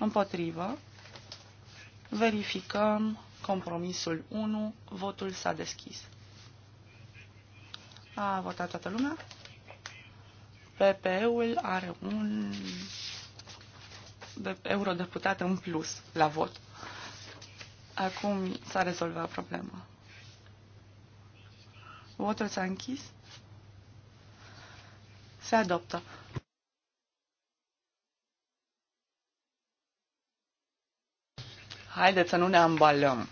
Împotrivă. Verificăm compromisul 1. Votul s-a deschis. A votat toată lumea. PPE-ul are un de eurodeputat în plus la vot. Acum s-a rezolvat problema. Votul s-a închis. Se adoptă. Haideți să nu ne ambalăm.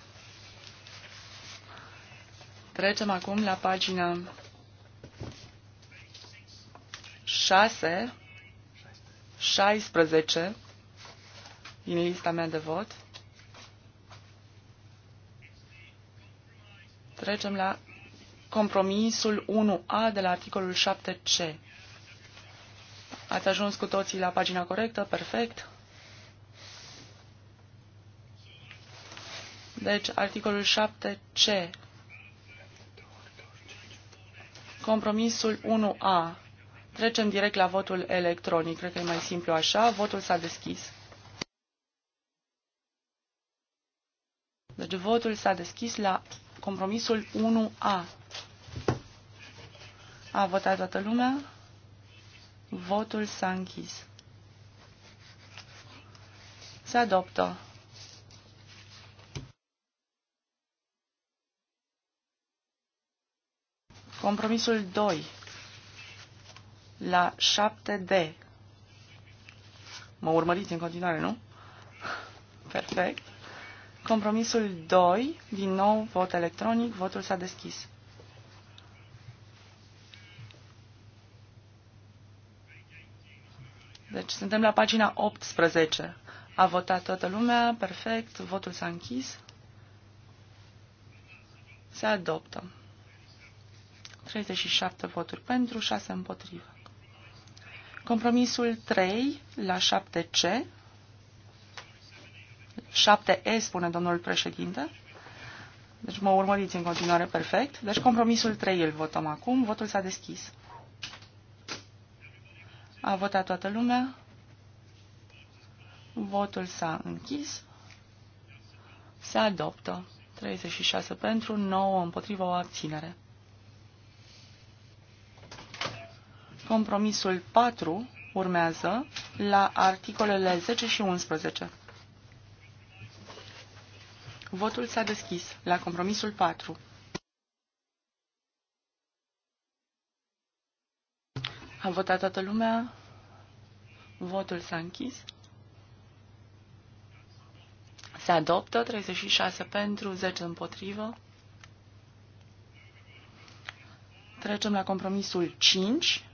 Trecem acum la pagina 6, 16 din lista mea de vot. Trecem la compromisul 1A de la articolul 7C. Ați ajuns cu toții la pagina corectă? Perfect. Deci, articolul 7C. Compromisul 1A. Trecem direct la votul electronic. Cred că e mai simplu așa. Votul s-a deschis. Deci votul s-a deschis la compromisul 1A. A votat toată lumea. Votul s-a închis. Se adoptă. Compromisul 2 la 7D. Mă urmăriți în continuare, nu? Perfect. Compromisul 2, din nou vot electronic, votul s-a deschis. Deci suntem la pagina 18. A votat toată lumea, perfect, votul s-a închis. Se adoptă. 37 voturi pentru, 6 împotrivă. Compromisul 3 la 7C, 7E spune domnul președinte, deci mă urmăriți în continuare perfect. Deci compromisul 3 îl votăm acum, votul s-a deschis. A votat toată lumea, votul s-a închis, se adoptă 36 pentru, 9 împotrivă o abținere. Compromisul 4 urmează la articolele 10 și 11. Votul s-a deschis la compromisul 4. A votat toată lumea. Votul s-a închis. Se adoptă 36 pentru, 10 împotrivă. Trecem la compromisul 5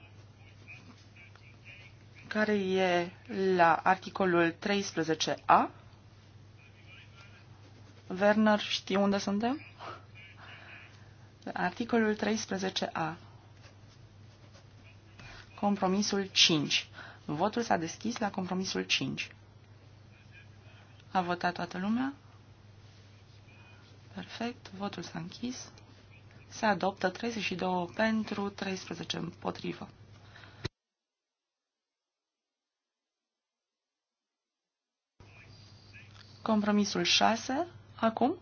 care e la articolul 13a. Werner, știi unde suntem? Articolul 13a. Compromisul 5. Votul s-a deschis la compromisul 5. A votat toată lumea? Perfect. Votul s-a închis. Se adoptă 32 pentru, 13 împotrivă. Compromisul 6. Acum.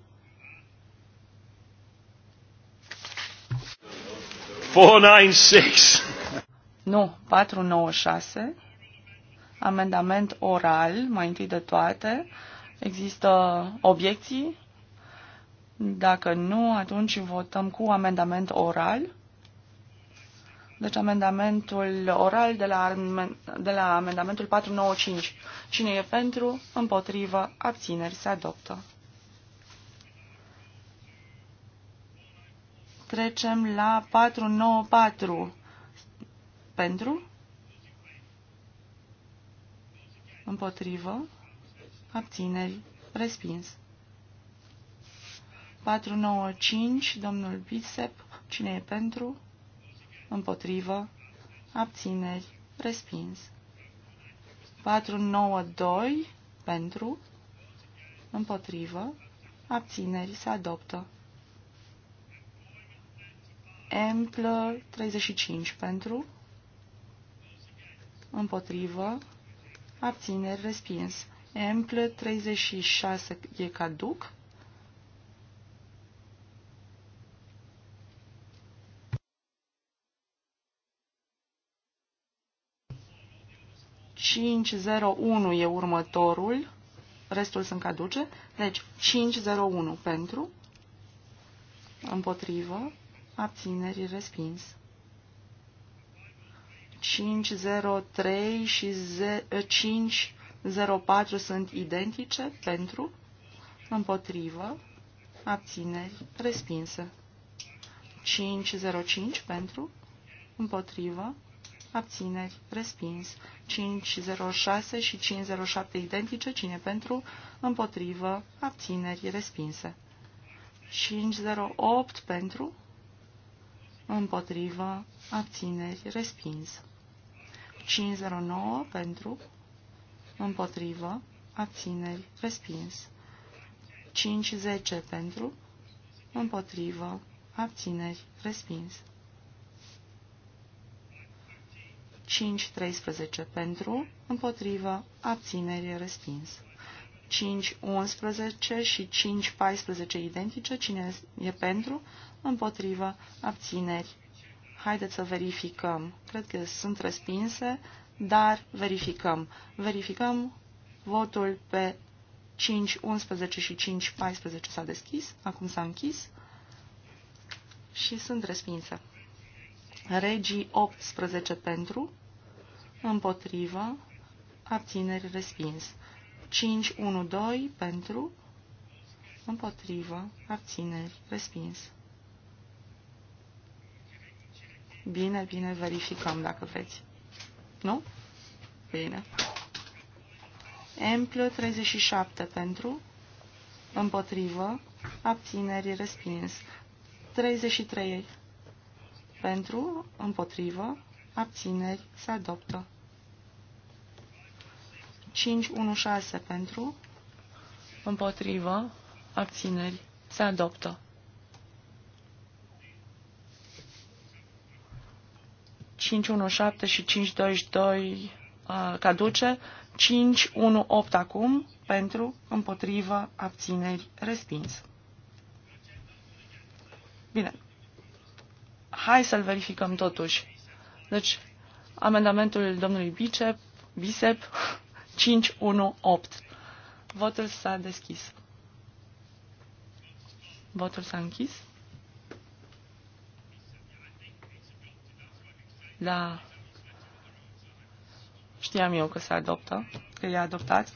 Four, nine, six. Nu, 496. Amendament oral, mai întâi de toate. Există obiecții? Dacă nu, atunci votăm cu amendament oral. Deci amendamentul oral de la, de la amendamentul 495. Cine e pentru? Împotrivă? Abțineri? Se adoptă. Trecem la 494. Pentru? Împotrivă? Abțineri? Respins. 495, domnul Bisep, cine e pentru? împotrivă, abțineri, respins. 492 pentru, împotrivă, abțineri, se adoptă. Emplă 35 pentru, împotrivă, abțineri, respins. Emplă 36 e caduc. 501 e următorul, restul sunt caduce. Deci 501 pentru, împotrivă, abținerii respins. 503 și 504 eh, sunt identice pentru, împotrivă, abțineri respinse. 505 pentru, împotrivă, abțineri, respins. 506 și 507 identice, cine pentru, împotrivă, abțineri, respinse. 508 pentru, împotrivă, abțineri, respins. 509 pentru, împotrivă, abțineri, respins. 510 pentru, împotrivă, abțineri, respins. 5.13 pentru, împotrivă, abținere, respins. 5.11 și 5.14 identice, cine e pentru, împotrivă, abțineri. Haideți să verificăm. Cred că sunt respinse, dar verificăm. Verificăm votul pe 5.11 și 5.14 s-a deschis, acum s-a închis și sunt respinse. Regii 18 pentru, împotrivă, abțineri respins. 5-1-2 pentru, împotrivă, abțineri respins. Bine, bine, verificăm dacă veți. Nu? Bine. Emplă 37 pentru, împotrivă, abțineri respins. 33 pentru, împotrivă, abțineri se adoptă. 516 pentru, împotrivă, abțineri, se adoptă. 517 și 522 doi uh, caduce, 518 acum pentru, împotrivă, abțineri, respins. Bine. Hai să-l verificăm totuși. Deci, amendamentul domnului Bicep, Bicep 518. Votul s-a deschis. Votul s-a închis. Da. Știam eu că se adoptă, că e adoptat.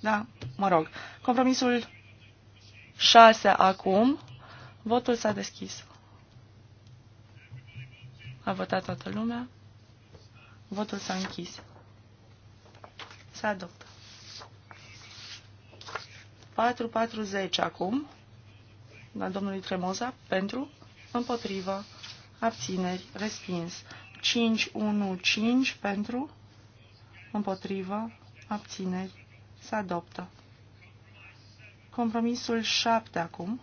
Da, mă rog. Compromisul 6 acum. Votul s-a deschis. A votat toată lumea. Votul s-a închis. Se adoptă. 440 acum, la domnului Tremoza, pentru, împotrivă, abțineri, respins. 515 pentru, împotrivă, abțineri, se adoptă. Compromisul 7 acum.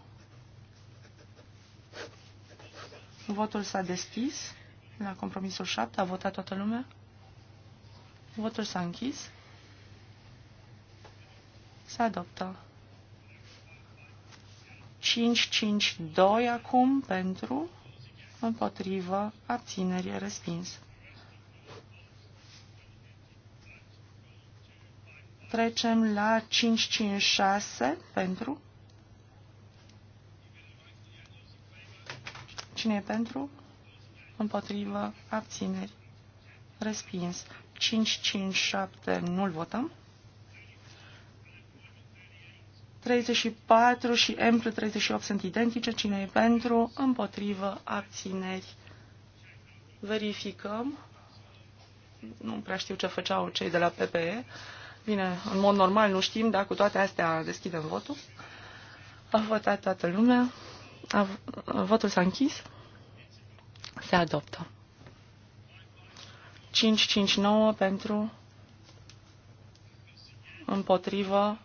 Votul s-a deschis. La compromisul 7 a votat toată lumea. Votul s-a închis. Se adoptă. 552 acum pentru, împotrivă, abținere, respins. Trecem la 556 pentru. Cine e pentru? Împotrivă, abțineri, respins. 557 nu-l votăm. 34 și M plus 38 sunt identice. Cine e pentru? Împotrivă. Abțineri. Verificăm. Nu prea știu ce făceau cei de la PPE. Bine, în mod normal nu știm, dar cu toate astea deschidem votul. A votat toată lumea. A, votul s-a închis. Se adoptă. 5-5-9 pentru împotrivă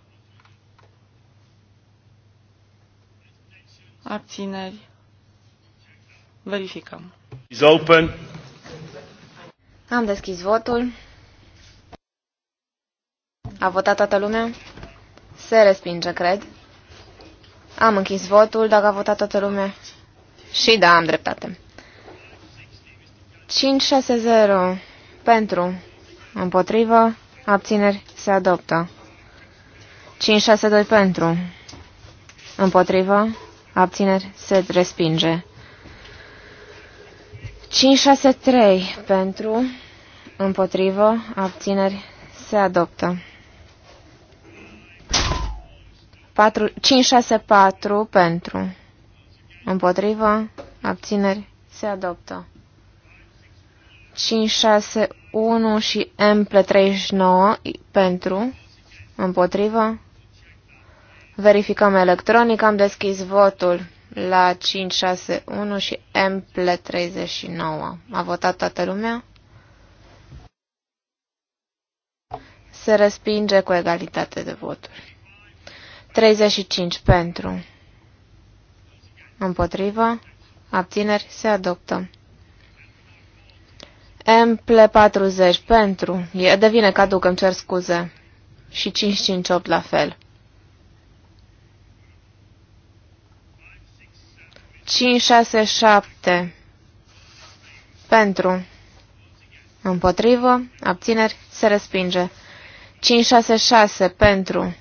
abțineri, verificăm. Is open. Am deschis votul. A votat toată lumea? Se respinge, cred. Am închis votul, dacă a votat toată lumea. Și da, am dreptate. 5-6-0. Pentru. Împotrivă. Abțineri. Se adoptă. 5-6-2 pentru. Împotrivă abțineri, se respinge. 5-6-3 pentru, împotrivă, abțineri, se adoptă. 4, 5, 6, 4 pentru. Împotrivă, abțineri, se adoptă. 5, 6, 1 și M 39 pentru. Împotrivă, Verificăm electronic, am deschis votul la 561 și Emple 39. A votat toată lumea? Se respinge cu egalitate de voturi. 35 pentru. Împotrivă. Abțineri se adoptă. Emple 40 pentru. E, devine caduc, îmi cer scuze. Și 558 la fel. 5, 6, 7 pentru, împotrivă, abțineri, se respinge. 5, 6, 6 pentru,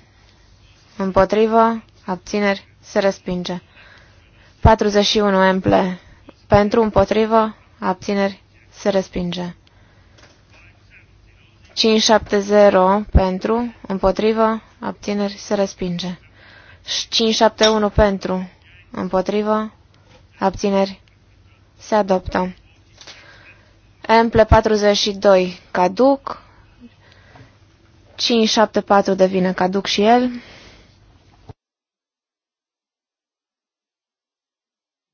împotrivă, abțineri, se respinge. 41 emple pentru, împotrivă, abțineri, se respinge. 570 pentru, împotrivă, abțineri, se respinge. 571 pentru, împotrivă, Abțineri. Se adoptă. Emple 42 caduc. 574 devine caduc și el.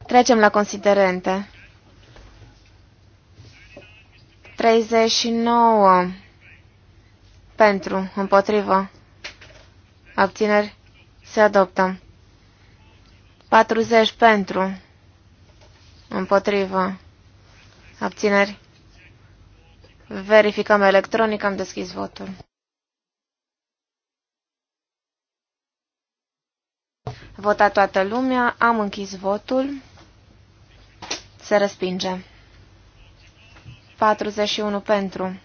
'Trecem la considerente. 39 pentru, împotrivă, abțineri, se adoptă. 40 pentru, Împotrivă. Abțineri. Verificăm electronic, am deschis votul. Vota toată lumea, am închis votul. Se respinge. 41 pentru.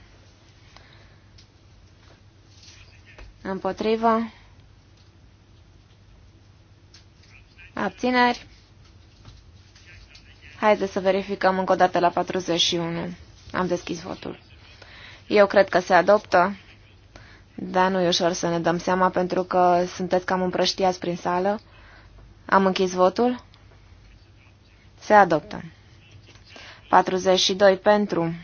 Împotrivă. Abțineri. Haideți să verificăm încă o dată la 41. Am deschis votul. Eu cred că se adoptă, dar nu e ușor să ne dăm seama pentru că sunteți cam împrăștiați prin sală. Am închis votul. Se adoptă. 42 pentru.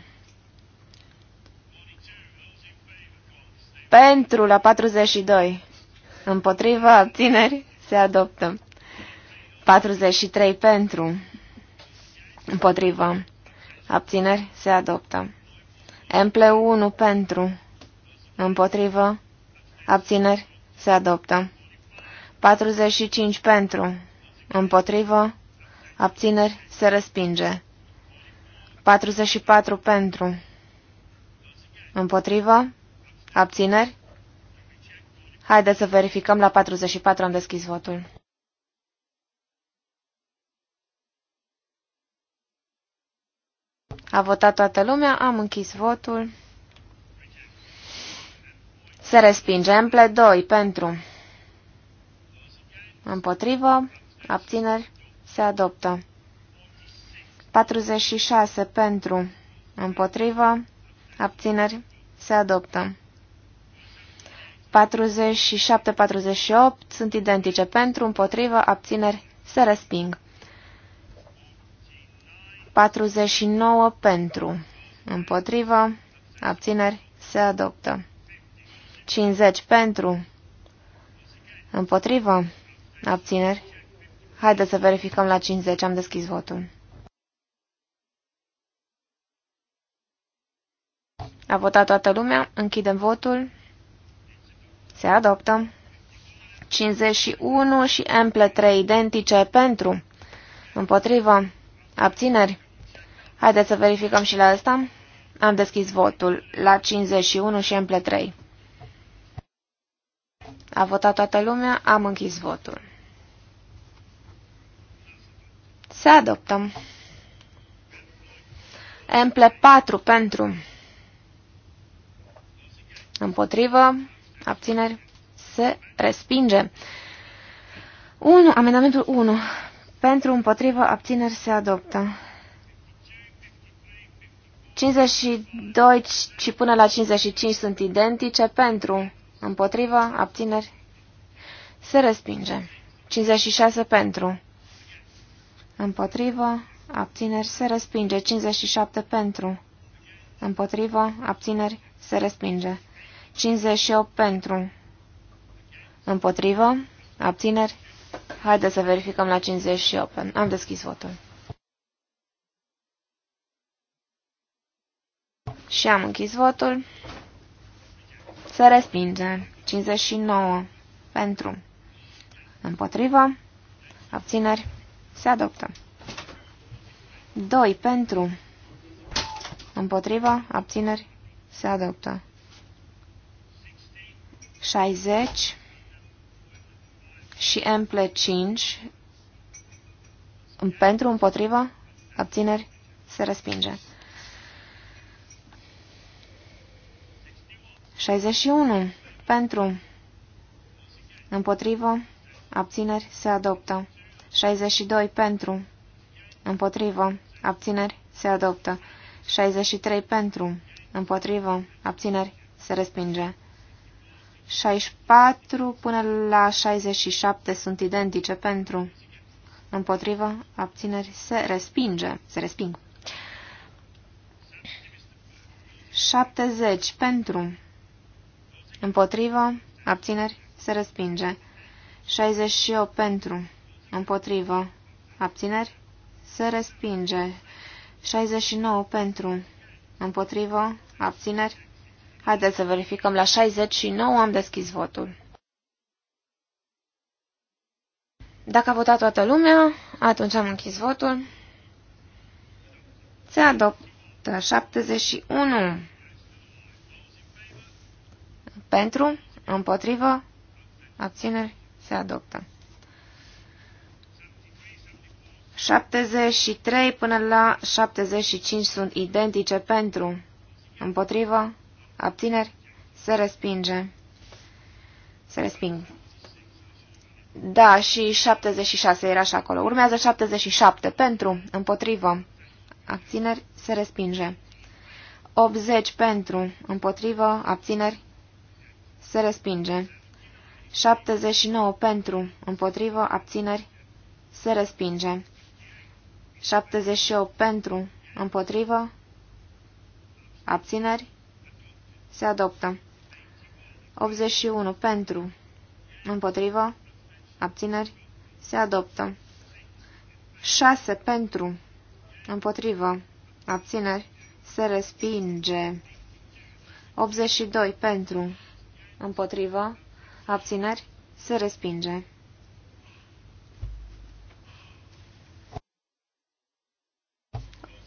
Pentru la 42. Împotriva tineri se adoptă. 43 pentru. Împotrivă. Abțineri se adoptă. Empleu 1 pentru. Împotrivă. Abțineri se adoptă. 45 pentru. Împotrivă. Abțineri se respinge. 44 pentru. Împotrivă. Abțineri. Haideți să verificăm la 44 am deschis votul. A votat toată lumea, am închis votul. Se respinge. Emple 2 pentru. Împotrivă. Abțineri. Se adoptă. 46 pentru. Împotrivă. Abțineri. Se adoptă. 47-48 sunt identice pentru, împotrivă, abțineri, se resping. 49 pentru. Împotrivă. Abțineri. Se adoptă. 50 pentru. Împotrivă. Abțineri. Haideți să verificăm la 50. Am deschis votul. A votat toată lumea. Închidem votul. Se adoptă. 51 și ample 3 identice pentru. Împotrivă. Abțineri? Haideți să verificăm și la asta. Am deschis votul la 51 și emple 3. A votat toată lumea, am închis votul. Se adoptăm. Emple 4 pentru. Împotrivă. Abțineri. Se respinge. 1. Amendamentul 1. Pentru, împotrivă, abțineri se adoptă. 52 și până la 55 sunt identice. Pentru, împotrivă, abțineri se respinge. 56 pentru. Împotrivă, abțineri se respinge. 57 pentru. Împotrivă, abțineri se respinge. 58 pentru. Împotrivă, abțineri Haideți să verificăm la 50 și open. Am deschis votul. Și am închis votul. Se respinge. 59. Pentru. Împotrivă. Abțineri. Se adoptă. 2. Pentru. Împotrivă. Abțineri. Se adoptă. 60 și Emple 5 pentru, împotrivă, abțineri, se respinge. 61. Pentru, împotrivă, abțineri, se adoptă. 62. Pentru, împotrivă, abțineri, se adoptă. 63. Pentru, împotrivă, abțineri, se respinge. 64 până la 67 sunt identice pentru împotrivă abțineri se respinge, se resping. 70 pentru împotrivă abțineri se respinge. 68 pentru împotrivă abțineri se respinge. 69 pentru împotrivă abțineri Haideți să verificăm la 69, am deschis votul. Dacă a votat toată lumea, atunci am închis votul. Se adoptă 71 pentru, împotrivă, abțineri, se adoptă. 73 până la 75 sunt identice pentru, împotrivă, abțineri, se respinge. Se resping. Da, și 76 era și acolo. Urmează 77 pentru, împotrivă, abțineri, se respinge. 80 pentru, împotrivă, abțineri, se respinge. 79 pentru, împotrivă, abțineri, se respinge. 78 pentru, împotrivă, abțineri, se adoptă. 81. Pentru. Împotrivă. Abțineri. Se adoptă. 6. Pentru. Împotrivă. Abțineri. Se respinge. 82. Pentru. Împotrivă. Abțineri. Se respinge.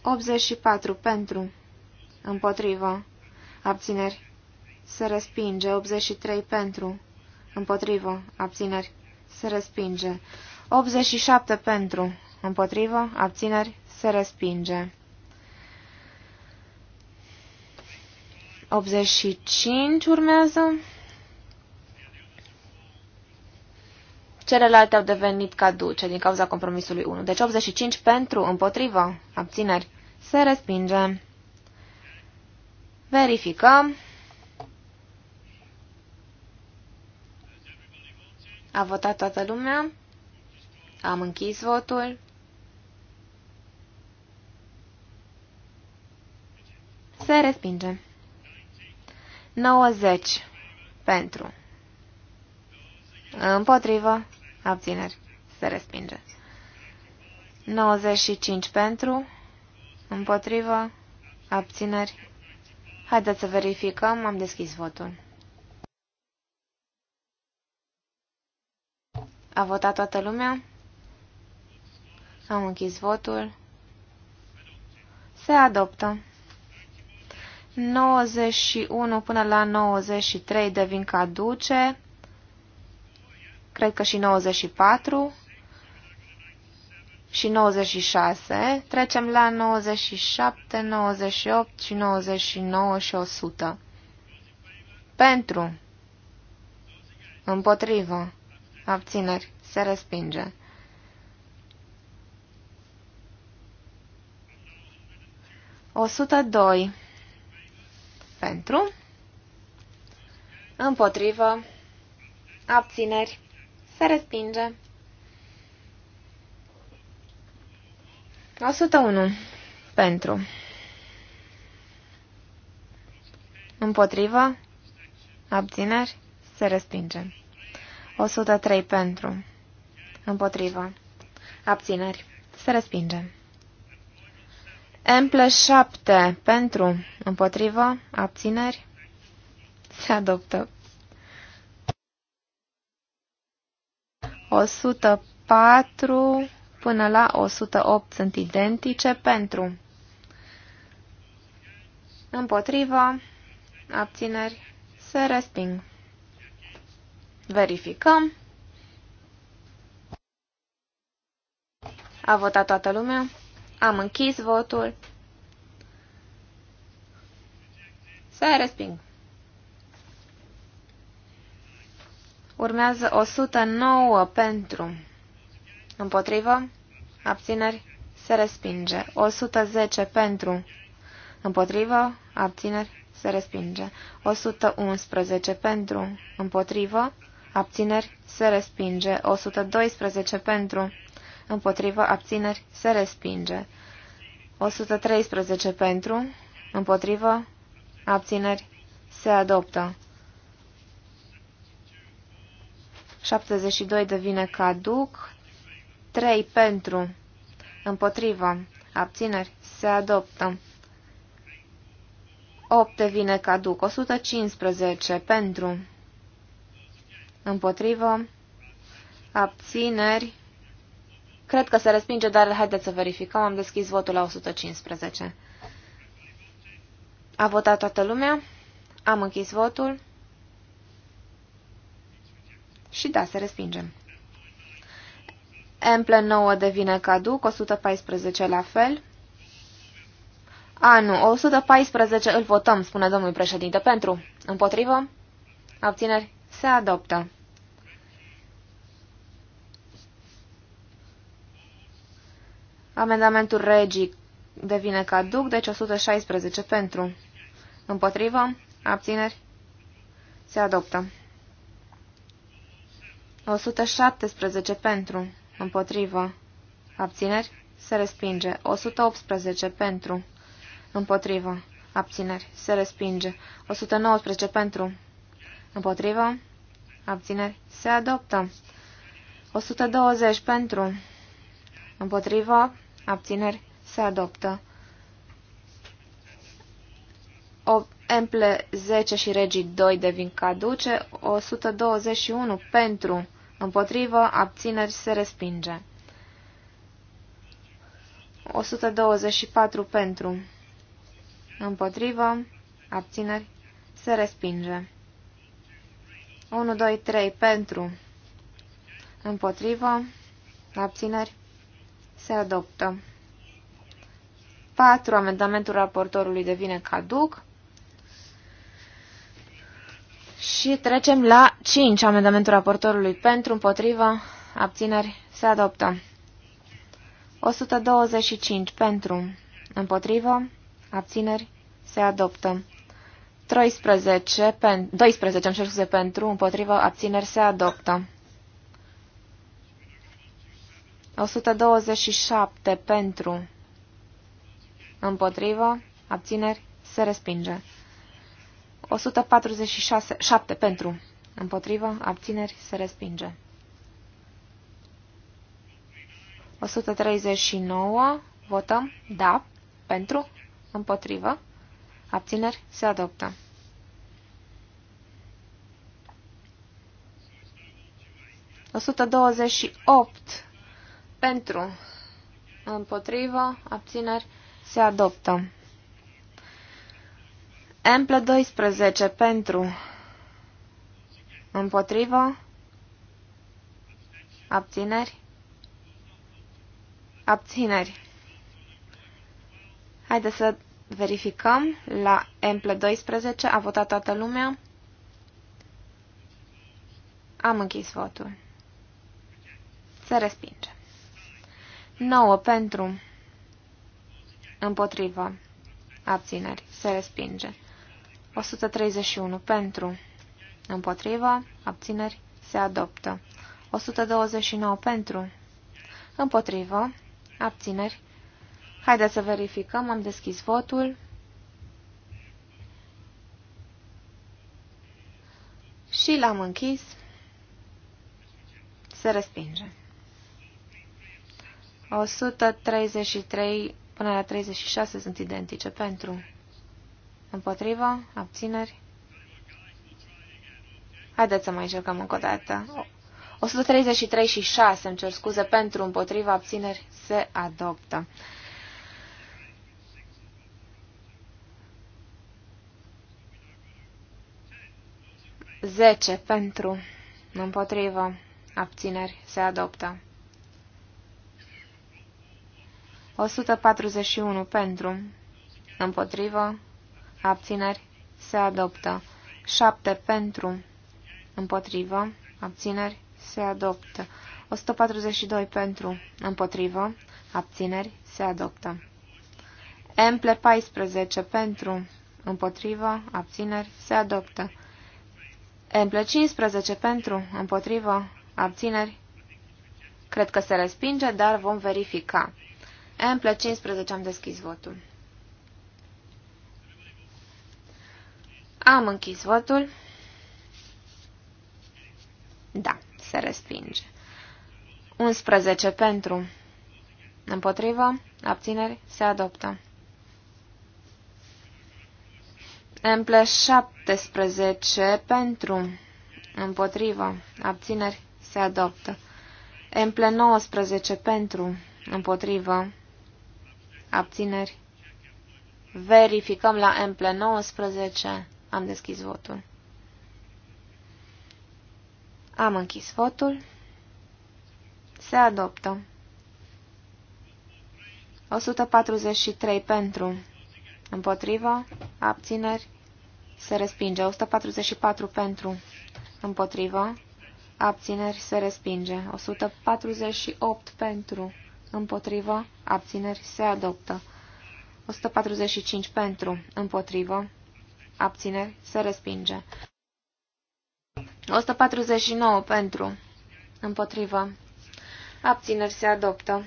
Optzeci și patru pentru împotrivă Abțineri. Se respinge. 83 pentru. Împotrivă. Abțineri. Se respinge. 87 pentru. Împotrivă. Abțineri. Se respinge. 85 urmează. Celelalte au devenit caduce din cauza compromisului 1. Deci 85 pentru, împotrivă, abțineri, se respinge. Verificăm. A votat toată lumea. Am închis votul. Se respinge. 90 pentru. Împotrivă. Abțineri. Se respinge. 95 pentru. Împotrivă. Abțineri. Haideți să verificăm. Am deschis votul. A votat toată lumea? Am închis votul. Se adoptă. 91 până la 93 devin caduce. Cred că și 94 și 96. Trecem la 97, 98 și 99 și 100. Pentru. Împotrivă. Abțineri. Se respinge. O sută doi. Pentru. Împotrivă. Abțineri. Se respinge. 101. Pentru. Împotrivă. Abțineri. Se respinge. 103. Pentru. Împotrivă. Abțineri. Se respinge. Emple 7. Pentru. Împotrivă. Abțineri. Se adoptă. 104 până la 108 sunt identice pentru împotrivă, abțineri, se resping. Verificăm. A votat toată lumea. Am închis votul. Se resping. Urmează 109 pentru. Împotrivă abțineri, se respinge. 110 pentru, împotrivă, abțineri, se respinge. 111 pentru, împotrivă, abțineri, se respinge. 112 pentru, împotrivă, abțineri, se respinge. 113 pentru, împotrivă, abțineri, se adoptă. 72 devine caduc, 3 pentru, împotrivă, abțineri, se adoptă. 8 vine caduc, 115 pentru, împotrivă, abțineri, cred că se respinge, dar haideți să verificăm, am deschis votul la 115. A votat toată lumea, am închis votul și da, se respingem plus 9 devine caduc, 114 la fel. A, nu, 114 îl votăm, spune domnul președinte. Pentru, împotrivă, abțineri, se adoptă. Amendamentul regii devine caduc, deci 116 pentru. Împotrivă, abțineri, se adoptă. 117 pentru. Împotrivă. Abțineri. Se respinge. 118 pentru. Împotrivă. Abțineri. Se respinge. 119 pentru. Împotrivă. Abțineri. Se adoptă. 120 pentru. Împotrivă. Abțineri. Se adoptă. O, emple 10 și regii 2 devin caduce. 121 pentru. Împotrivă, abțineri, se respinge. 124 pentru. Împotrivă, abțineri, se respinge. 1, 2, 3 pentru. Împotrivă, abțineri, se adoptă. 4. Amendamentul raportorului devine caduc. Și trecem la 5, amendamentul raportorului pentru, împotrivă, abțineri, se adoptă. 125 pentru, împotrivă, abțineri, se adoptă. 13, pen, 12, îmi cer scuze, pentru, împotrivă, abțineri, se adoptă. 127 pentru, împotrivă, abțineri, se respinge. 147 pentru, împotrivă, abțineri, se respinge. 139, votăm, da, pentru, împotrivă, abțineri, se adoptă. opt pentru, împotrivă, abțineri, se adoptă. Amplă 12 pentru împotrivă abțineri abțineri. Haideți să verificăm. La Amplă 12 a votat toată lumea. Am închis votul. Se respinge. 9 pentru împotrivă abțineri. Se respinge. 131 pentru, împotriva, abțineri, se adoptă. 129 pentru, împotrivă, abțineri. Haideți să verificăm, am deschis votul. Și l-am închis. Se respinge. 133 până la 36 sunt identice pentru Împotriva? Abțineri? Haideți să mai încercăm încă o dată. 133 și 6, îmi cer scuze, pentru împotriva abțineri se adoptă. Zece pentru împotriva abțineri se adoptă. 141 pentru împotriva abțineri, se adoptă. 7 pentru, împotrivă, abțineri, se adoptă. 142 pentru, împotrivă, abțineri, se adoptă. Emple 14 pentru, împotrivă, abțineri, se adoptă. Emple 15 pentru, împotrivă, abțineri, cred că se respinge, dar vom verifica. Emple 15 am deschis votul. Am închis votul. Da, se respinge. 11 pentru. Împotrivă. Abțineri. Se adoptă. Emple 17 pentru. Împotrivă. Abțineri. Se adoptă. Emple 19 pentru. Împotrivă. Abțineri. Verificăm la Emple 19. Am deschis votul. Am închis votul. Se adoptă. 143 pentru. Împotriva. Abțineri. Se respinge. 144 pentru. Împotriva. Abțineri. Se respinge. 148 pentru. Împotriva. Abțineri. Se adoptă. 145 pentru. Împotrivă abțineri, se respinge. 149 pentru, împotrivă, abțineri, se adoptă.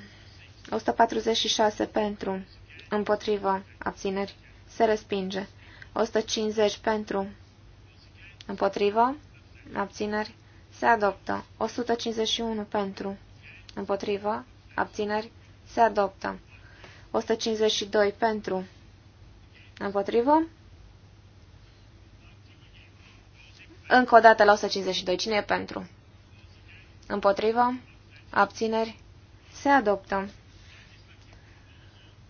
146 pentru, împotrivă, abțineri, se respinge. 150 pentru, împotrivă, abțineri, se adoptă. 151 pentru, împotrivă, abțineri, se adoptă. 152 pentru, împotrivă, Încă o dată la 152. Cine e pentru? Împotrivă? Abțineri? Se adoptă.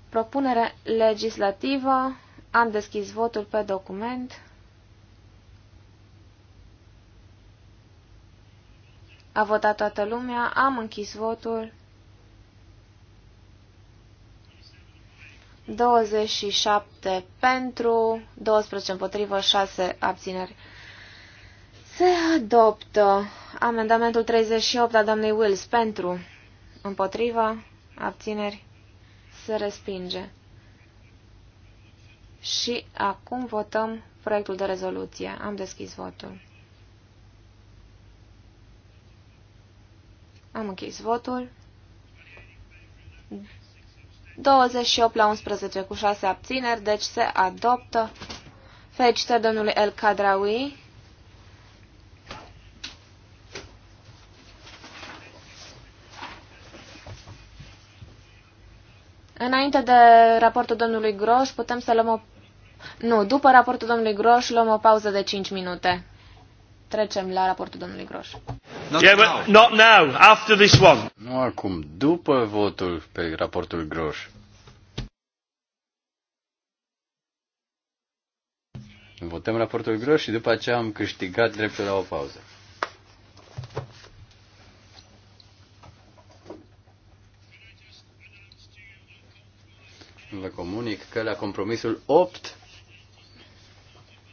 Propunere legislativă. Am deschis votul pe document. A votat toată lumea. Am închis votul. 27 pentru, 12 împotrivă, 6 abțineri. Se adoptă amendamentul 38 a doamnei Wills pentru, împotriva, abțineri, se respinge. Și acum votăm proiectul de rezoluție. Am deschis votul. Am închis votul. 28 la 11 cu 6 abțineri, deci se adoptă. Felicitări domnului El Kadraoui. Înainte de raportul domnului Groș, putem să luăm o... Nu, după raportul domnului Groș luăm o pauză de 5 minute. Trecem la raportul domnului Groș. Not yeah, now. But not now, after this one. Nu acum, după votul pe raportul Groș. Votăm raportul Groș și după aceea am câștigat dreptul la o pauză. Vă comunic că la compromisul 8,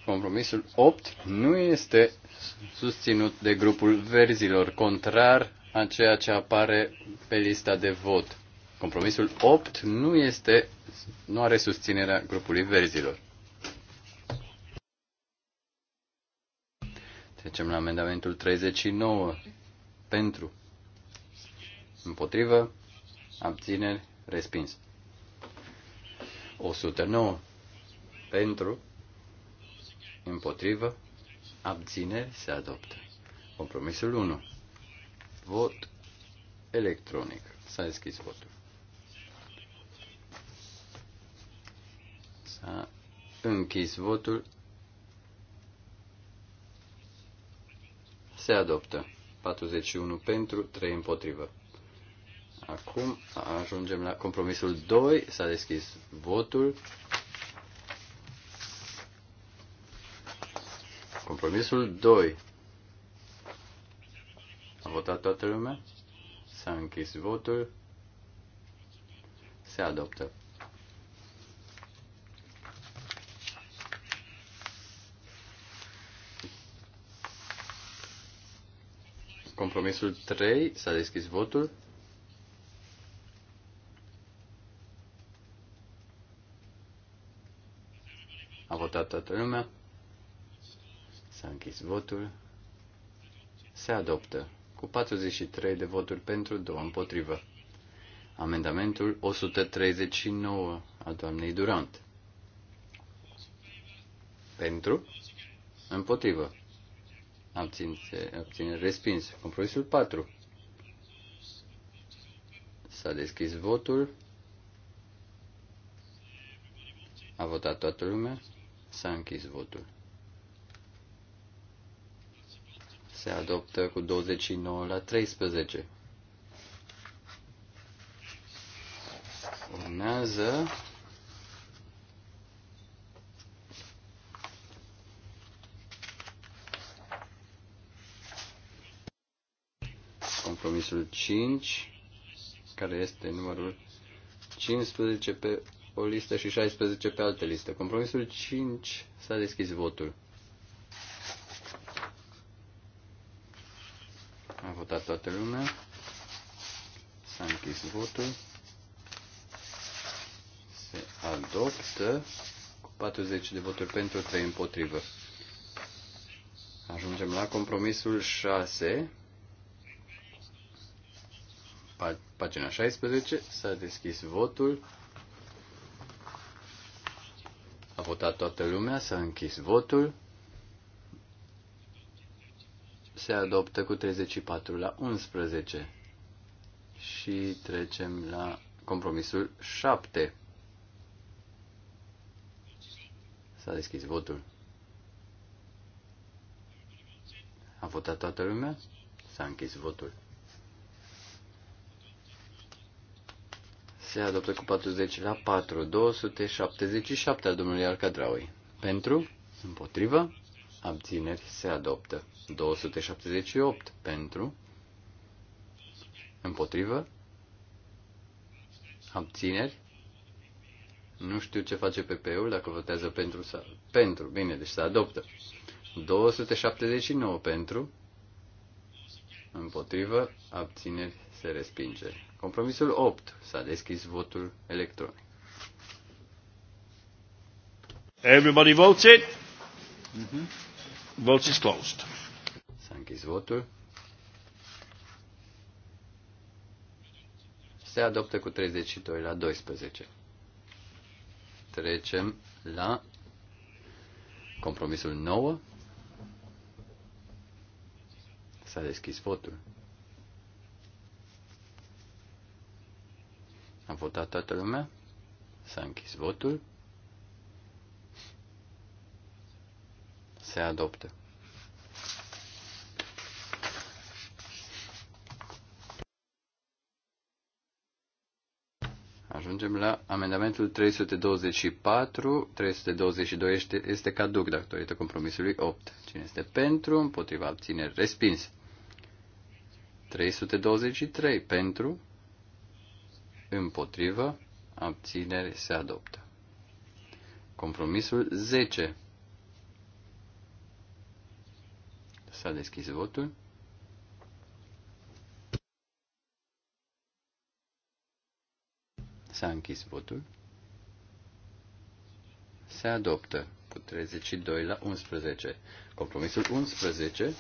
compromisul 8 nu este susținut de grupul verzilor, contrar a ceea ce apare pe lista de vot. Compromisul 8 nu, este, nu are susținerea grupului verzilor. Trecem la amendamentul 39. Pentru. Împotrivă. Abțineri. Respins. 109 pentru, împotrivă, abțineri se adoptă. Compromisul 1. Vot electronic. S-a deschis votul. S-a închis votul. Se adoptă. 41 pentru, 3 împotrivă. Acum ajungem la compromisul 2. S-a deschis votul. Compromisul 2. A votat toată lumea? S-a închis votul. Se adoptă. Compromisul 3. S-a deschis votul. votat toată lumea. S-a închis votul. Se adoptă cu 43 de voturi pentru, 2 împotrivă. Amendamentul 139 a doamnei Durant. Pentru? Împotrivă. Abține, abține respins. Compromisul 4. S-a deschis votul. A votat toată lumea. S-a închis votul. Se adoptă cu 29 la 13. Urmează compromisul 5, care este numărul 15 pe o listă și 16 pe altă listă. Compromisul 5 s-a deschis votul. A votat toată lumea. S-a închis votul. Se adoptă cu 40 de voturi pentru 3 împotrivă. Ajungem la compromisul 6. Pagina 16. S-a deschis votul votat toată lumea, s-a închis votul. Se adoptă cu 34 la 11. Și trecem la compromisul 7. S-a deschis votul. A votat toată lumea? S-a închis votul. se adoptă cu 40 la 4, 277 al domnului Alcadraui. Pentru, împotrivă, abțineri se adoptă. 278 pentru, împotrivă, abțineri. Nu știu ce face PP-ul dacă votează pentru sau pentru. Bine, deci se adoptă. 279 pentru, împotrivă, abțineri, se respinge. Compromisul 8. S-a deschis votul electronic. Everybody votes it. Mm-hmm. Votes is closed. S-a închis votul. Se adoptă cu 32 la 12. Trecem la compromisul 9. S-a deschis votul. A votat toată lumea? S-a închis votul. Se adoptă. Ajungem la amendamentul 324. 322 este, este caduc datorită compromisului 8. Cine este pentru, împotriva abțineri, respins. 323 pentru, împotrivă, abțineri se adoptă. Compromisul 10. S-a deschis votul. S-a închis votul. Se adoptă cu 32 la 11. Compromisul 11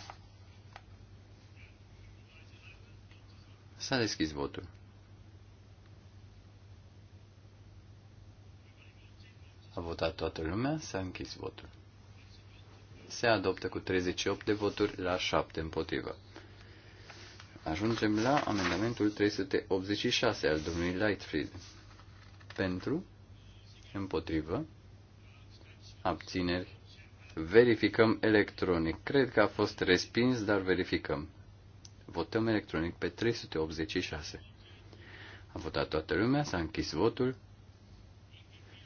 S-a deschis votul. A votat toată lumea, s-a închis votul. Se adoptă cu 38 de voturi la 7 împotrivă. Ajungem la amendamentul 386 al domnului Lightfried. Pentru, împotrivă, abțineri, verificăm electronic. Cred că a fost respins, dar verificăm. Votăm electronic pe 386. A votat toată lumea, s-a închis votul.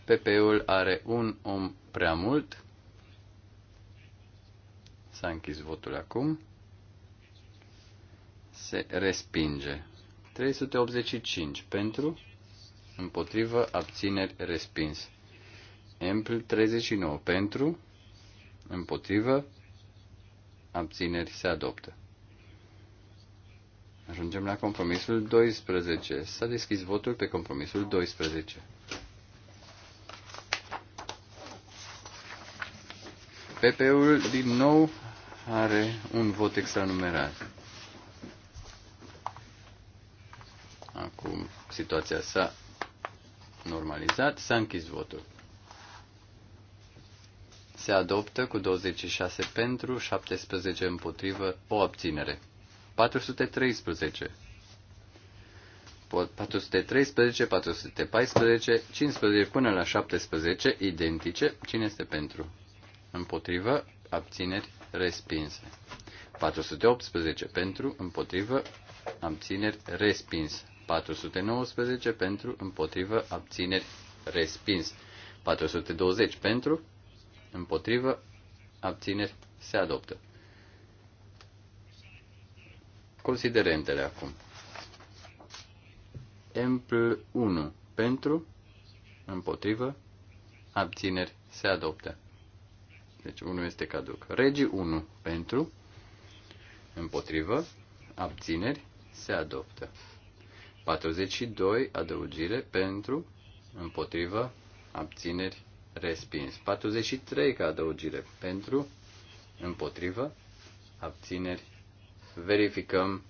PP-ul are un om prea mult. S-a închis votul acum. Se respinge. 385 pentru, împotrivă, abțineri, respins. Empl 39 pentru, împotrivă, abțineri, se adoptă. Ajungem la compromisul 12. S-a deschis votul pe compromisul 12. PP-ul din nou are un vot extranumerar. Acum situația s-a normalizat, s-a închis votul. Se adoptă cu 26 pentru, 17 împotrivă, o abținere. 413. 413, 414, 15 până la 17, identice. Cine este pentru? Împotrivă, abțineri, respinse. 418 pentru, împotrivă, abțineri, respins. 419 pentru, împotrivă, abțineri, respins. 420 pentru, împotrivă, abțineri, se adoptă. Considerentele acum. Empl 1. Pentru, împotrivă, abțineri, se adoptă. Deci 1 este caduc. Regi. 1. Pentru, împotrivă, abțineri, se adoptă. 42. Adăugire, pentru, împotrivă, abțineri, respins. 43 ca adăugire, pentru, împotrivă, abțineri, Verificăm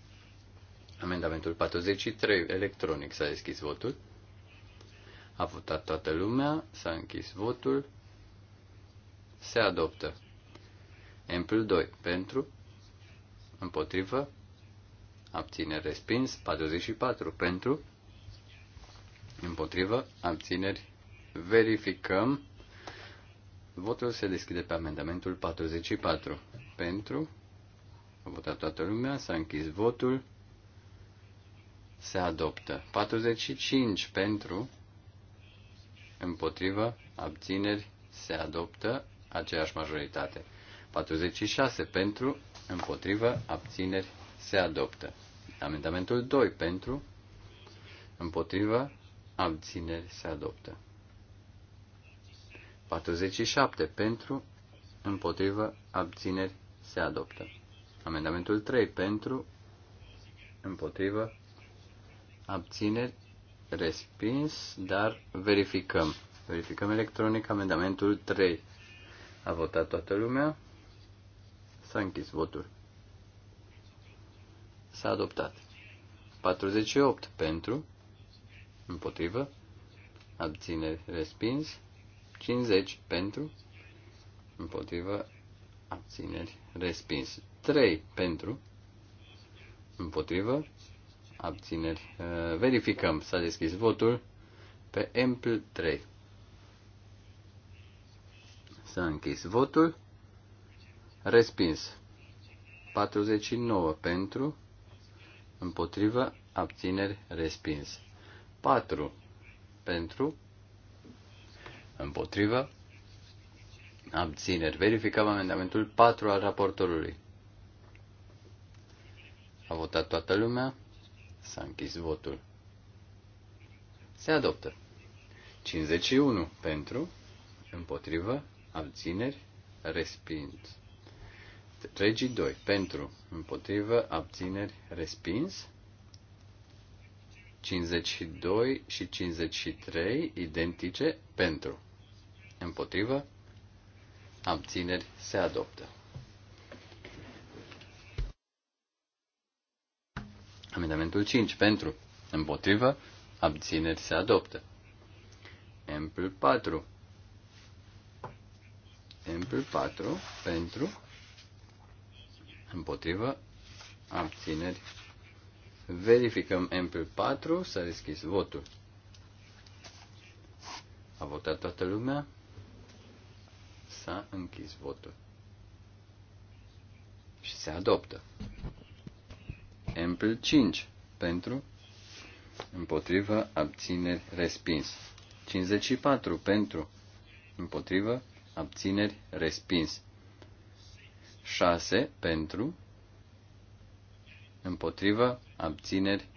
amendamentul 43 electronic. S-a deschis votul. A votat toată lumea. S-a închis votul. Se adoptă. M plus 2 pentru. Împotrivă. Abțineri respins. 44 pentru. Împotrivă. Abțineri. Verificăm. Votul se deschide pe amendamentul 44. Pentru. A votat toată lumea, s-a închis votul, se adoptă. 45 pentru, împotrivă, abțineri, se adoptă aceeași majoritate. 46 pentru, împotrivă, abțineri, se adoptă. Amendamentul 2 pentru, împotrivă, abțineri, se adoptă. 47 pentru, împotrivă, abțineri, se adoptă. Amendamentul 3 pentru, împotrivă, abțineri, respins, dar verificăm. Verificăm electronic amendamentul 3. A votat toată lumea. S-a închis votul. S-a adoptat. 48 pentru, împotrivă, abțineri, respins, 50 pentru, împotrivă, abțineri, respins. 3 pentru, împotrivă, abțineri. Uh, verificăm, s-a deschis votul pe Ampl 3. S-a închis votul. Respins. 49 pentru, împotrivă, abțineri, respins. 4 pentru, împotrivă, abțineri. Verificăm amendamentul 4 al raportorului. A votat toată lumea. S-a închis votul. Se adoptă. 51 pentru, împotrivă, abțineri, respins. Regii 2 pentru, împotrivă, abțineri, respins. 52 și 53 identice pentru, împotrivă, abțineri, se adoptă. Amendamentul 5 pentru, împotrivă, abțineri se adoptă. Ampl 4. Ampl 4 pentru, împotrivă, abțineri. Verificăm Ampl 4, s-a deschis votul. A votat toată lumea, s-a închis votul. Și se adoptă exemplu, 5 pentru, împotrivă, abțineri, respins. 54 pentru, împotrivă, abțineri, respins. 6 pentru, împotrivă, abțineri,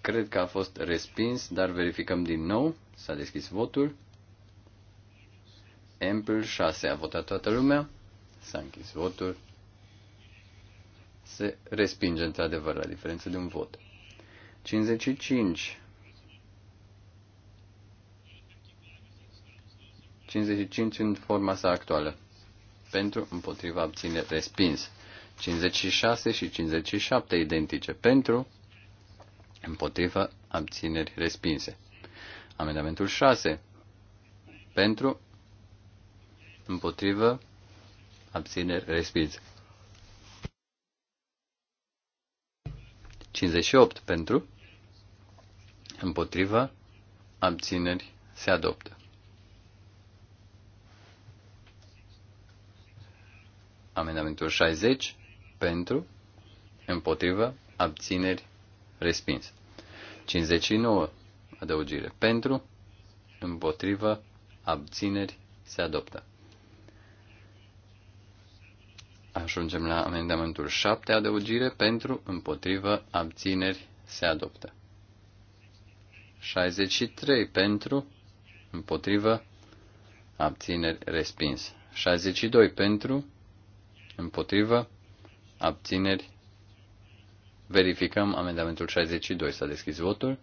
cred că a fost respins, dar verificăm din nou, s-a deschis votul. Ample 6 a votat toată lumea, s-a închis votul se respinge într-adevăr la diferență de un vot. 55. 55 în forma sa actuală. Pentru, împotriva, abține, respins. 56 și 57 identice. Pentru, împotriva, abțineri, respinse. Amendamentul 6. Pentru, împotrivă, abțineri, respins. 58 pentru, împotriva, abțineri, se adoptă. Amendamentul 60 pentru, împotriva, abțineri, respins. 59 adăugire pentru, împotriva, abțineri, se adoptă. Ajungem la amendamentul 7, adăugire pentru, împotrivă, abțineri, se adoptă. 63 pentru, împotrivă, abțineri, respins. 62 pentru, împotrivă, abțineri, verificăm amendamentul 62. S-a deschis votul.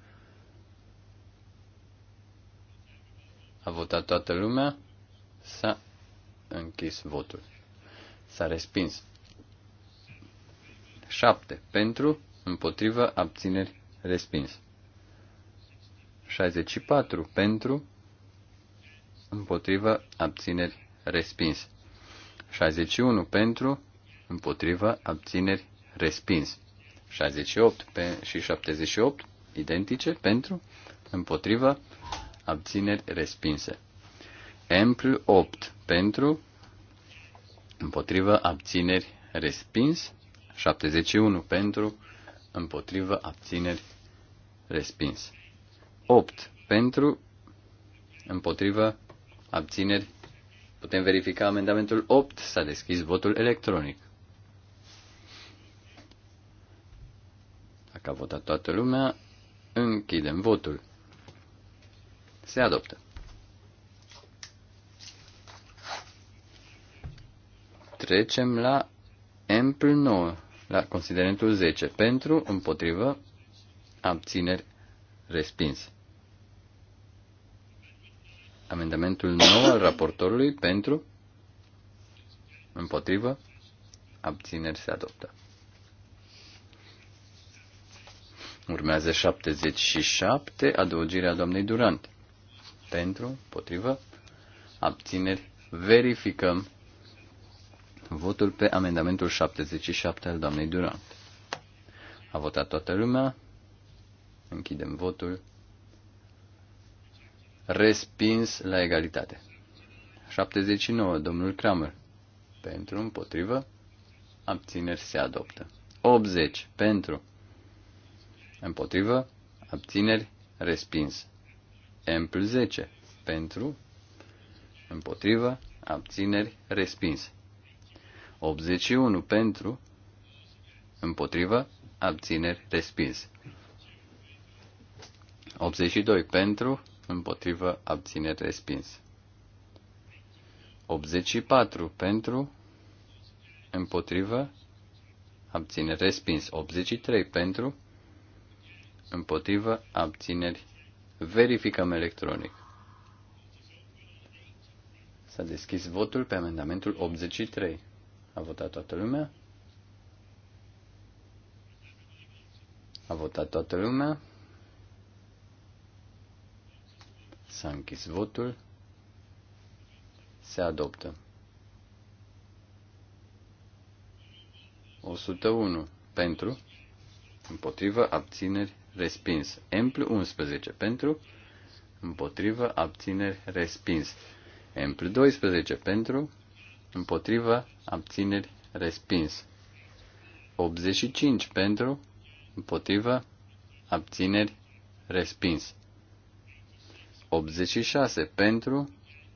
A votat toată lumea. S-a închis votul. S-a respins. 7. Pentru, împotrivă, abțineri, respins. 64. Pentru, împotrivă, abțineri, respins. 61. Pentru, împotrivă, abțineri, respins. 68 pe, și 78, identice, pentru, împotrivă, abțineri, respinse. Ampl 8, pentru, împotrivă, abțineri, respins. 71 pentru, împotrivă, abțineri, respins. 8 pentru, împotrivă, abțineri. Putem verifica amendamentul 8. S-a deschis votul electronic. Dacă a votat toată lumea, închidem votul. Se adoptă. Trecem la ampl 9, la considerentul 10. Pentru, împotrivă, abțineri, respins. Amendamentul 9 al raportorului pentru, împotrivă, abțineri se adoptă. Urmează 77, adăugirea doamnei Durant. Pentru, potrivă, abțineri, verificăm Votul pe amendamentul 77 al doamnei Durant. A votat toată lumea. Închidem votul. Respins la egalitate. 79. Domnul Kramer. Pentru, împotrivă. Abțineri se adoptă. 80. Pentru. Împotrivă. Abțineri. Respins. M plus 10. Pentru. Împotrivă. Abțineri. Respins. 81 pentru, împotrivă, abțineri, respins. 82 pentru, împotrivă, abțineri, respins. 84 pentru, împotrivă, abțineri, respins. 83 pentru, împotrivă, abțineri, verificăm electronic. S-a deschis votul pe amendamentul 83. A votat toată lumea? A votat toată lumea? S-a închis votul. Se adoptă. 101 pentru, împotrivă, abțineri, respins. Emplu 11 pentru, împotrivă, abțineri, respins. Emplu 12 pentru, împotrivă, abțineri, respins. 85 pentru, împotrivă, abțineri, respins. 86 pentru,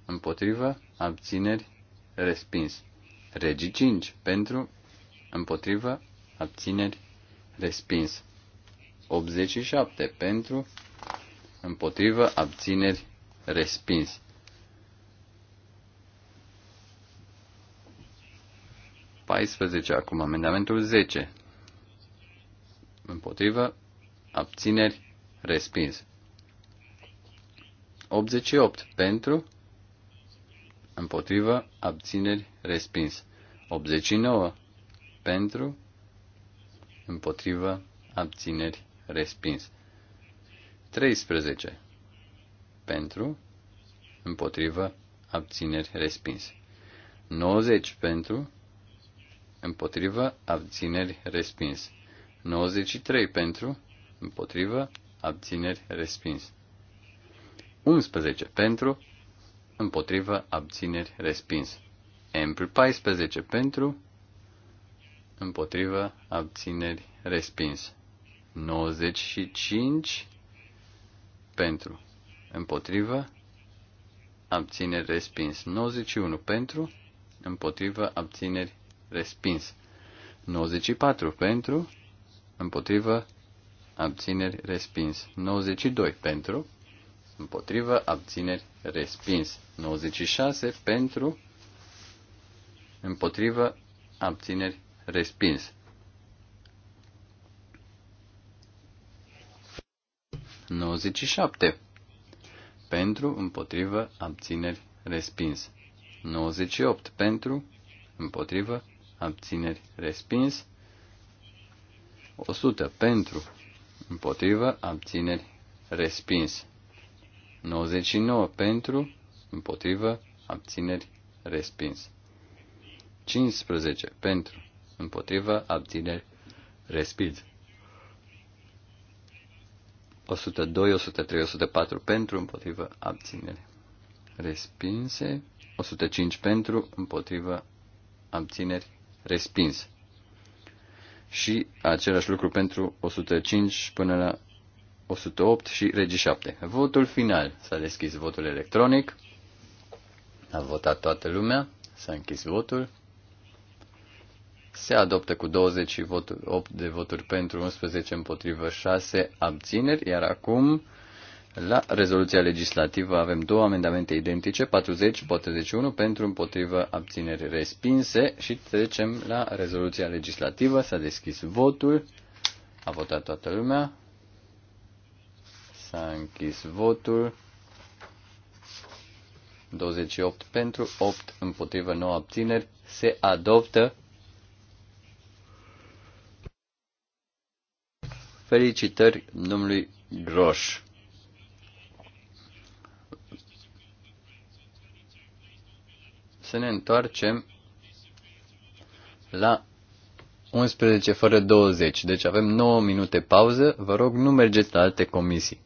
împotrivă, abțineri, respins. Regi 5 pentru, împotrivă, abțineri, respins. 87 pentru, împotrivă, abțineri, respins. 14, acum amendamentul 10. Împotrivă, abțineri, respins. 88 pentru, împotrivă, abțineri, respins. 89 pentru, împotrivă, abțineri, respins. 13 pentru, împotrivă, abțineri, respins. 90 pentru, împotrivă, abțineri, respins. 93 pentru, împotrivă, abțineri, respins. 11 pentru, împotrivă, abțineri, respins. Ampl 14 pentru, împotrivă, abțineri, respins. 95 pentru, împotrivă, abțineri, respins. 91 pentru, împotrivă, abțineri, respins. 94 pentru, împotrivă, abțineri, respins. 92 pentru, împotrivă, abțineri, respins. 96 pentru, împotrivă, abțineri, respins. 97 pentru, împotrivă, abțineri, respins. 98 pentru, împotrivă, abțineri, respins. 100 pentru, împotrivă, abțineri, respins. 99 pentru, împotrivă, abțineri, respins. 15 pentru, împotrivă, abțineri, respins. 102, 103, 104 pentru, împotrivă, abținere. Respinse. 105 pentru, împotrivă, abțineri respins. Și același lucru pentru 105 până la 108 și regi 7. Votul final. S-a deschis votul electronic. A votat toată lumea. S-a închis votul. Se adoptă cu 28 de voturi pentru, 11 împotrivă, 6 abțineri, iar acum la rezoluția legislativă avem două amendamente identice, 40-41 pentru împotrivă abținere respinse și trecem la rezoluția legislativă. S-a deschis votul, a votat toată lumea, s-a închis votul, 28 pentru, 8 împotrivă, 9 abțineri, se adoptă. Felicitări domnului Groș. să ne întoarcem la 11 fără 20. Deci avem 9 minute pauză. Vă rog, nu mergeți la alte comisii.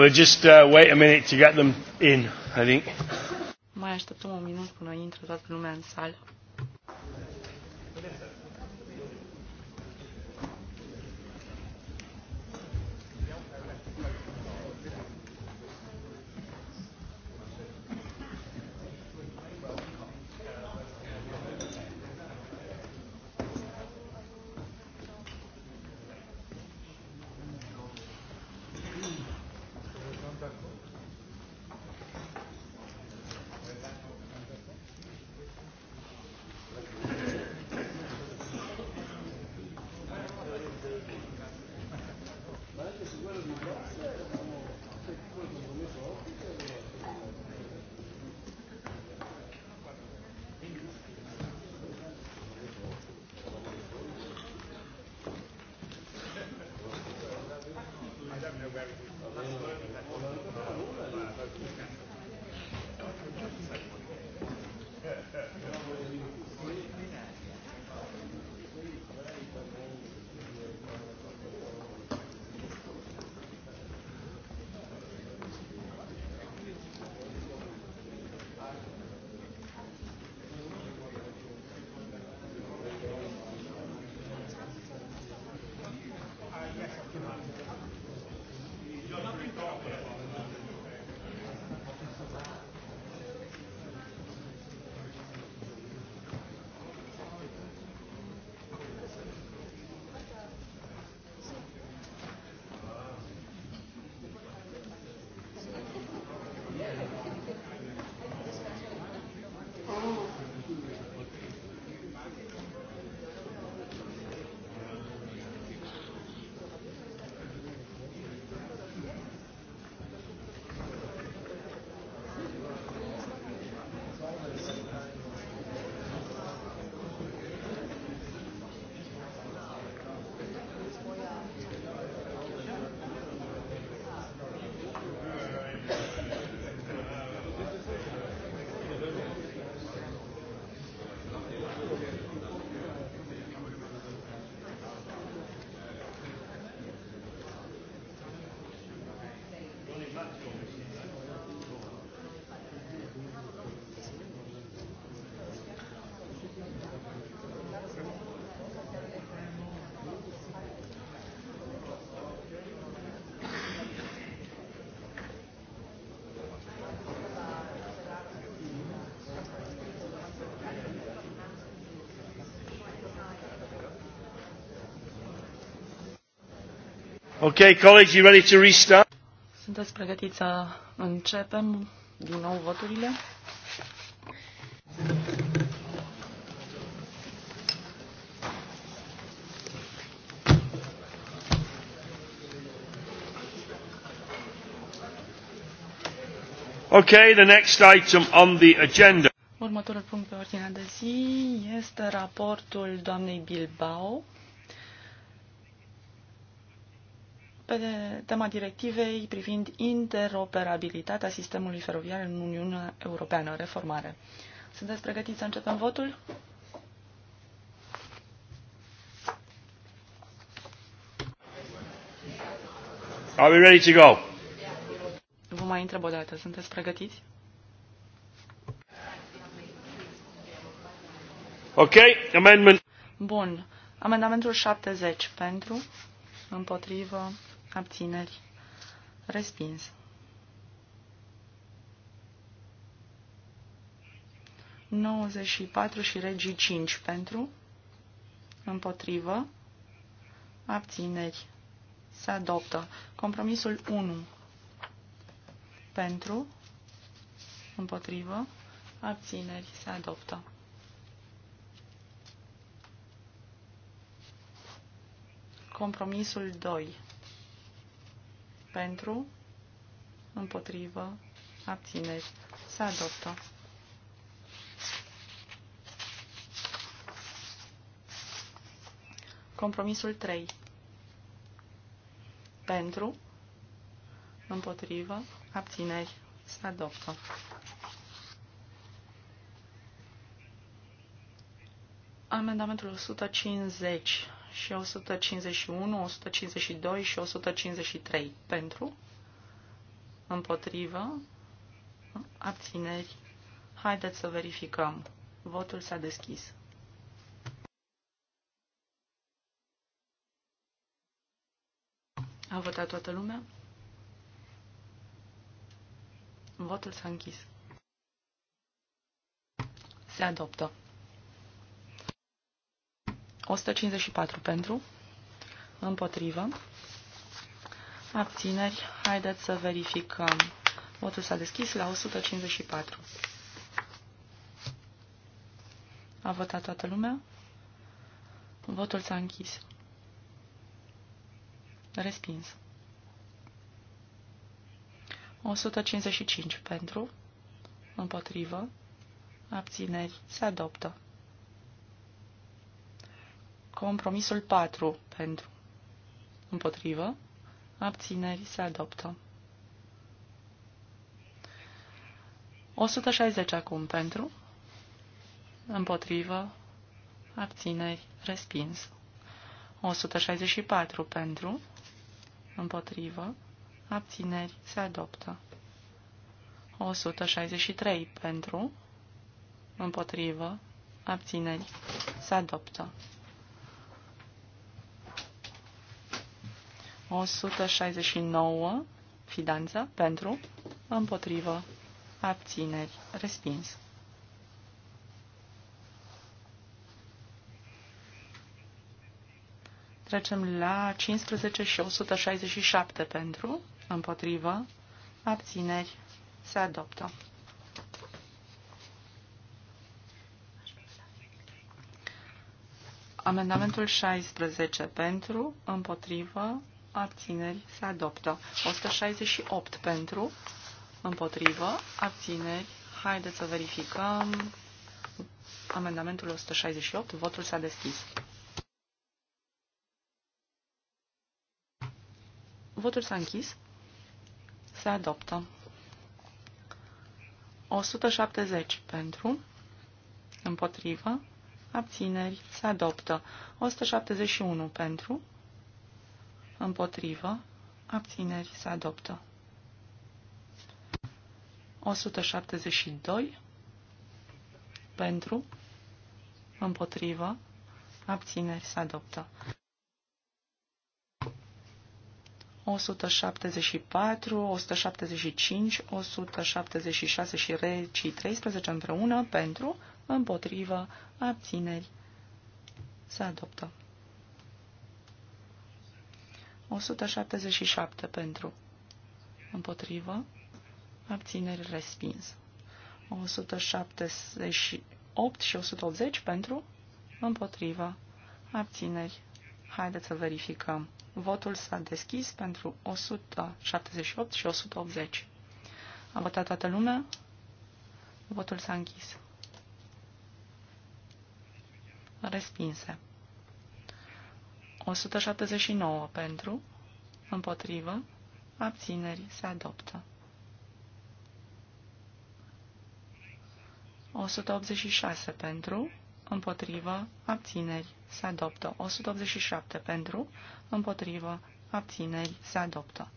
We'll just uh, wait a minute to get them in, I think. Mai așteptăm un minut până intră toată lumea în sală. Okay, colleagues, you ready to restart? Sunteți pregătiți să începem din nou voturile? Okay, the next item on the agenda. Următorul punct pe ordinea de zi este raportul doamnei Bilbao pe tema directivei privind interoperabilitatea sistemului feroviar în Uniunea Europeană, reformare. Sunteți pregătiți să începem votul? Are we ready to go? Vă mai întreb o dată, sunteți pregătiți? Ok, amendment. Bun. Amendamentul 70 pentru, împotrivă, abțineri, respins. Nouăzeci și regii 5 pentru, împotrivă, abțineri, se adoptă. Compromisul 1 pentru, împotrivă, abțineri, se adoptă. Compromisul 2 pentru, împotrivă, abțineri, se adoptă. Compromisul 3. Pentru, împotrivă, abțineri, se adoptă. Amendamentul 150 și 151, 152 și 153 pentru, împotrivă, abțineri. Haideți să verificăm. Votul s-a deschis. A votat toată lumea? Votul s-a închis. Se adoptă. 154 pentru, împotrivă, abțineri. Haideți să verificăm. Votul s-a deschis la 154. A votat toată lumea? Votul s-a închis. Respins. 155 pentru, împotrivă, abțineri, se adoptă. Compromisul 4 pentru. Împotrivă. Abțineri se adoptă. 160 acum pentru. Împotrivă. Abțineri. Respins. 164 pentru. Împotrivă. Abțineri. Se adoptă. 163 pentru. Împotrivă. Abțineri. Se adoptă. 169 fidanță pentru, împotrivă, abțineri, respins. Trecem la 15 și 167 pentru, împotrivă, abțineri, se adoptă. Amendamentul 16 pentru, împotrivă, abțineri, se adoptă. 168 pentru, împotrivă, abțineri. Haideți să verificăm amendamentul 168. Votul s-a deschis. Votul s-a închis. Se adoptă. 170 pentru, împotrivă, abțineri, se adoptă. 171 pentru, împotrivă, abțineri se adoptă. 172 pentru, împotrivă, abțineri se adoptă. 174, 175, 176 și recii 13 împreună pentru, împotrivă, abțineri se adoptă. 177 pentru. Împotrivă. Abțineri respins. 178 și 180 pentru. Împotrivă. Abțineri. Haideți să verificăm. Votul s-a deschis pentru 178 și 180. A votat toată lumea. Votul s-a închis. Respinse. 179 pentru, împotrivă, abțineri se adoptă. 186 pentru, împotrivă, abțineri se adoptă. 187 pentru, împotrivă, abțineri se adoptă.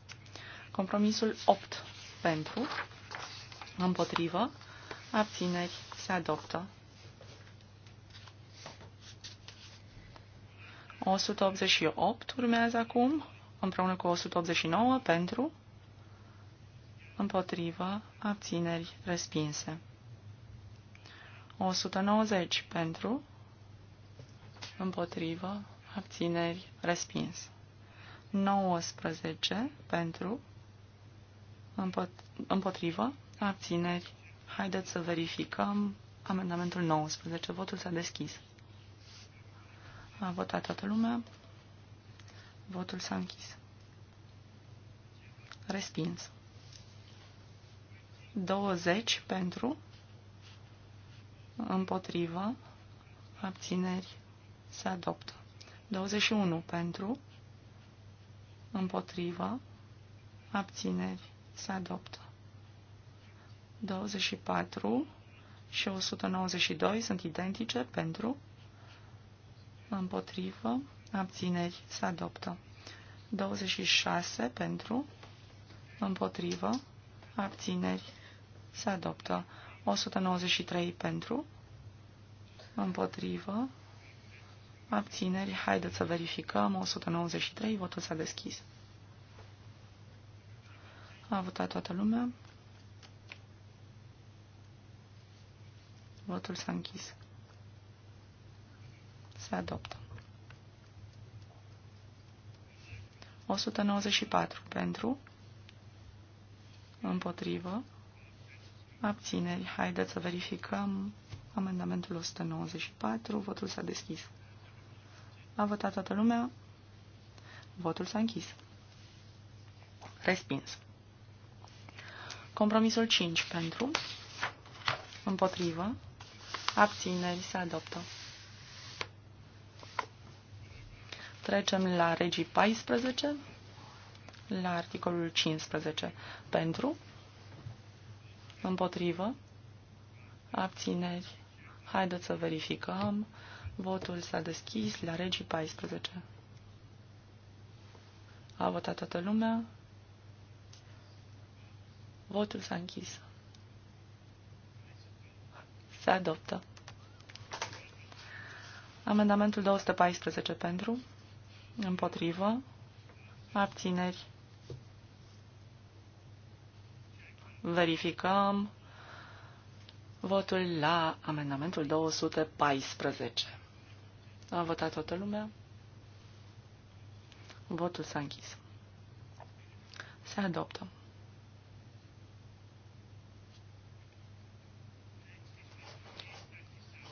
Compromisul 8 pentru, împotrivă, abțineri se adoptă. 188 urmează acum, împreună cu 189 pentru, împotrivă, abțineri respinse. 190 pentru, împotrivă, abțineri respins. 19 pentru, împotrivă, abțineri. Haideți să verificăm amendamentul 19. Votul s-a deschis. A votat toată lumea. Votul s-a închis. Respins. 20 pentru, împotrivă, abțineri, se adoptă. 21 pentru, împotrivă, abțineri, se adoptă. 24 și 192 sunt identice pentru, împotrivă, abțineri, se adoptă. 26 pentru, împotrivă, abțineri, se adoptă. 193 pentru, împotrivă, abțineri, haideți să verificăm, 193, votul s-a deschis. A votat toată lumea. Votul s-a închis. Se adoptă. 194 pentru, împotrivă, abțineri. Haideți să verificăm amendamentul 194. Votul s-a deschis. A votat toată lumea. Votul s-a închis. Respins. Compromisul 5 pentru, împotrivă, abțineri se adoptă. Trecem la regii 14, la articolul 15. Pentru, împotrivă, abțineri. Haideți să verificăm. Votul s-a deschis la regii 14. A votat toată lumea. Votul s-a închis. Se adoptă. Amendamentul 214 pentru. Împotrivă. Abțineri. Verificăm votul la amendamentul 214. A votat toată lumea. Votul s-a închis. Se adoptă.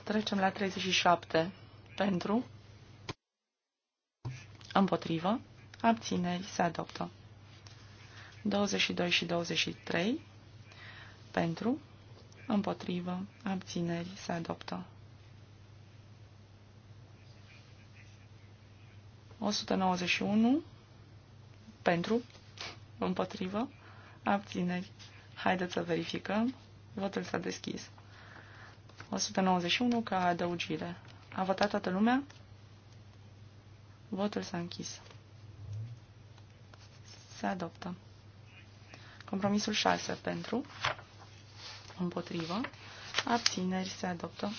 Trecem la 37. Pentru, Împotrivă. Abțineri. Se adoptă. 22 și 23. Pentru. Împotrivă. Abțineri. Se adoptă. 191. Pentru. Împotrivă. Abțineri. Haideți să verificăm. Votul s-a deschis. 191 ca adăugire. A votat toată lumea? Votul s-a închis. Se adoptă. Compromisul 6 pentru, împotrivă, abțineri se adoptă.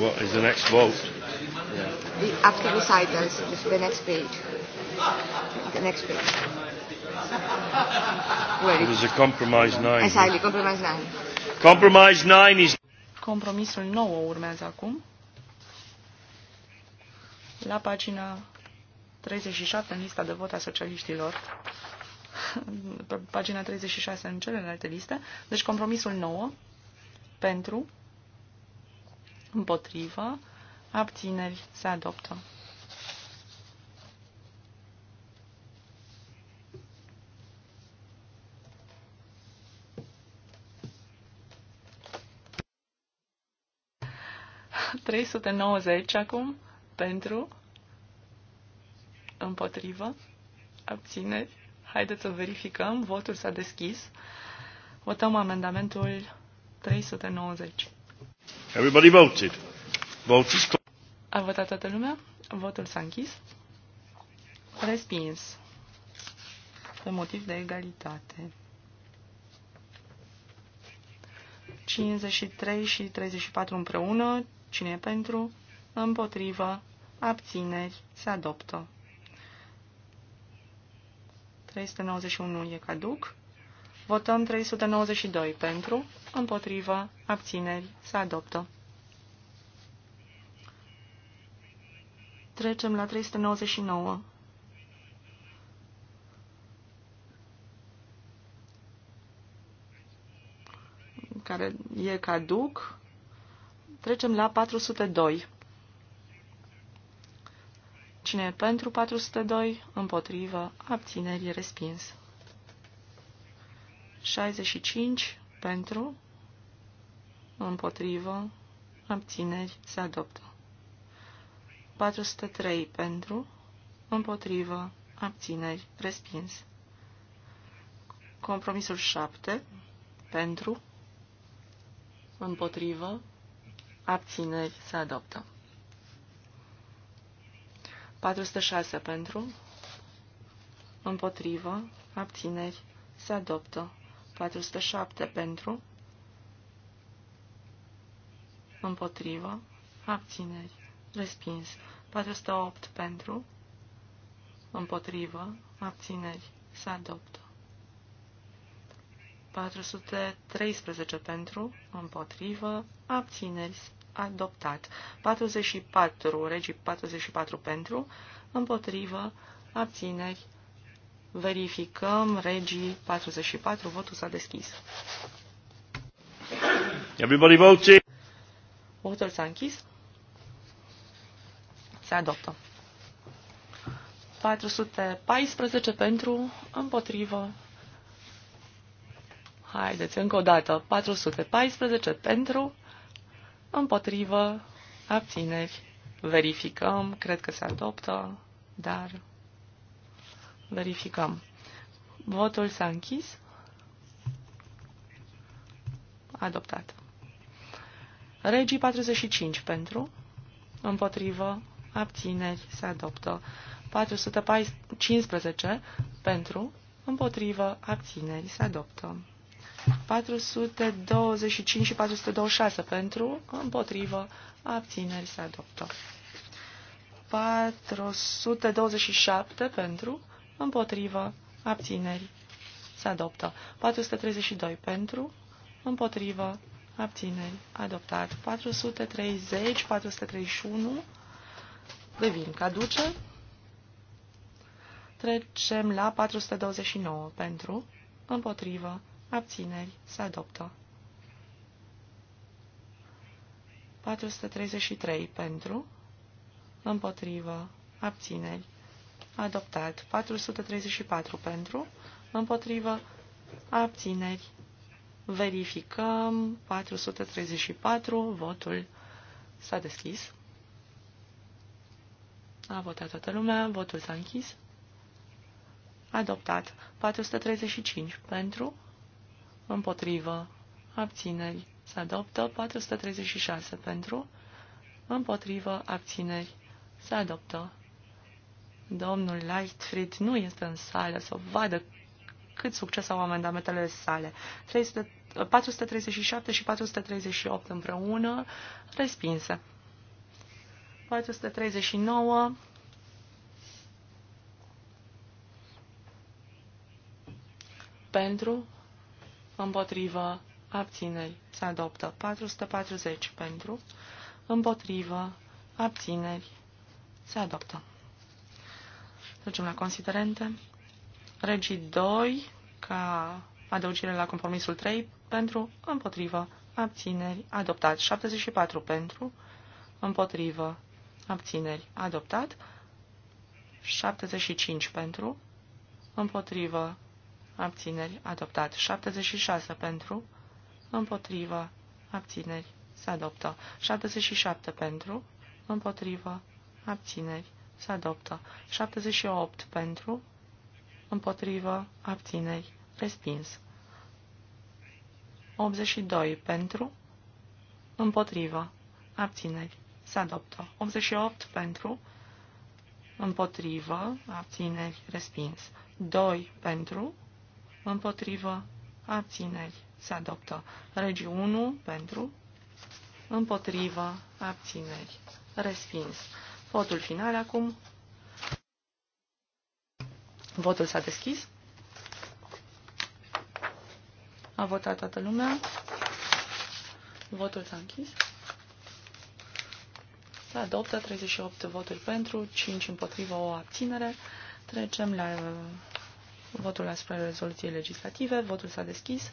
What is the next vote? the, after recitals, the next page. The next page. Where it is a compromise nine. Exactly, compromise nine. Compromise nine is... Compromisul 9 urmează acum. La pagina 37 în lista de vot a socialiștilor. Pe pagina 36 în celelalte liste. Deci compromisul nouă pentru, împotriva, abțineri, se adoptă. Trei sute nouăzeci acum pentru împotrivă abțineri. Haideți să verificăm. Votul s-a deschis. Votăm amendamentul 390. Everybody voted. Vote is a votat toată lumea? Votul s-a închis. Respins. Pe motiv de egalitate. 53 și 34 împreună. Cine e pentru? Împotrivă. Abțineri. Se adoptă. 391 e caduc. Votăm 392 pentru, împotrivă, abțineri, se adoptă. Trecem la 399. care e caduc. Trecem la 402. Cine e pentru 402? Împotrivă. Abțineri respins. 65 pentru. Împotrivă. Abțineri se adoptă. 403 pentru, împotrivă, abțineri, respins. Compromisul 7 pentru, împotrivă, abțineri, se adoptă. 406 pentru, împotrivă, abțineri, se adoptă. 407 pentru, împotrivă, abțineri Respins. 408 pentru, împotrivă, abțineri, se adoptă. 413 pentru, împotrivă, abțineri, adoptat. 44, regii 44 pentru, împotrivă, abțineri, verificăm, regii 44, votul s-a deschis. Everybody vote. Votul s-a închis. Se adoptă. 414 pentru, împotrivă. Haideți, încă o dată. 414 pentru, împotrivă, abțineri. Verificăm, cred că se adoptă, dar verificăm. Votul s-a închis. Adoptat. Regii 45 pentru, împotrivă, abțineri, se adoptă. 415 pentru, împotrivă, abțineri, se adoptă. 425 și 426 pentru, împotrivă, abțineri, se adoptă. 427 pentru, împotrivă, abțineri, se adoptă. 432 pentru, împotrivă, abțineri, adoptat. 430, 431 vin caduce. Trecem la 429 pentru, împotrivă, abțineri, se adoptă. 433 pentru, împotrivă, abțineri, adoptat. 434 pentru, împotrivă, abțineri. Verificăm 434, votul s-a deschis. A votat toată lumea, votul s-a închis. Adoptat. 435 pentru, împotrivă, abțineri. Se adoptă 436 pentru, împotrivă, abțineri. Se adoptă. Domnul Lightfried nu este în sală să vadă cât succes au amendamentele sale. 300, 437 și 438 împreună respinse. 439 pentru, împotrivă, abțineri, se adoptă 440 pentru, împotrivă, abțineri, se adoptă. Trecem la considerente. Regii 2, ca adăugire la compromisul 3, pentru, împotrivă, abțineri, adoptat 74 pentru, împotrivă, abțineri, adoptat. 75 pentru, împotrivă, abțineri, adoptat. 76 pentru, împotrivă, abțineri, se adoptă. 77 pentru, împotrivă, abțineri, se adoptă. 78 pentru, împotrivă, abțineri, respins. 82 pentru, împotrivă, abțineri, se adoptă. 88 pentru, împotrivă, abțineri, respins. 2 pentru, împotrivă, abțineri, se adoptă. Regi 1 pentru, împotrivă, abțineri, respins. Votul final acum. Votul s-a deschis. A votat toată lumea. Votul s-a închis. Se adoptă 38 voturi pentru, 5 împotrivă, o abținere. Trecem la uh, votul asupra rezoluției legislative. Votul s-a deschis.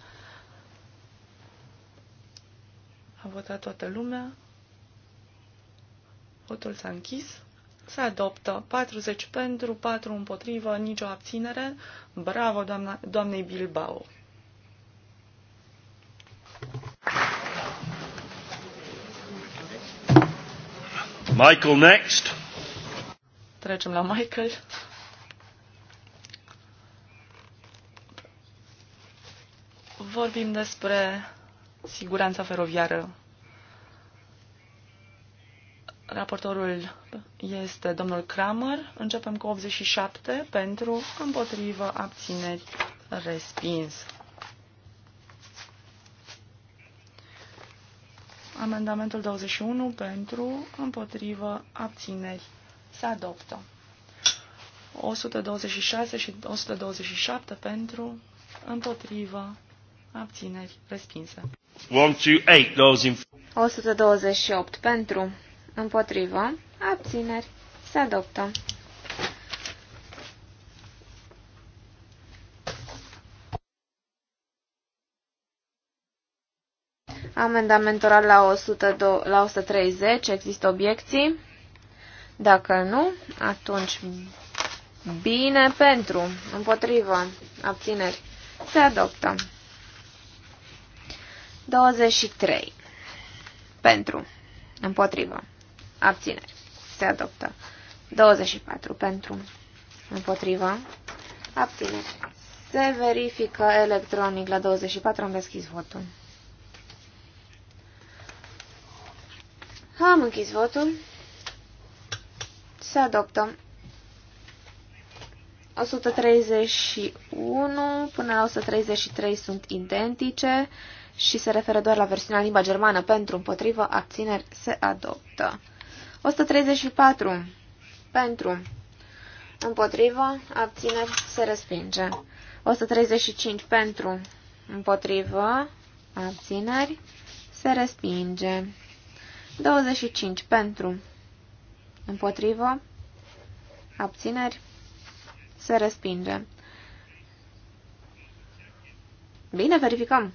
A votat toată lumea. Votul s-a închis. Se adoptă 40 pentru, 4 împotrivă, nicio abținere. Bravo, doamna, doamnei Bilbao! Michael next. Trecem la Michael. Vorbim despre siguranța feroviară. Raportorul este domnul Kramer. Începem cu 87 pentru, împotrivă, abțineri, respins. Amendamentul 21 pentru, împotrivă, abțineri. Se adoptă. 126 și 127 pentru, împotrivă, abțineri, respinse. 128 pentru, împotrivă, abțineri, se adoptă. Amendament oral la, 102, la 130. Există obiecții? Dacă nu, atunci bine pentru, împotrivă, abțineri. Se adoptă. 23. Pentru, împotrivă, abțineri. Se adoptă. 24. Pentru, împotrivă, abțineri. Se verifică electronic la 24. Am deschis votul. Am închis votul. Se adoptă. 131 până la 133 sunt identice și se referă doar la versiunea limba germană. Pentru, împotrivă, abțineri se adoptă. 134 pentru, împotrivă, abțineri se respinge. 135 pentru, împotrivă, abțineri se respinge. 25 pentru, împotrivă, abțineri, se respinge. Bine, verificăm.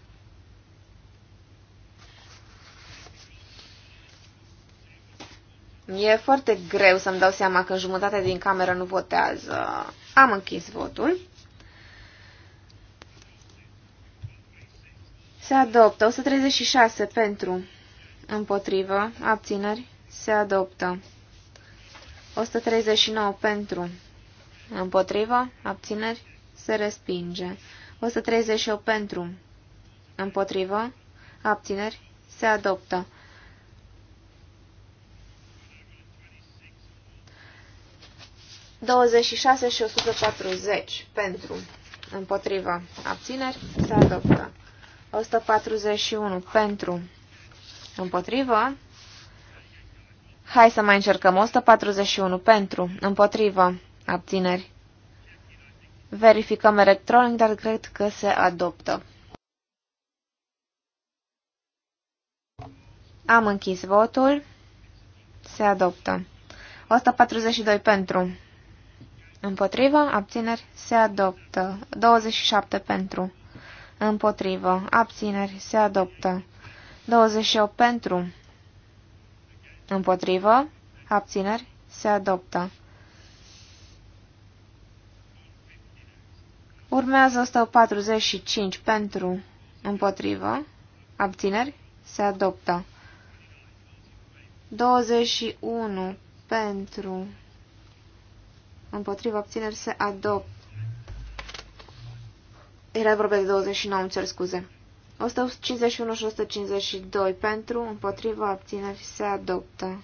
E foarte greu să-mi dau seama că jumătate din cameră nu votează. Am închis votul. Se adoptă 136 pentru împotrivă, abțineri, se adoptă. 139 pentru, împotrivă, abțineri, se respinge. 138 pentru, împotrivă, abțineri, se adoptă. 26 și 140 pentru, Împotrivă, abțineri, se adoptă. 141 pentru, Împotrivă. Hai să mai încercăm. 141 pentru. Împotrivă. Abțineri. Verificăm electronic, dar cred că se adoptă. Am închis votul. Se adoptă. 142 pentru. Împotrivă. Abțineri. Se adoptă. 27 pentru. Împotrivă. Abțineri. Se adoptă. 28 pentru. Împotrivă. Abțineri. Se adoptă. Urmează 145 pentru. Împotrivă. Abțineri. Se adoptă. 21 pentru. Împotrivă. Abțineri. Se adoptă. Era vorba de 29, îmi cer scuze. 151 152 pentru, împotriva, abțineri, se adoptă.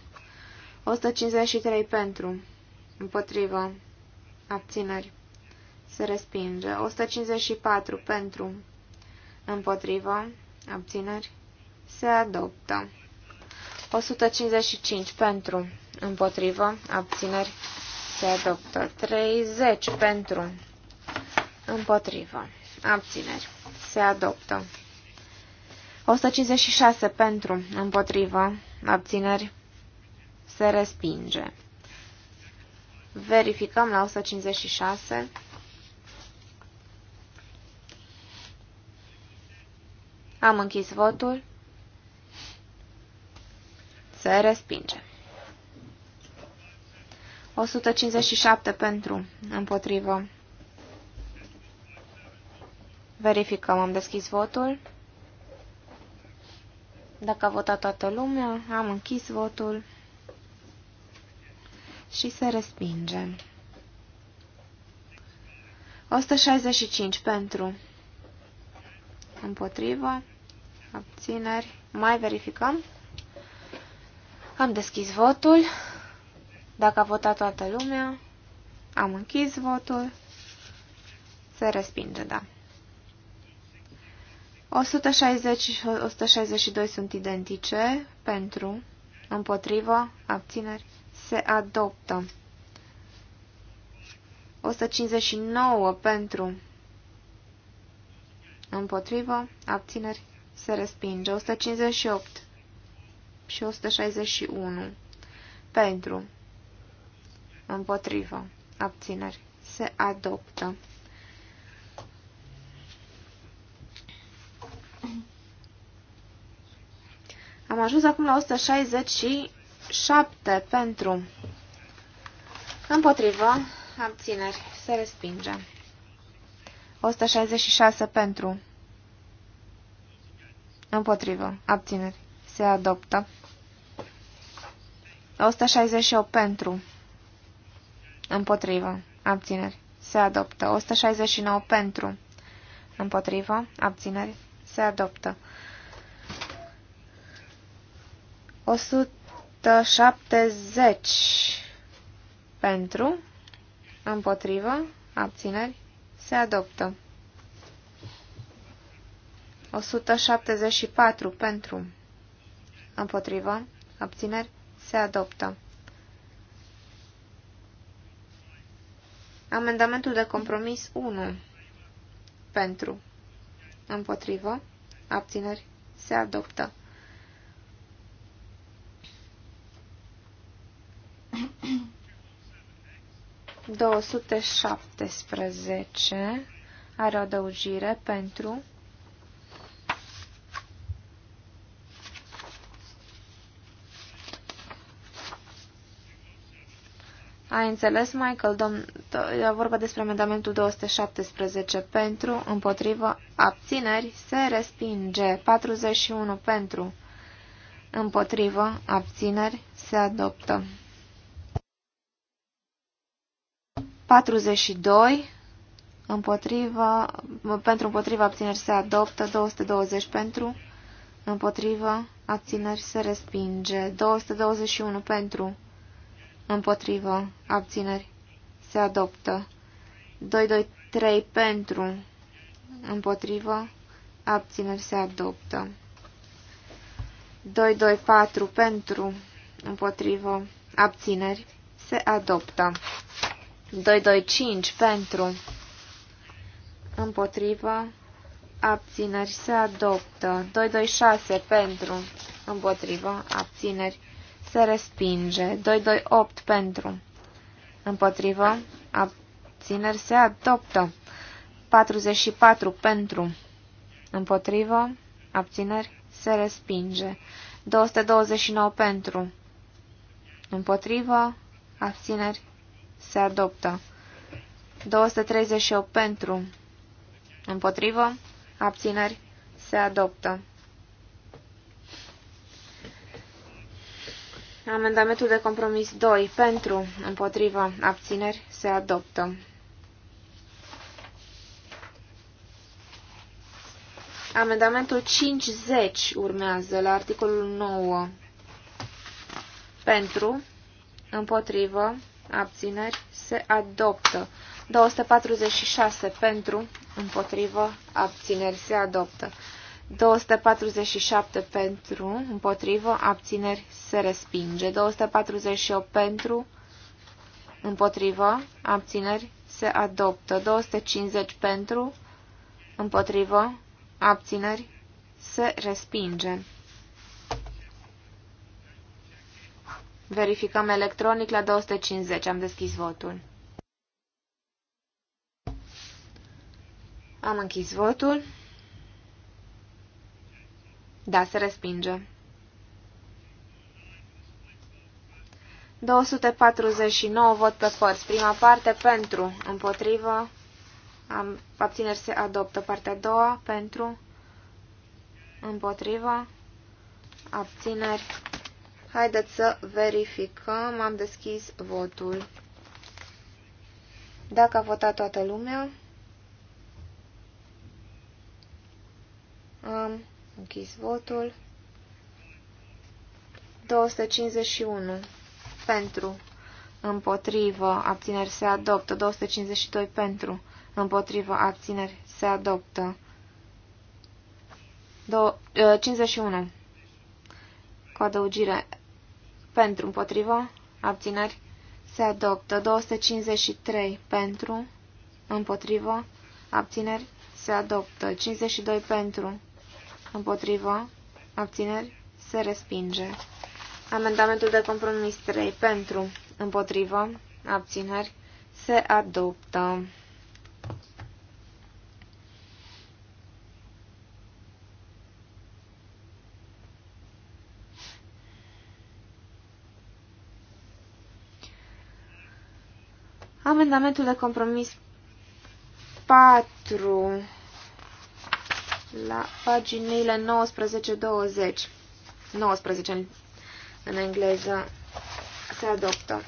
153 pentru, împotriva, abțineri, se respinge. 154 pentru, împotriva, abțineri, se adoptă. 155 pentru, împotrivă, abțineri, se adoptă. 30 pentru, împotrivă, abțineri, se adoptă. 156 pentru, împotrivă, abțineri, se respinge. Verificăm la 156. Am închis votul. Se respinge. 157 pentru, împotrivă. Verificăm, am deschis votul. Dacă a votat toată lumea, am închis votul și se respinge. 165 pentru, împotrivă, abțineri, mai verificăm. Am deschis votul. Dacă a votat toată lumea, am închis votul. Se respinge, da. 160 și 162 sunt identice pentru, împotrivă, abțineri, se adoptă. 159 pentru, împotrivă, abțineri, se respinge. 158 și 161 pentru, împotrivă, abțineri, se adoptă. Am ajuns acum la 167 pentru împotrivă, abțineri. Se respinge. 166 pentru împotrivă abțineri. Se adoptă. 168 pentru împotrivă abțineri. Se adoptă. 169 pentru împotrivă abțineri. Se adoptă. 170 pentru, împotrivă, abțineri, se adoptă. 174 pentru, împotrivă, abțineri, se adoptă. Amendamentul de compromis 1 pentru, împotrivă, abțineri, se adoptă. 217 are o adăugire pentru Ai înțeles, Michael? Domn... E vorba despre amendamentul 217 pentru, împotrivă, abțineri, se respinge. 41 pentru, împotrivă, abțineri, se adoptă. 42 împotriva, pentru împotriva abțineri se adoptă, 220 pentru împotriva abțineri se respinge, 221 pentru împotriva abțineri se adoptă, 223 pentru împotriva abțineri se adoptă, 224 pentru împotriva abțineri se adoptă. 225 pentru împotrivă abțineri se adoptă 226 pentru împotrivă abțineri se respinge 228 pentru împotrivă abțineri se adoptă 44 pentru împotrivă abțineri se respinge 229 pentru împotrivă abțineri se adoptă. 238 pentru, împotrivă, abțineri, se adoptă. Amendamentul de compromis 2 pentru, împotrivă, abțineri, se adoptă. Amendamentul 50 urmează la articolul 9. Pentru, împotrivă, abțineri, se adoptă. 246 pentru, împotrivă, abțineri, se adoptă. 247 pentru, împotrivă, abțineri, se respinge. 248 pentru, împotrivă, abțineri, se adoptă. 250 pentru, împotrivă, abțineri, se respinge. Verificăm electronic la 250. Am deschis votul. Am închis votul. Da, se respinge. 249 vot pe părți. Prima parte pentru, împotrivă, am, abțineri se adoptă. Partea a doua pentru, împotrivă, abțineri Haideți să verificăm. Am deschis votul. Dacă a votat toată lumea, am închis votul. 251 pentru, împotrivă, abțineri se adoptă. 252 pentru, împotrivă, abțineri se adoptă. Do 51 ă, cu adăugire pentru împotrivă, abțineri, se adoptă. 253 pentru împotrivă, abțineri, se adoptă. 52 pentru împotrivă, abțineri, se respinge. Amendamentul de compromis 3 pentru împotrivă, abțineri, se adoptă. Amendamentul de compromis 4 la paginile 19-20. 19 în, în engleză se adoptă.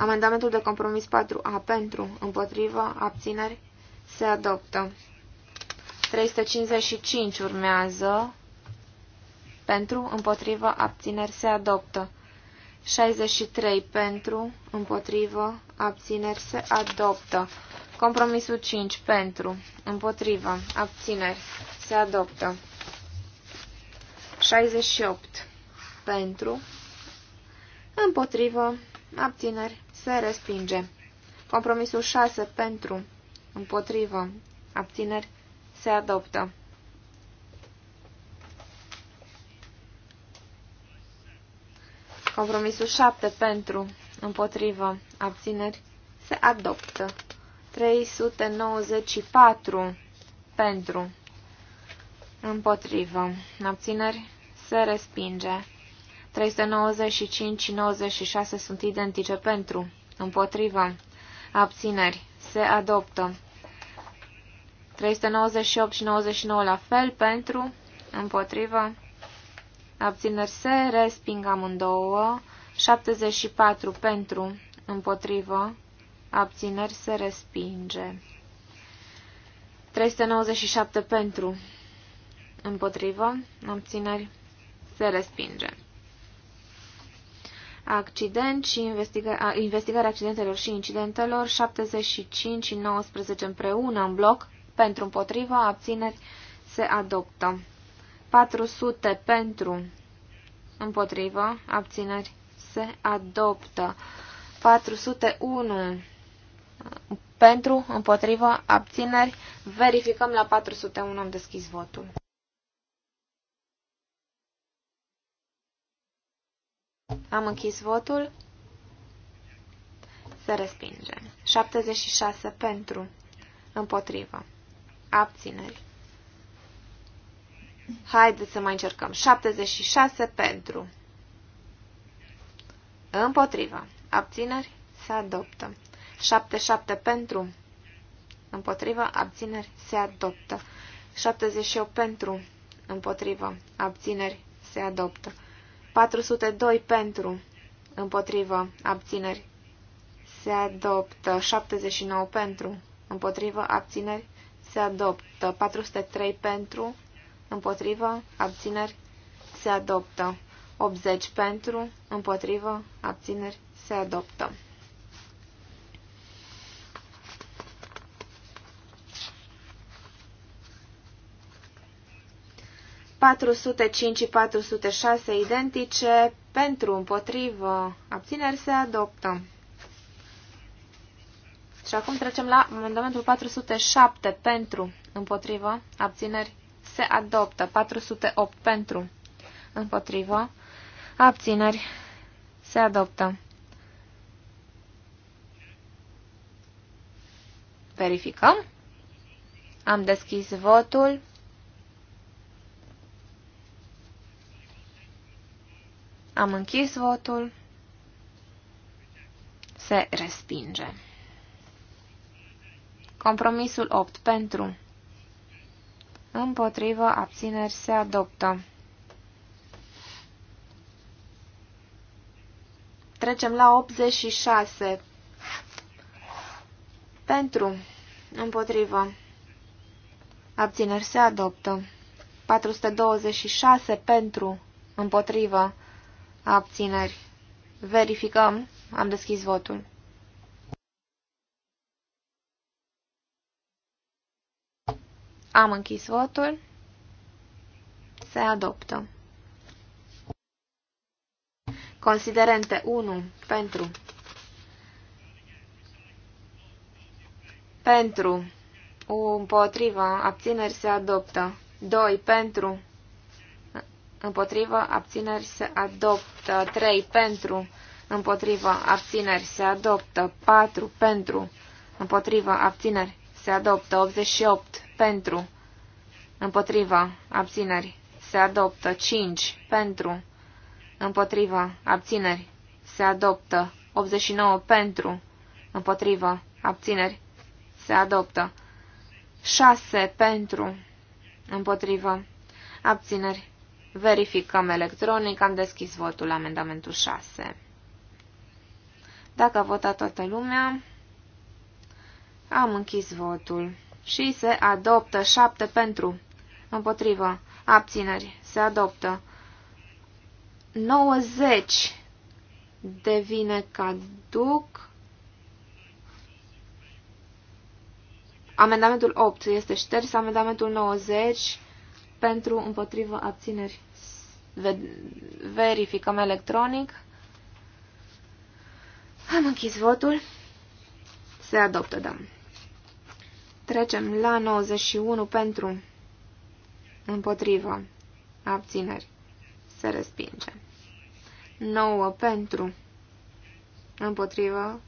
Amendamentul de compromis 4A pentru, împotrivă, abțineri, se adoptă. 355 urmează pentru, împotrivă, abțineri se adoptă. 63 pentru, împotrivă, abțineri se adoptă. Compromisul 5 pentru, împotrivă, abțineri se adoptă. 68 pentru, împotrivă, abțineri se respinge. Compromisul 6 pentru, împotrivă, abțineri se adoptă. Compromisul 7 pentru, împotrivă, abțineri, se adoptă. 394 pentru, împotrivă, abțineri, se respinge. 395 și 96 sunt identice pentru, împotrivă, abțineri, se adoptă. 398 și 99 la fel pentru, împotrivă, abțineri se resping amândouă, 74 pentru, împotrivă, abțineri se respinge. 397 pentru, împotrivă, abțineri se respinge. Accident și investiga investigarea accidentelor și incidentelor, 75 și 19 împreună în bloc, pentru împotrivă, abțineri se adoptă. 400 pentru, împotrivă, abțineri, se adoptă. 401 pentru, împotrivă, abțineri, verificăm la 401, am deschis votul. Am închis votul. Se respinge. 76 pentru, împotrivă, abțineri Haideți să mai încercăm. 76 pentru. Împotriva. Abțineri. Se adoptă. 77 pentru. Împotriva. Abțineri. Se adoptă. 78 pentru. Împotriva. Abțineri. Se adoptă. 402 pentru. Împotriva. Abțineri. Se adoptă. 79 pentru. Împotriva. Abțineri. Se adoptă. 403 pentru împotrivă, abțineri, se adoptă. 80 pentru, împotrivă, abțineri, se adoptă. și 406 identice, pentru, împotrivă, abțineri se adoptă. Și acum trecem la amendamentul 407, pentru, împotrivă, abțineri se adoptă. 408 pentru, împotrivă, abțineri, se adoptă. Verificăm. Am deschis votul. Am închis votul. Se respinge. Compromisul 8 pentru Împotrivă, abțineri, se adoptă. Trecem la 86. Pentru, împotrivă, abțineri, se adoptă. 426 pentru, împotrivă, abțineri. Verificăm. Am deschis votul. Am închis votul. Se adoptă. Considerente 1 pentru pentru împotriva abțineri se adoptă. 2 pentru împotriva abțineri se adoptă. 3 pentru împotriva abțineri se adoptă. 4 pentru împotriva abțineri se adoptă. 88 pentru, împotriva, abțineri, se adoptă. 5 pentru, împotriva, abțineri, se adoptă. 89 pentru, împotriva, abțineri, se adoptă. 6 pentru, împotriva, abțineri, verificăm electronic, am deschis votul la amendamentul 6. Dacă a votat toată lumea, am închis votul și se adoptă 7 pentru, împotrivă, abțineri, se adoptă 90 devine caduc. Amendamentul 8 este șters, amendamentul 90 pentru împotrivă abțineri. Verificăm electronic. Am închis votul. Se adoptă, da. Trecem la 91 pentru împotrivă abțineri. Se respinge. 9 pentru împotrivă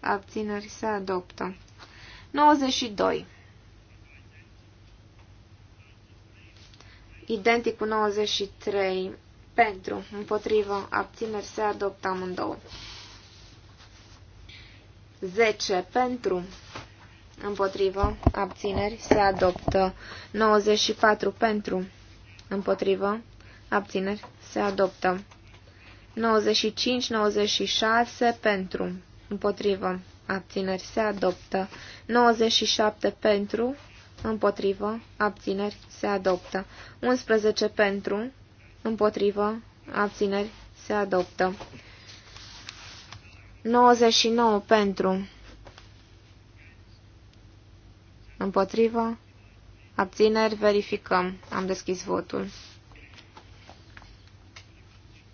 abțineri se adoptă. 92 Identic cu 93 pentru împotrivă abțineri se adoptă amândouă. 10 pentru împotrivă, abțineri, se adoptă. 94 pentru, împotrivă, abțineri, se adoptă. 95-96 pentru, împotrivă, abțineri, se adoptă. 97 pentru, împotrivă, abțineri, se adoptă. 11 pentru, împotrivă, abțineri, se adoptă. 99 pentru, Împotrivă? Abțineri? Verificăm. Am deschis votul.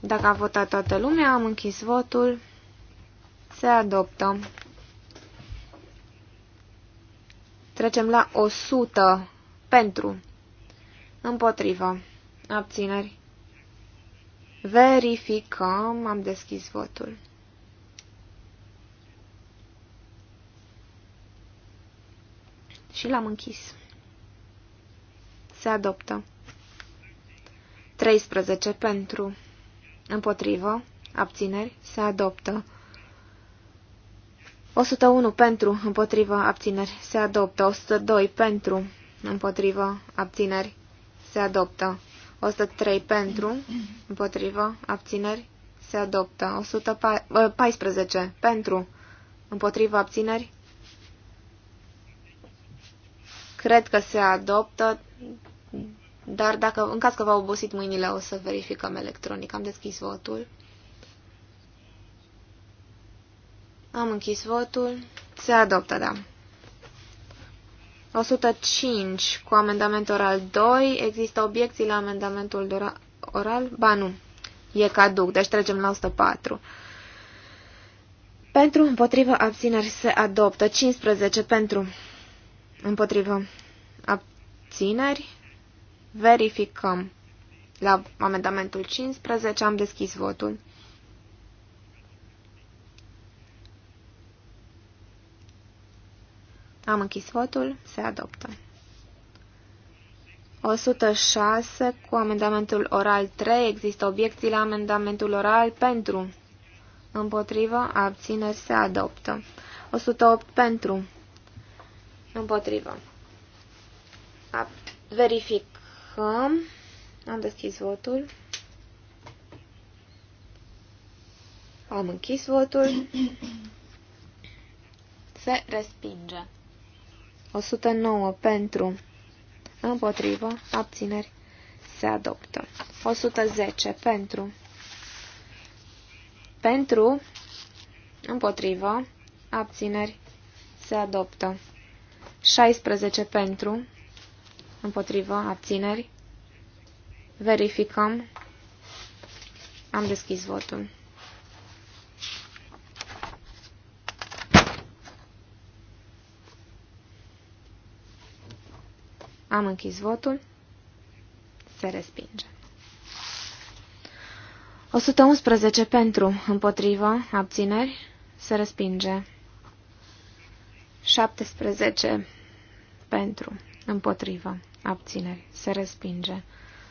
Dacă a votat toată lumea, am închis votul. Se adoptă. Trecem la 100 pentru. Împotrivă. Abțineri. Verificăm. Am deschis votul. și l-am închis. Se adoptă. 13 pentru. Împotrivă. Abțineri. Se adoptă. 101 pentru. Împotrivă. Abțineri. Se adoptă. 102 pentru. Împotrivă. Abțineri. Se adoptă. 103 pentru. Împotrivă. Abțineri. Se adoptă. 114 ă, pentru. Împotrivă. Abțineri. Cred că se adoptă, dar dacă, în caz că v-au obosit mâinile, o să verificăm electronic. Am deschis votul. Am închis votul. Se adoptă, da. 105 cu amendament oral 2. Există obiecții la amendamentul oral? Ba nu. E caduc, deci trecem la 104. Pentru, împotrivă, abțineri se adoptă. 15 pentru, Împotrivă. Abțineri. Verificăm. La amendamentul 15 am deschis votul. Am închis votul. Se adoptă. 106. Cu amendamentul oral 3 există obiecții la amendamentul oral pentru. Împotrivă, abțineri se adoptă. 108 pentru. Împotrivă. Verificăm. Am deschis votul. Am închis votul. Se respinge. 109 pentru, împotrivă, abțineri, se adoptă. 110 pentru, pentru, împotrivă, abțineri, se adoptă. 16 pentru, împotrivă, abțineri. Verificăm. Am deschis votul. Am închis votul. Se respinge. 111 pentru, împotrivă, abțineri, se respinge. 17 pentru, împotrivă, abțineri, se respinge.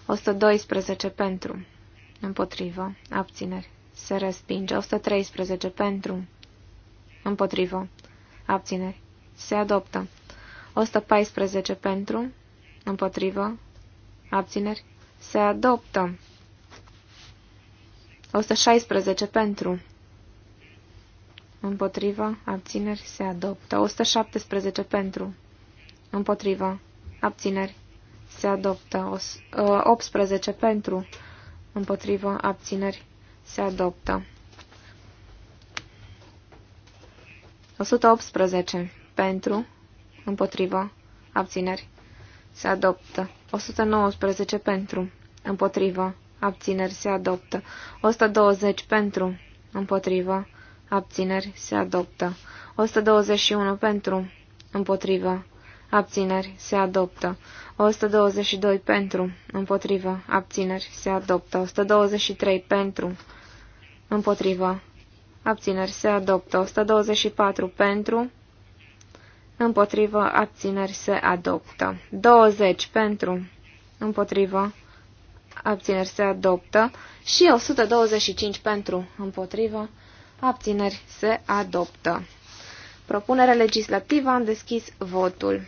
112 pentru, împotrivă, abțineri, se respinge. 113 pentru, împotrivă, abțineri, se adoptă. 114 pentru, împotrivă, abțineri, se adoptă. 116 pentru, Împotrivă. Abțineri. Se adoptă. 117 pentru. Împotrivă. Abțineri. Se adoptă. 18 ă, pentru. Împotrivă. Abțineri. Se adoptă. 118 pentru. Împotrivă. Abțineri. Se adoptă. 119 pentru. Împotrivă. Abțineri se adoptă. 120 pentru. Împotrivă abțineri, se adoptă. 121 pentru, împotrivă, abțineri, se adoptă. 122 pentru, împotrivă, abțineri, se adoptă. 123 pentru, împotrivă, abțineri, se adoptă. 124 pentru, împotrivă, abțineri, se adoptă. 20 pentru, împotrivă, abțineri, se adoptă. Și 125 pentru, împotrivă, abțineri, se adoptă. Propunere legislativă, am deschis votul.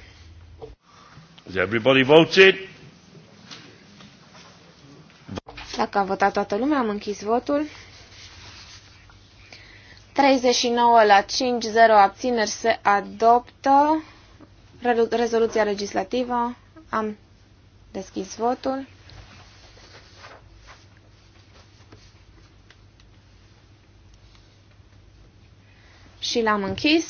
Has everybody voted? Dacă a votat toată lumea, am închis votul. 39 la 5, 0 abțineri se adoptă. Rezoluția legislativă. Am deschis votul. și l-am închis.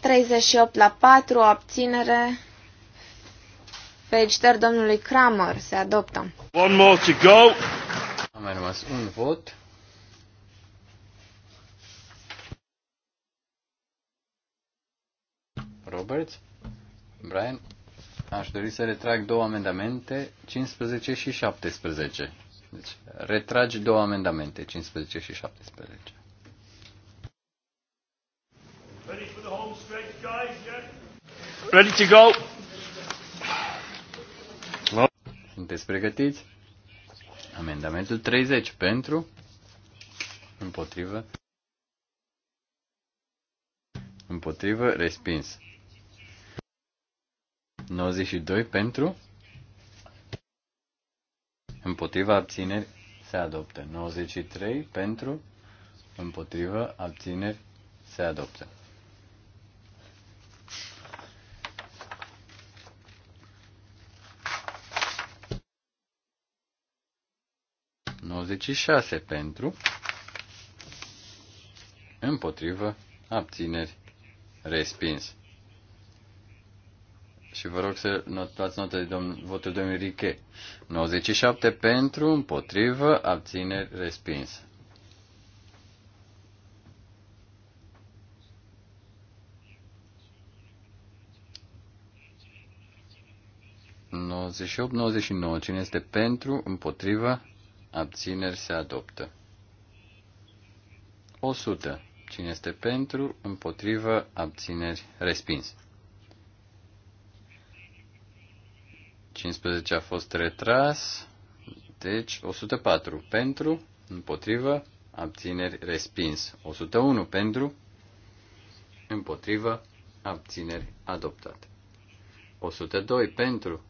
38 la 4, o Felicitări domnului Kramer, se adoptă. One more to go. Am mai rămas un vot. Roberts, Brian, aș dori să retrag două amendamente, 15 și 17. Deci, retragi două amendamente, 15 și 17. Ready to go? Sunteți pregătiți? Amendamentul 30 pentru, împotrivă, împotrivă, respins. 92 pentru, împotriva abțineri, se adoptă. 93 pentru, împotriva abțineri, se adoptă. 26 pentru, împotrivă, abțineri, respins. Și vă rog să notați notă de domn, votul domnului Riche. 97 pentru, împotrivă, abțineri, respins. ...98-99, cine este pentru, împotriva, abțineri se adoptă. 100. Cine este pentru, împotrivă, abțineri, respins. 15 a fost retras, deci 104 pentru, împotrivă, abțineri, respins. 101 pentru, împotrivă, abțineri, adoptat. 102 pentru,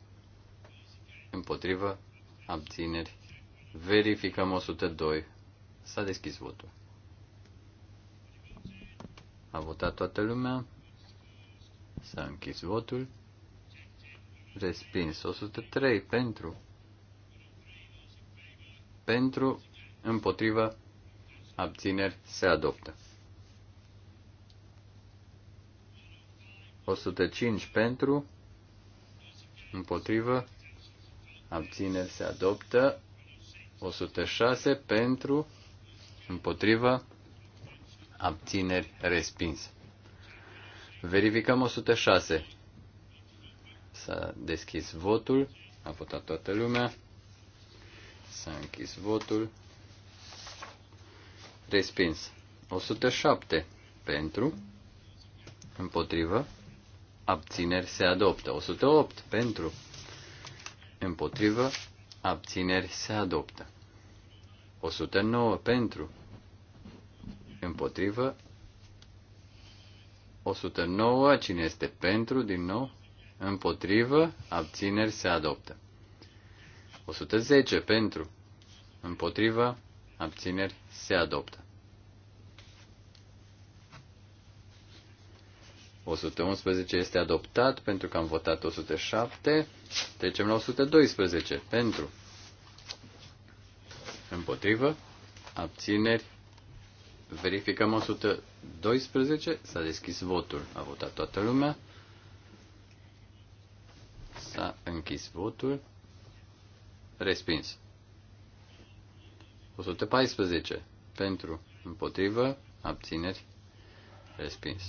împotrivă, abțineri, Verificăm 102. S-a deschis votul. A votat toată lumea. S-a închis votul. Respins 103 pentru. Pentru, împotriva, abțineri se adoptă. 105 pentru, împotrivă, abțineri se adoptă, 106 pentru, împotriva abțineri, respins. Verificăm 106. S-a deschis votul, a votat toată lumea, s-a închis votul, respins. 107 pentru, împotrivă, abțineri se adoptă. 108 pentru, împotrivă, abțineri se adoptă. 109 pentru, împotrivă, 109, cine este pentru, din nou, împotrivă, abțineri se adoptă. 110 pentru, împotrivă, abțineri se adoptă. 111 este adoptat pentru că am votat 107. Trecem la 112 pentru împotrivă, abțineri. Verificăm 112, s-a deschis votul, a votat toată lumea. S-a închis votul. Respins. 114 pentru împotrivă, abțineri, respins.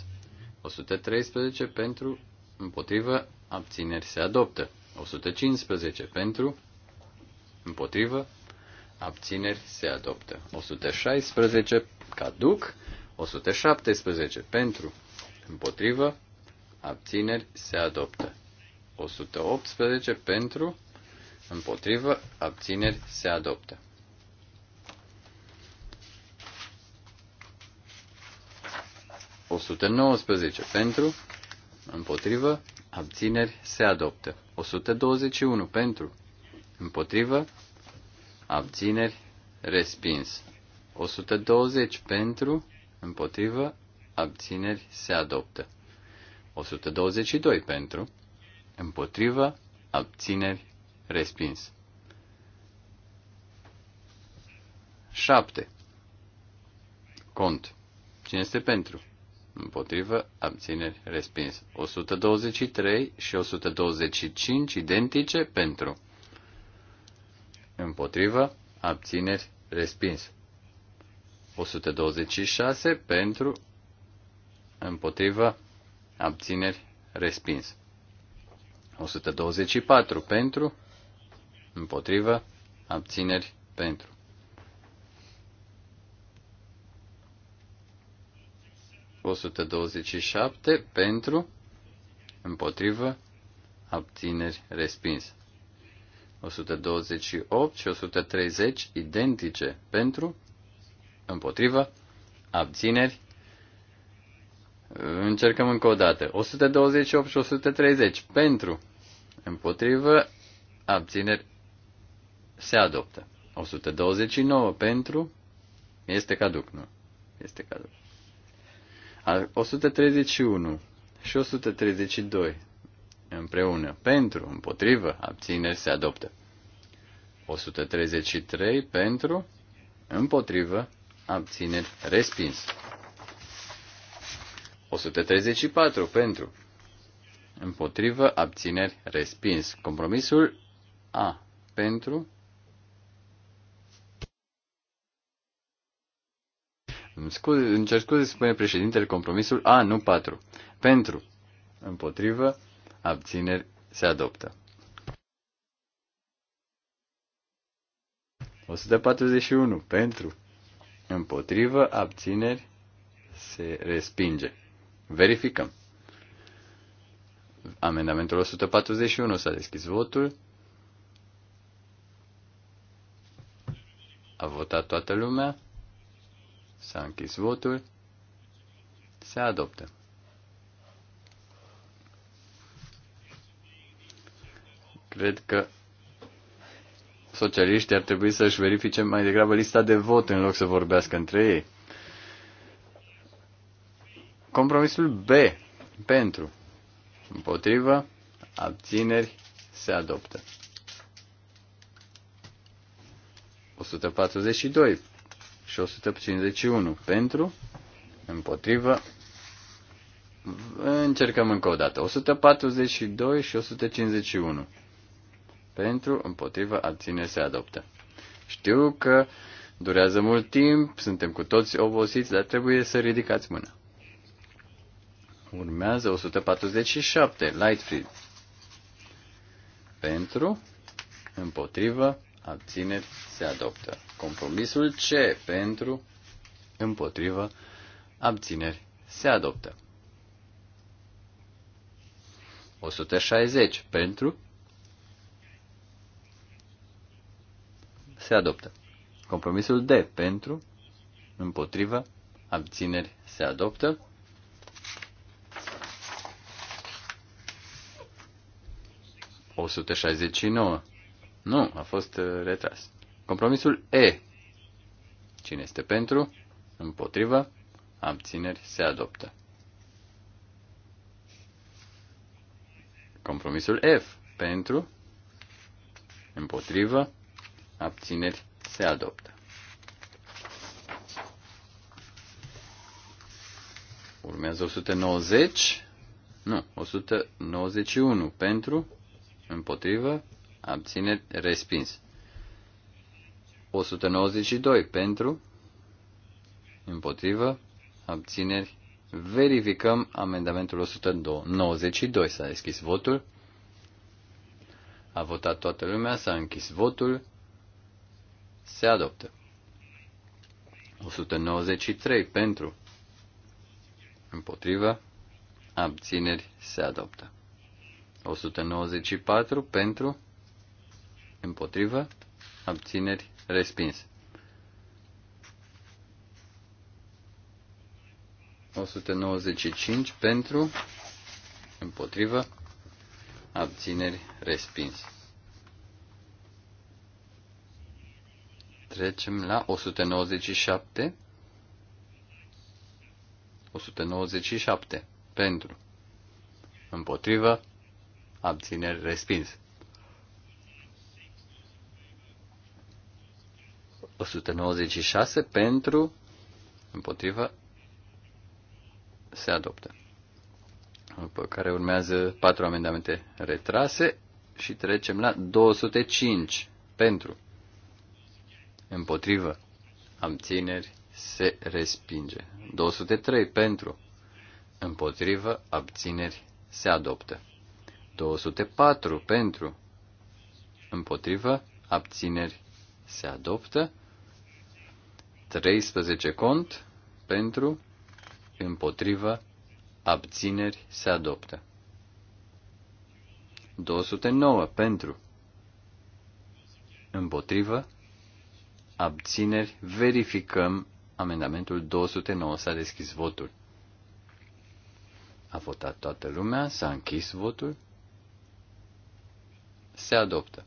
113 pentru, împotrivă, abțineri se adoptă. 115 pentru, împotrivă, abțineri se adoptă. 116 caduc, 117 pentru, împotrivă, abțineri se adoptă. 118 pentru, împotrivă, abțineri se adoptă. 119 pentru, împotrivă, abțineri se adoptă. 121 pentru, împotrivă, abțineri respins. 120 pentru, împotrivă, abțineri se adoptă. 122 pentru, împotrivă, abțineri respins. 7. Cont. Cine este pentru? împotrivă, abțineri, respins. 123 și 125 identice pentru, împotrivă, abțineri, respins. 126 pentru, împotrivă, abțineri, respins. 124 pentru, împotrivă, abțineri, pentru. 127 pentru, împotrivă, abțineri, respins. 128 și 130 identice pentru, împotrivă, abțineri. Încercăm încă o dată. 128 și 130 pentru, împotrivă, abțineri, se adoptă. 129 pentru, este caduc, nu? Este caduc. 131 și 132 împreună pentru, împotrivă, abțineri se adoptă. 133 pentru, împotrivă, abțineri respins. 134 pentru, împotrivă, abțineri respins. Compromisul A pentru, Îmi, scuze, îmi cer scuze, spune președintele, compromisul A, nu 4. Pentru, împotrivă, abțineri, se adoptă. 141. Pentru, împotrivă, abțineri, se respinge. Verificăm. Amendamentul 141 s-a deschis votul. A votat toată lumea. S-a închis votul. Se adoptă. Cred că socialiștii ar trebui să-și verifice mai degrabă lista de vot în loc să vorbească între ei. Compromisul B. Pentru. Împotrivă. Abțineri. Se adoptă. 142 și 151 pentru, împotrivă, încercăm încă o dată, 142 și 151 pentru, împotrivă, abține, se adoptă. Știu că durează mult timp, suntem cu toți obosiți, dar trebuie să ridicați mâna. Urmează 147, Lightfield. Pentru, împotrivă, abține, se adoptă. Compromisul C pentru, împotrivă, abțineri se adoptă. 160 pentru, se adoptă. Compromisul D pentru, împotrivă, abțineri se adoptă. ...169. Nu, a fost uh, retras. Compromisul E. Cine este pentru? Împotrivă? Abțineri se adoptă. Compromisul F. Pentru? Împotrivă? Abțineri se adoptă. Urmează 190. Nu, 191 pentru, împotrivă, abțineri, respins. 192 pentru, împotrivă, abțineri. Verificăm amendamentul 192. S-a deschis votul. A votat toată lumea, s-a închis votul. Se adoptă. 193 pentru, împotrivă, abțineri se adoptă. 194 pentru, împotrivă, abțineri Respins. 195 pentru, împotrivă, abțineri, respins. Trecem la 197. 197 pentru, împotrivă, abțineri, respins. 196 pentru, împotriva se adoptă. După care urmează patru amendamente retrase și trecem la 205 pentru, împotrivă, abțineri, se respinge. 203 pentru, împotrivă, abțineri, se adoptă. 204 pentru, împotrivă, abțineri, se adoptă. 13 cont pentru, împotrivă, abțineri se adoptă. 209 pentru, împotrivă, abțineri, verificăm amendamentul 209, s-a deschis votul. A votat toată lumea, s-a închis votul, se adoptă.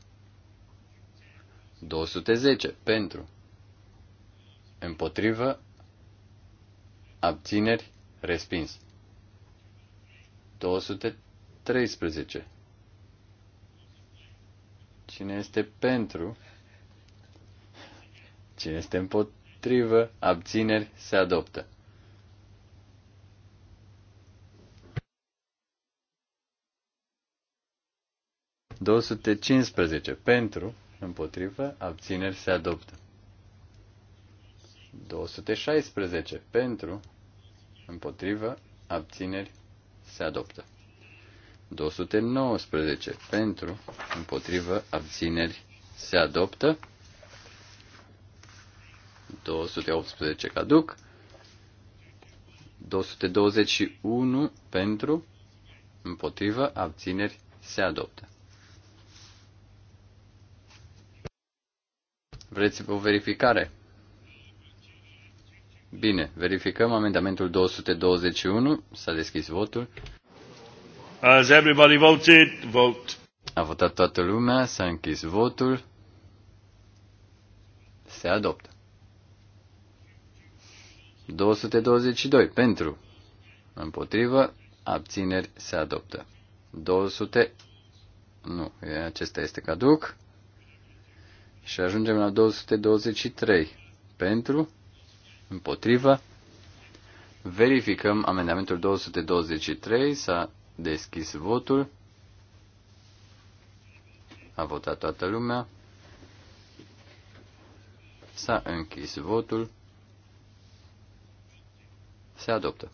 210 pentru, Împotrivă. Abțineri. Respins. 213. Cine este pentru? Cine este împotrivă? Abțineri. Se adoptă. Două pentru, împotrivă, abțineri se adoptă. 216 pentru, împotrivă, abțineri, se adoptă. 219 pentru, împotrivă, abțineri, se adoptă. 218 caduc. 221 pentru, împotrivă, abțineri, se adoptă. Vreți o verificare? Bine, verificăm amendamentul 221. S-a deschis votul. Has everybody voted? Vote. A votat toată lumea, s-a închis votul. Se adoptă. 222 pentru. Împotrivă, abțineri se adoptă. 200 nu, acesta este caduc. Și ajungem la 223 pentru Împotrivă. Verificăm amendamentul 223. S-a deschis votul. A votat toată lumea. S-a închis votul. Se adoptă.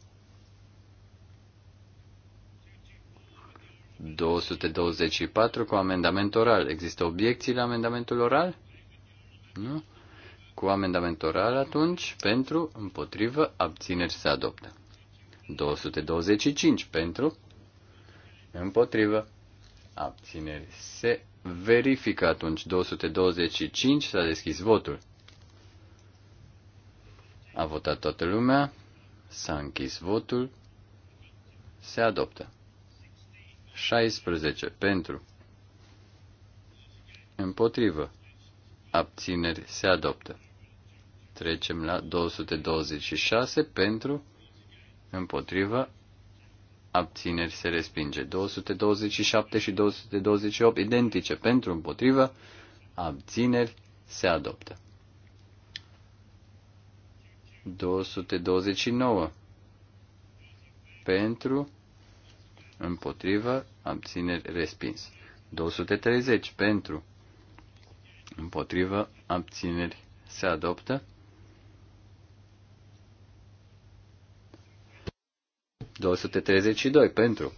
224 cu amendament oral. Există obiecții la amendamentul oral? Nu? cu amendament oral atunci, pentru, împotrivă, abțineri se adoptă. 225 pentru, împotrivă, abțineri se verifică atunci. 225 s-a deschis votul. A votat toată lumea, s-a închis votul, se adoptă. 16 pentru, împotrivă, abțineri se adoptă. Trecem la 226 pentru, împotrivă, abțineri se respinge. 227 și 228 identice pentru, împotrivă, abțineri se adoptă. 229 pentru, împotrivă, abțineri respins. 230 pentru, împotrivă, abțineri se adoptă. 232 pentru.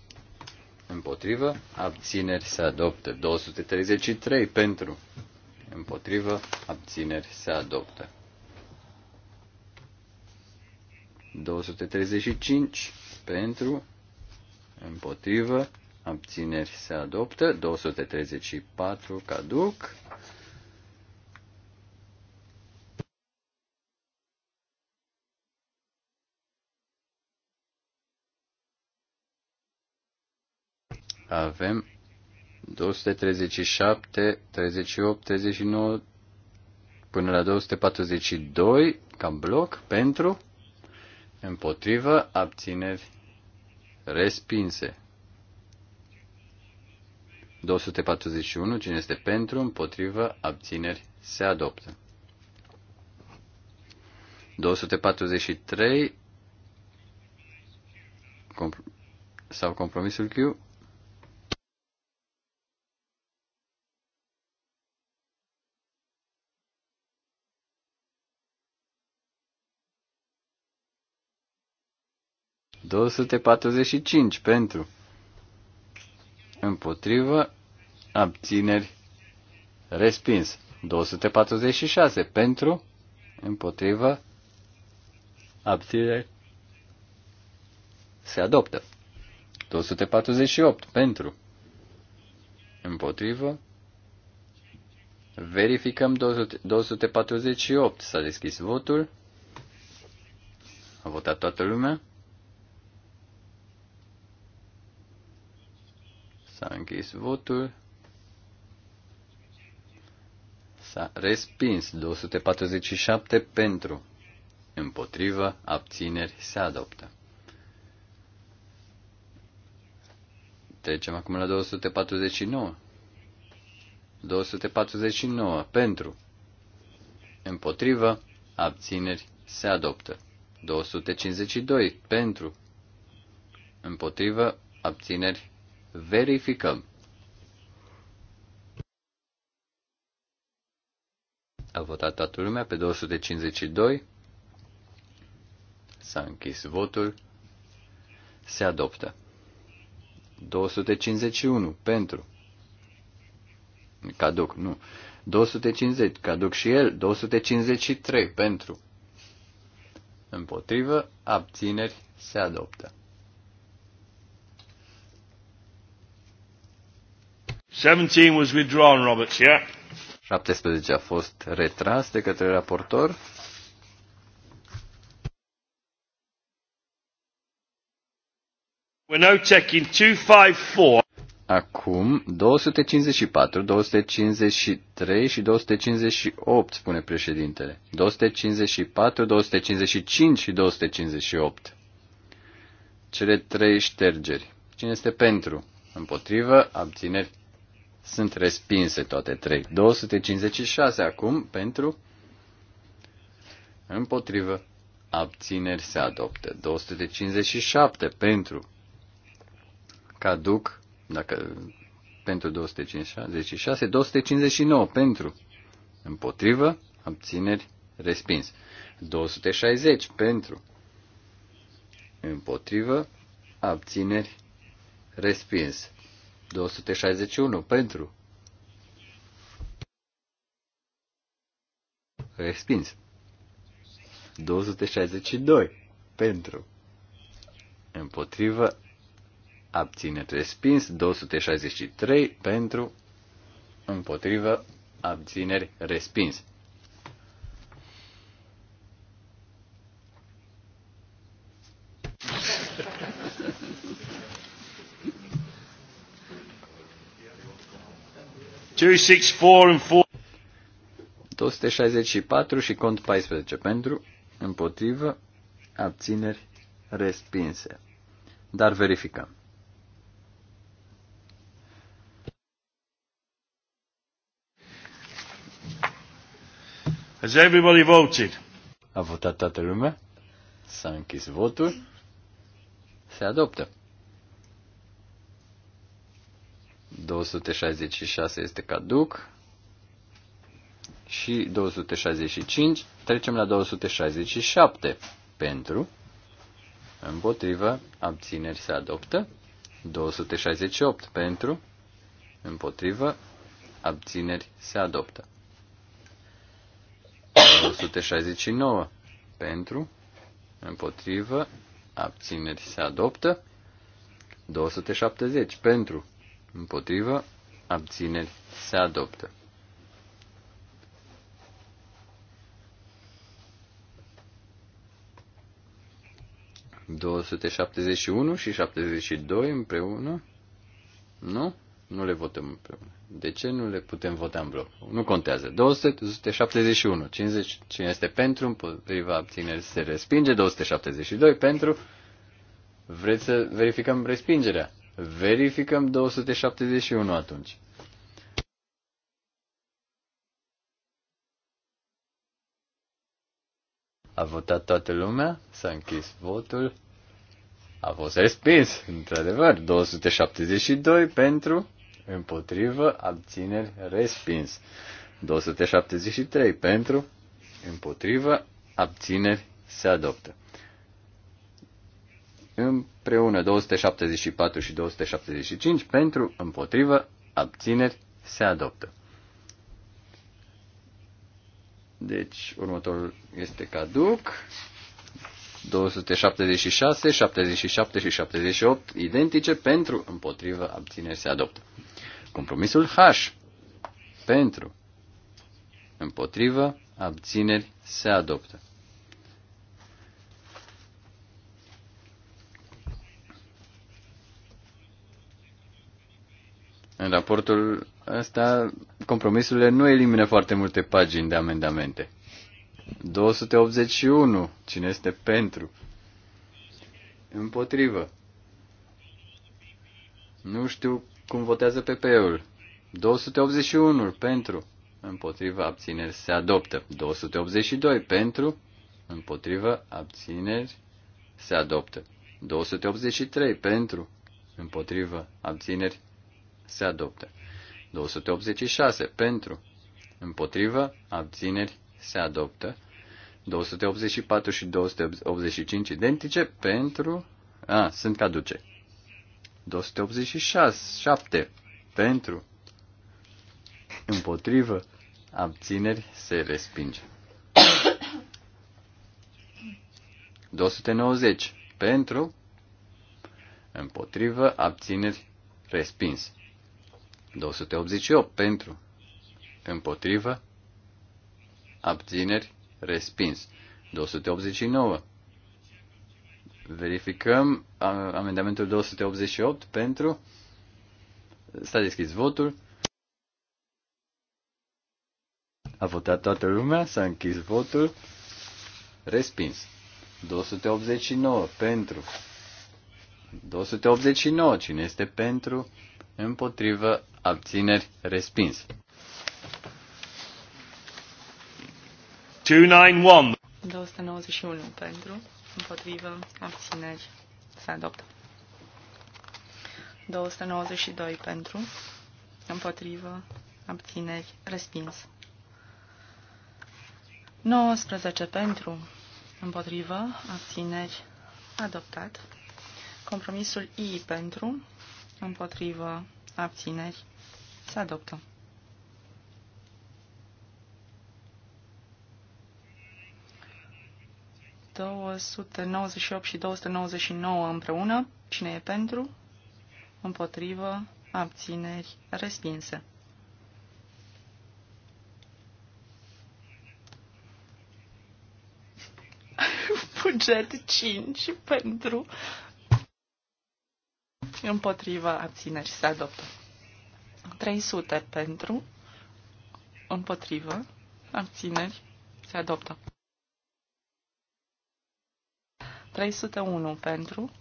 Împotrivă. Abțineri se adoptă. 233 pentru. Împotrivă. Abțineri se adoptă. 235 pentru. Împotrivă. Abțineri se adoptă. 234 caduc. Avem 237, 38, 39 până la 242 ca bloc pentru, împotrivă, abțineri respinse. 241. Cine este pentru, împotrivă, abțineri, se adoptă. 243. Comp- sau compromisul Q 245 pentru. Împotrivă. Abțineri. Respins. 246 pentru. Împotrivă. Abțineri. Se adoptă. 248 pentru. Împotrivă. Verificăm 248. S-a deschis votul. A votat toată lumea. S-a închis votul. S-a respins 247 pentru. Împotrivă, abțineri, se adoptă. Trecem acum la 249. 249 pentru. Împotrivă, abțineri, se adoptă. 252 pentru. Împotrivă, abțineri, verificăm. A votat toată lumea pe 252. S-a închis votul. Se adoptă. 251 pentru. Caduc, nu. 250, caduc și el. 253 pentru. Împotrivă, abțineri, se adoptă. 17 was withdrawn, Roberts, yeah? 17 a fost retras de către raportor. We're now checking 254. Acum 254, 253 și 258, spune președintele. 254, 255 și 258. Cele trei ștergeri. Cine este pentru? Împotrivă, abțineri, sunt respinse toate trei. 256 acum pentru împotrivă abțineri se adoptă. 257 pentru caduc, dacă pentru 256, 259 pentru împotrivă abțineri respins. 260 pentru împotrivă abțineri respins. 261 pentru. Respins. 262 pentru. Împotrivă. Abțineri. Respins. 263 pentru. Împotrivă. Abțineri. Respins. 264 și cont 14 pentru, împotrivă, abțineri, respinse. Dar verificăm. Has everybody voted? A votat toată lumea? S-a închis votul? Se adoptă. 266 este caduc și 265. Trecem la 267 pentru, împotrivă, abțineri se adoptă. 268 pentru, împotrivă, abțineri se adoptă. 269 pentru, împotrivă, abțineri se adoptă. 270 pentru, Împotrivă. Abțineri. Se adoptă. ...271 și 72 împreună? Nu? Nu le votăm împreună. De ce nu le putem vota în bloc? Nu contează. 271. 50, cine este pentru, împotriva abțineri se respinge. 272 pentru. Vreți să verificăm respingerea? Verificăm 271 atunci. A votat toată lumea, s-a închis votul, a fost respins, într-adevăr, 272 pentru, împotrivă, abțineri, respins. 273 pentru, împotrivă, abțineri, se adoptă împreună 274 și 275 pentru, împotrivă, abțineri, se adoptă. Deci, următorul este caduc. 276, 77 și 78 identice pentru, împotrivă, abțineri, se adoptă. Compromisul H pentru, împotrivă, abțineri, se adoptă. În raportul ăsta, compromisurile nu elimină foarte multe pagini de amendamente. 281. Cine este pentru? Împotrivă. Nu știu cum votează PP-ul. 281 pentru. Împotrivă abțineri se adoptă. 282 pentru. Împotrivă abțineri se adoptă. 283 pentru. Împotrivă abțineri se adoptă. 286 pentru, împotrivă, abțineri, se adoptă. 284 și 285 identice pentru, a, sunt caduce. 286, 7 pentru, împotrivă, abțineri, se respinge. 290 pentru, împotrivă, abțineri, respins. 288 pentru, împotrivă, abțineri, respins. 289. Verificăm amendamentul 288 pentru. S-a deschis votul. A votat toată lumea, s-a închis votul. Respins. 289 pentru. 289. Cine este pentru? împotrivă, abțineri, respins. 291. 291 pentru, împotrivă, abțineri, se adoptă. 292 pentru, împotrivă, abțineri, respins. 19 pentru, împotrivă, abțineri, adoptat. Compromisul I pentru, împotrivă, abțineri, se adoptă. ...298 și 299 împreună. Cine e pentru? Împotrivă, abțineri, respinse. Buget 5 pentru împotriva abținerii se adoptă. 300 pentru, împotrivă, abțineri se adoptă. 301 pentru,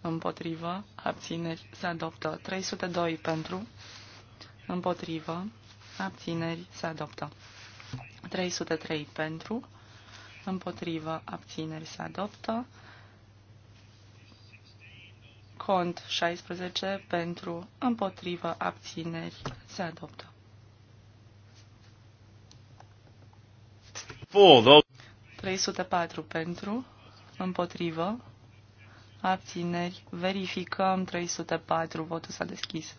împotrivă, abțineri se adoptă. 302 pentru, împotrivă, abțineri se adoptă. 303 pentru, împotrivă, abțineri se adoptă. Cont 16 pentru împotrivă abțineri se adoptă. Four, 304 pentru împotrivă abțineri. Verificăm 304. Votul s-a deschis.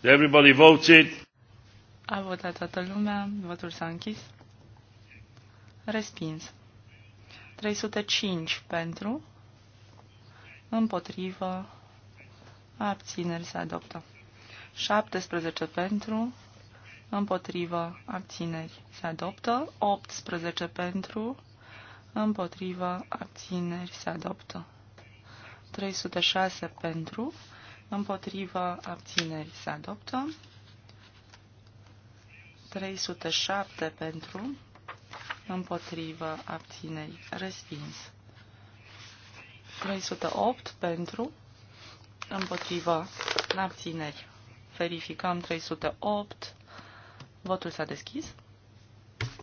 Everybody voted. A votat toată lumea. Votul s-a închis. Respins. 305 pentru, împotrivă, abțineri se adoptă. 17 pentru, împotrivă, abțineri se adoptă. 18 pentru, împotrivă, abțineri se adoptă. 306 pentru, împotrivă, abțineri se adoptă. 307 pentru, împotrivă, abținei. respins. 308 pentru, împotrivă, abțineri. Verificăm 308. Votul s-a deschis.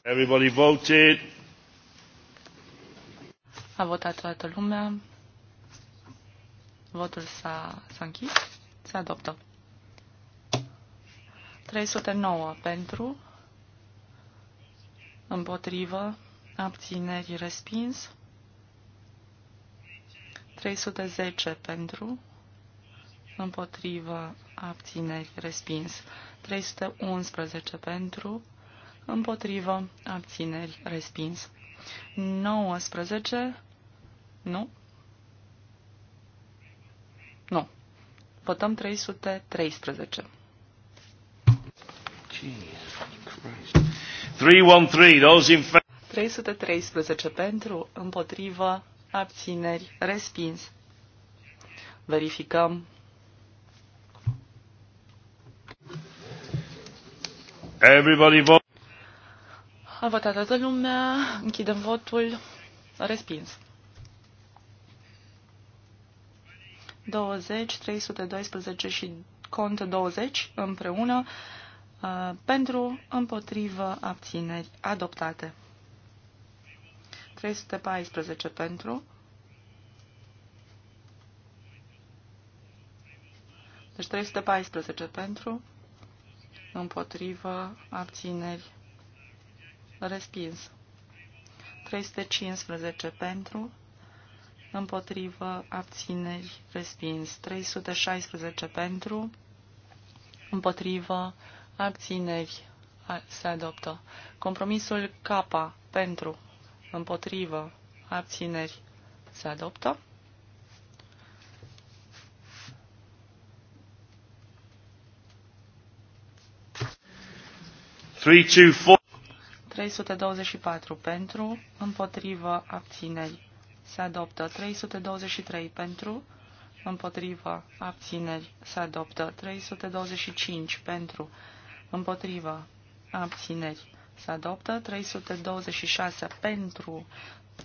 Everybody voted. A votat toată lumea. Votul s-a, s-a închis. Se adoptă. 309 pentru, împotrivă, abțineri respins, 310 pentru, împotrivă, abțineri respins, 311 pentru, împotrivă, abțineri respins, 19, nu, nu, votăm 313. Jesus Christ. 313, pentru, împotrivă, abțineri, respins. Verificăm. Everybody vote. A votat toată lumea, închidem votul, respins. 20, 312 și cont 20 împreună Uh, pentru, împotrivă, abțineri, adoptate. 314 pentru. Deci 314 pentru, împotrivă, abțineri, respins. 315 pentru, împotrivă, abțineri, respins. 316 pentru, împotrivă, abțineri, se adoptă. Compromisul K pentru, împotrivă, abțineri, se adoptă. Three, two, four. 324 pentru, împotrivă, abțineri. Se adoptă 323 pentru, împotrivă, abțineri. Se adoptă 325 pentru, împotrivă, abțineri, se adoptă. 326 pentru,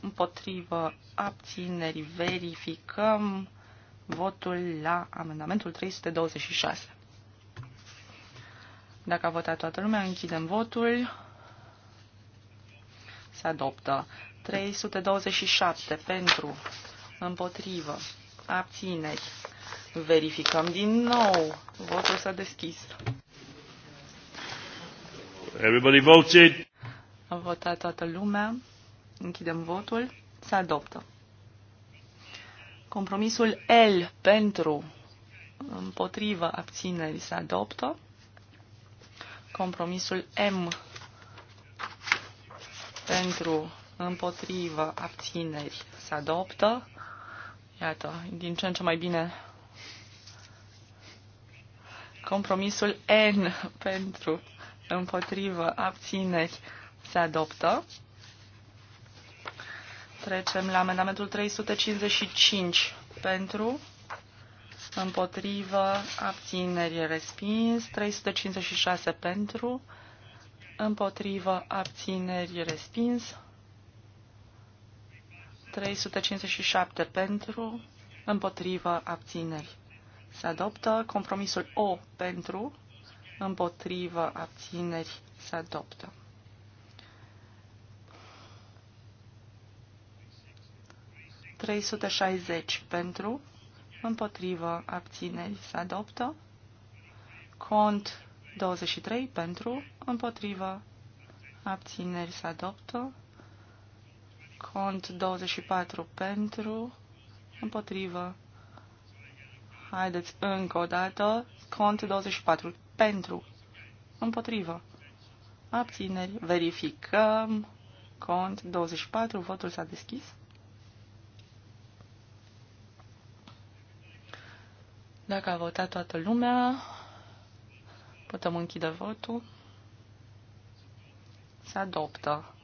împotrivă, abțineri, verificăm votul la amendamentul 326. Dacă a votat toată lumea, închidem votul. Se adoptă. 327 pentru, împotrivă, abțineri. Verificăm din nou. Votul s-a deschis. Everybody voted. A votat toată lumea. Închidem votul. Se adoptă. Compromisul L pentru împotrivă abțineri se adoptă. Compromisul M pentru împotrivă abțineri se adoptă. Iată, din ce în ce mai bine compromisul N pentru împotrivă, abțineri, se adoptă. Trecem la amendamentul 355 pentru, împotrivă, abțineri, respins, 356 pentru, împotrivă, abțineri, respins, 357 pentru, împotrivă, abțineri. Se adoptă compromisul O pentru, împotrivă, abțineri, se adoptă. Trei sute șaizeci pentru, împotrivă, abțineri, se adoptă. Cont 23 pentru, împotrivă, abțineri, se adoptă. Cont 24 pentru, împotrivă. Haideți încă o dată. Cont 24 pentru, împotrivă, abțineri, verificăm, cont 24, votul s-a deschis. Dacă a votat toată lumea, putem închide votul. Se adoptă.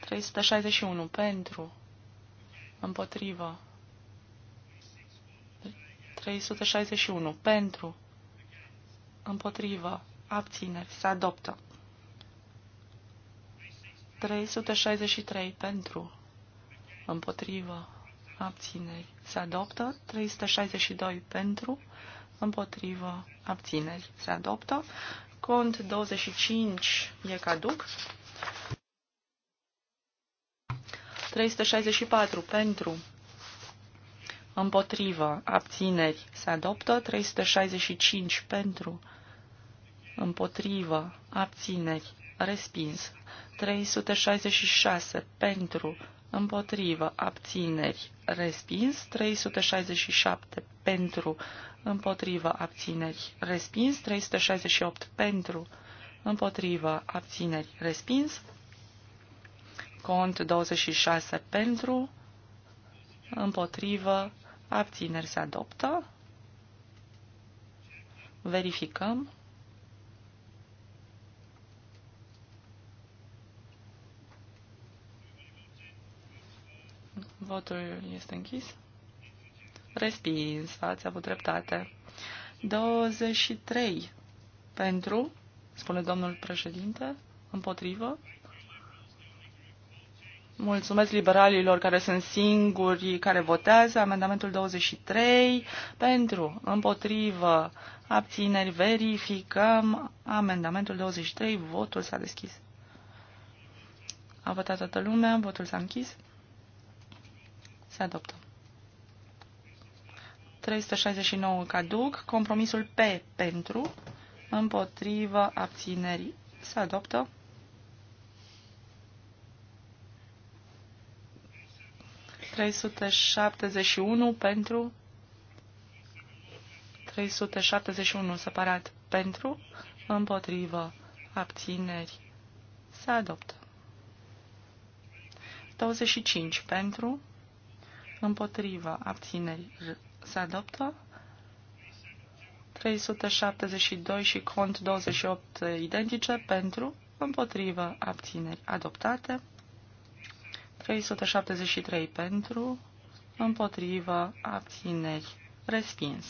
361 pentru, împotrivă, 361 pentru, împotrivă, abțineri, se adoptă. 363 pentru, împotrivă, abțineri, se adoptă. 362 pentru, împotrivă, abțineri, se adoptă. Cont 25 e caduc. 364 pentru, împotrivă, abțineri, se adoptă, 365 pentru, împotrivă, abțineri, respins, 366 pentru, împotrivă, abțineri, respins, 367 pentru, împotrivă, abțineri, respins, 368 pentru, împotrivă, abțineri, respins, cont 26 pentru, împotrivă, Abțineri se adoptă. Verificăm. Votul este închis. Respins, ați avut dreptate. 23 pentru, spune domnul președinte, împotrivă, Mulțumesc liberalilor care sunt singuri care votează. Amendamentul 23 pentru, împotrivă, abțineri. Verificăm amendamentul 23. Votul s-a deschis. A votat toată lumea, votul s-a închis. Se adoptă. 369 caduc. Compromisul P pentru, împotrivă, abțineri. Se adoptă. 371 pentru 371 separat pentru, împotrivă, abțineri, se adoptă. 25 pentru, împotrivă, abțineri, se adoptă. 372 și cont 28 identice pentru, împotrivă, abțineri, adoptate. 373 pentru, împotrivă, abțineri, respins.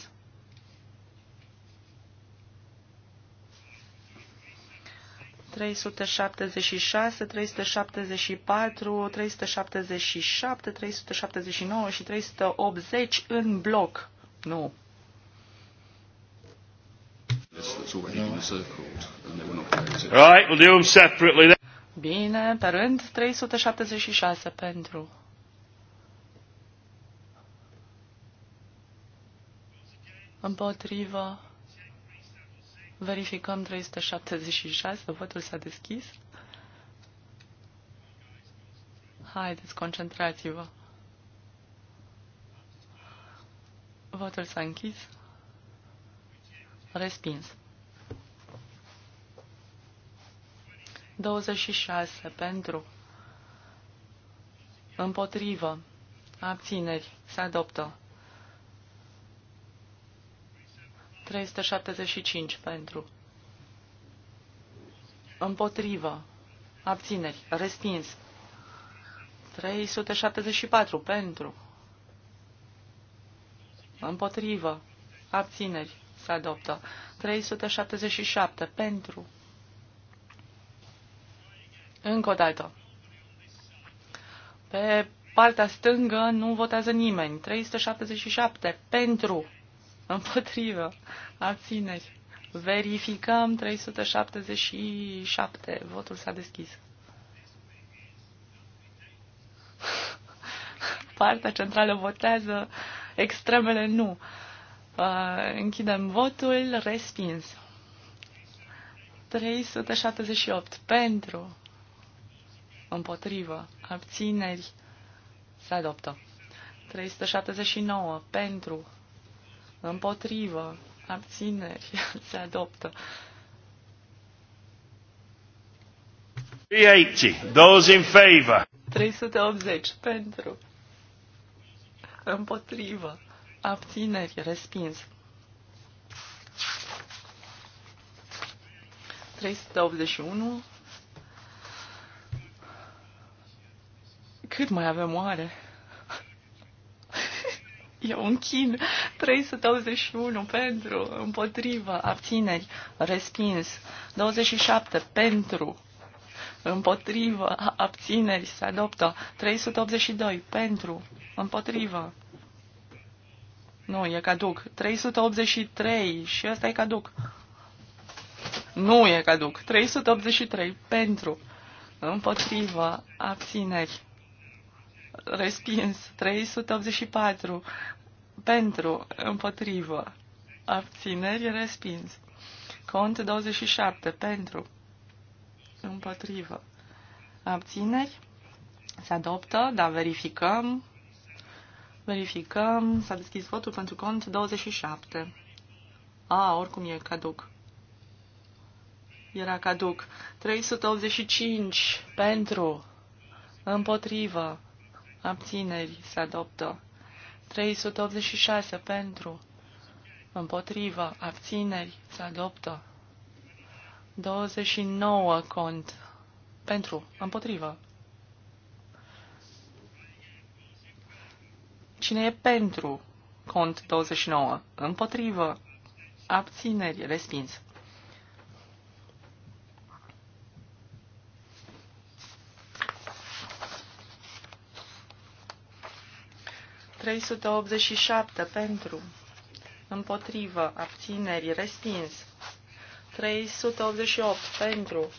trei sute șaptezeci și șase, trei sute șaptezeci și patru, trei sute șaptezeci și șapte, trei sute șaptezeci și nouă și trei sute optzeci în bloc. Nu, Right, we'll do them separately then. Bine, pe rând, 376 pentru. Împotrivă. Verificăm 376, votul s-a deschis. Haideți, concentrați-vă. Votul s-a închis. Respins. 26 pentru, împotrivă, abțineri, se adoptă. 375 pentru, împotrivă, abțineri, respins. 374 pentru, împotrivă, abțineri, se adoptă. 377 pentru, încă o dată. Pe partea stângă nu votează nimeni. 377 pentru, împotrivă, abțineri. Verificăm 377. Votul s-a deschis. Partea centrală votează, extremele nu. Uh, închidem votul, respins. 378 pentru, împotrivă, abțineri, se adoptă. 379 pentru, împotrivă, abțineri, se adoptă. 380, those in favor. 380 pentru, împotrivă, abțineri, respins. 381 Cât mai avem oare? E un chin. 381 pentru, împotriva, abțineri, respins. 27 pentru, împotrivă, abțineri, se adoptă. 382 pentru, împotrivă. Nu, e caduc. 383 și ăsta e caduc. Nu e caduc. 383 pentru, împotrivă, abțineri, respins. 384 pentru, împotrivă, abțineri, respins. Cont 27 pentru, împotrivă, abțineri, se adoptă, dar verificăm. Verificăm, s-a deschis votul pentru cont 27. A, oricum e caduc. Era caduc. 385 pentru, împotrivă, abțineri se adoptă. 386 pentru, împotrivă, abțineri se adoptă. 29 cont pentru, împotrivă. Cine e pentru cont 29? Împotrivă. Abțineri, respins. 387 pentru, împotrivă, abțineri, respins. 388 pentru,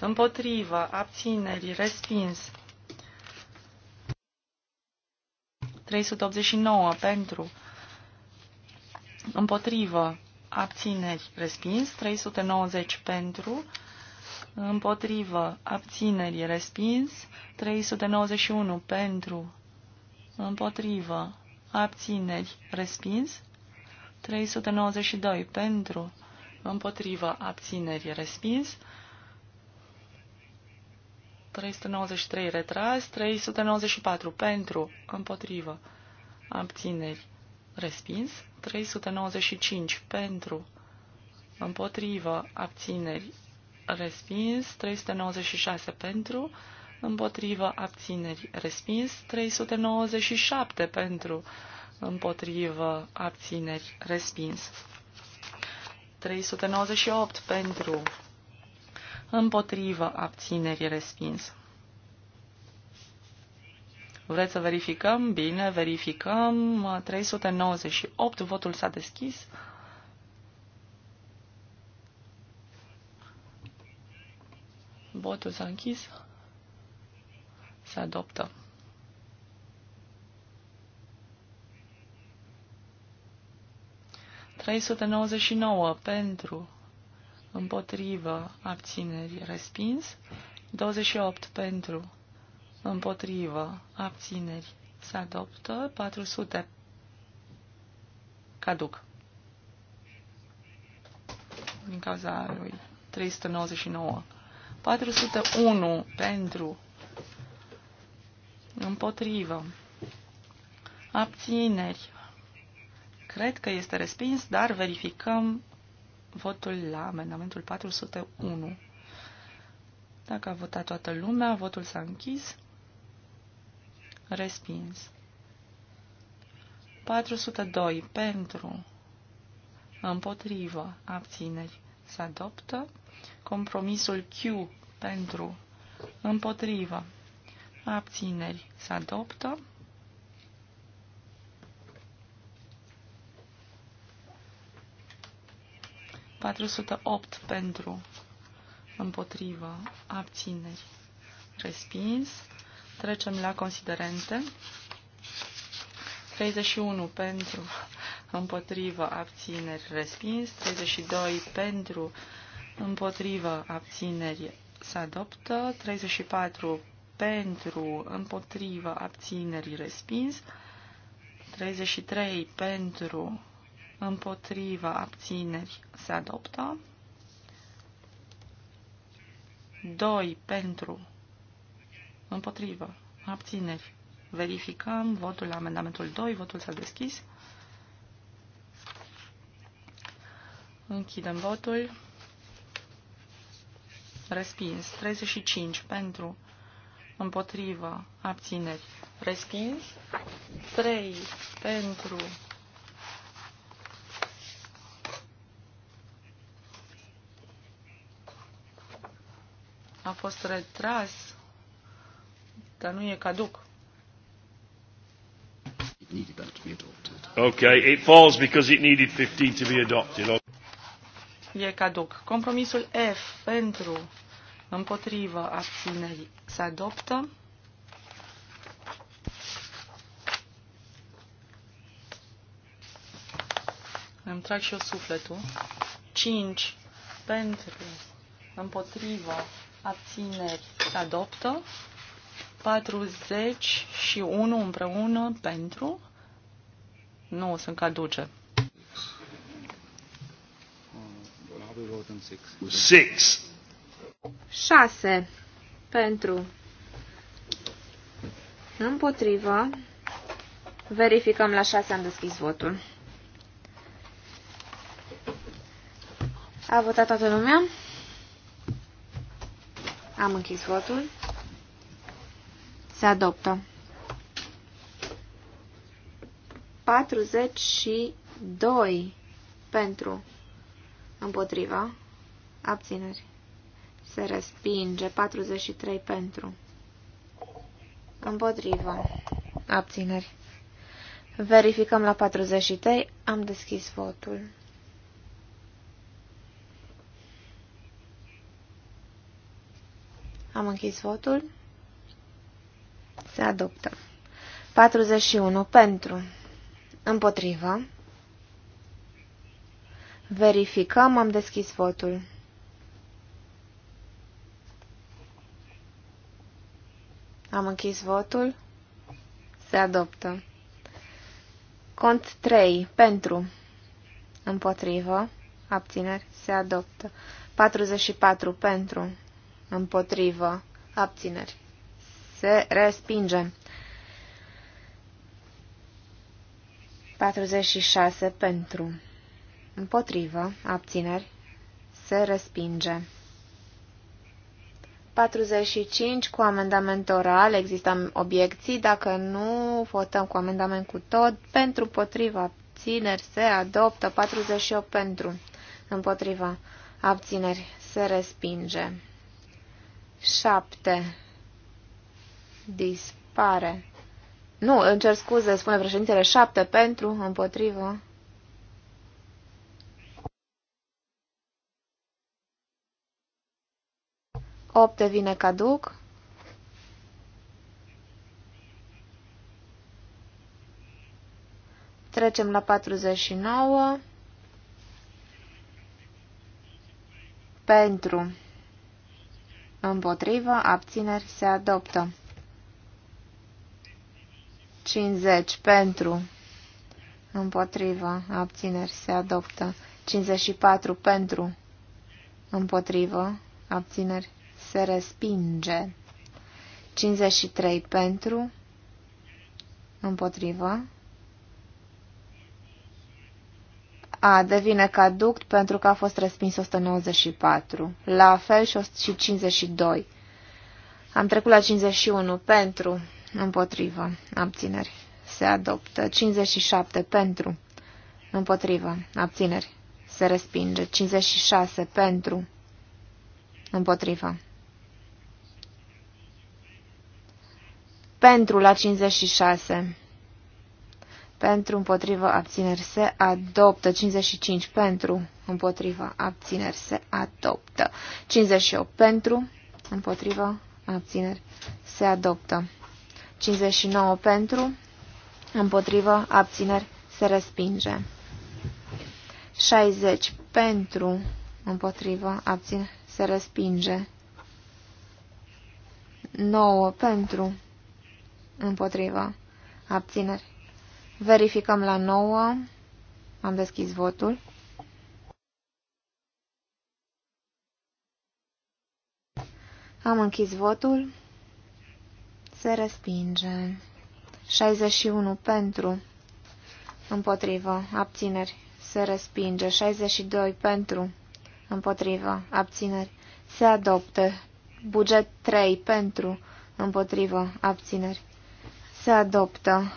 împotrivă, abțineri, respins. 389 pentru, împotrivă, abțineri, respins. 390 pentru, împotrivă, abțineri, respins. 391 pentru, împotrivă, abțineri, respins. 392 pentru, împotrivă, abțineri, respins. 393 retras, 394 pentru, împotrivă, abțineri, respins, 395 pentru, împotrivă, abțineri, respins, 396 pentru, împotrivă, abțineri, respins. 397 pentru, împotrivă, abțineri, respins. 398 pentru, împotrivă, abțineri, respins. Vreți să verificăm? Bine, verificăm. 398, votul s-a deschis. Votul s-a închis. Se adoptă. ...399 pentru, împotrivă, abțineri, respins, 28 pentru, împotrivă, abțineri, se adoptă, 400 caduc. Din cauza lui 399. 401 pentru Împotrivă. Abțineri. Cred că este respins, dar verificăm votul la amendamentul 401. Dacă a votat toată lumea, votul s-a închis. Respins. 402. Pentru. Împotrivă. Abțineri. Se adoptă. Compromisul Q. Pentru. Împotrivă abțineri se adoptă. opt pentru împotrivă abțineri respins. Trecem la considerente. 31 pentru împotrivă abțineri respins, 32 pentru împotrivă abțineri se adoptă, 34 pentru, împotrivă, abțineri, respins. 33 pentru, împotriva abțineri se adoptă. 2 pentru împotriva abțineri. Verificăm votul la amendamentul 2, votul s-a deschis. Închidem votul. Respins. 35 pentru împotrivă, abțineri, respins, 3 pentru, a fost retras, dar nu e caduc. Okay, it falls because it needed 15 to be adopted. E caduc. Compromisul F pentru împotrivă, abținerii se adoptă. Îmi trag și eu sufletul. 5 pentru, împotrivă, abțineri, se adoptă. 40 și 1 împreună pentru. Nu, sunt caduce. 6. 6 pentru împotrivă. Verificăm la 6 am deschis votul. A votat toată lumea. Am închis votul. Se adoptă. 42 pentru împotriva abțineri se respinge. 43 pentru. Împotrivă. Abțineri. Verificăm la 43. Am deschis votul. Am închis votul. Se adoptă. 41 pentru. Împotrivă. Verificăm. Am deschis votul. Am închis votul. Se adoptă. Cont 3. Pentru. Împotrivă. Abțineri. Se adoptă. 44. Pentru. Împotrivă. Abțineri. Se respinge. 46. Pentru. Împotrivă. Abțineri. Se respinge. 45 cu amendament oral. Există obiecții. Dacă nu, votăm cu amendament cu tot. Pentru, potriva, abțineri, se adoptă. 48 pentru, împotriva, abțineri, se respinge. 7. Dispare. Nu, îmi cer scuze, spune președintele, 7 pentru, împotriva 8 devine caduc. Trecem la 49. Pentru. Împotrivă, abțineri se adoptă. 50. Pentru. Împotrivă, abțineri se adoptă. 54. Pentru. Împotrivă, abțineri se respinge. 53 pentru, împotrivă. A, devine caduct pentru că a fost respins 194. La fel și 52. Am trecut la 51 pentru, împotrivă, abțineri. Se adoptă. 57 pentru, împotrivă, abțineri. Se respinge. 56 pentru, împotrivă, pentru la 56. Pentru, împotrivă, abțineri se adoptă. 55 pentru, împotrivă, abțineri se adoptă. 58 pentru, împotrivă, abțineri se adoptă. 59 pentru, împotrivă, abțineri se respinge. 60 pentru, împotrivă, abțineri se respinge. 9 pentru, Împotrivă. Abțineri. Verificăm la 9. Am deschis votul. Am închis votul. Se respinge. 61 pentru. Împotrivă. Abțineri. Se respinge. 62 pentru. Împotrivă. Abțineri. Se adoptă. Buget 3 pentru. Împotrivă. Abțineri. Se adoptă.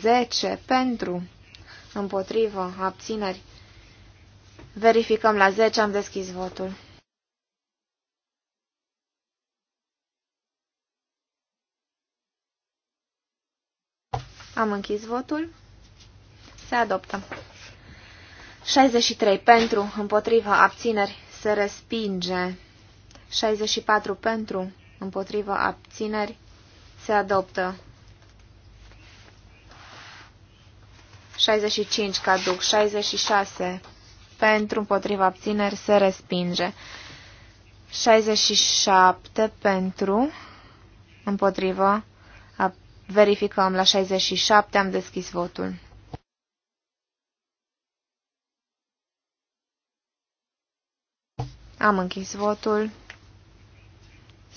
10 pentru, împotrivă, abțineri. Verificăm la 10, am deschis votul. Am închis votul. Se adoptă. 63 pentru, împotrivă abțineri, se respinge. 64 pentru, împotrivă, abțineri, se adoptă. 65 caduc, 66 pentru, împotrivă, abțineri, se respinge. 67 pentru, împotrivă, verificăm la 67, am deschis votul. Am închis votul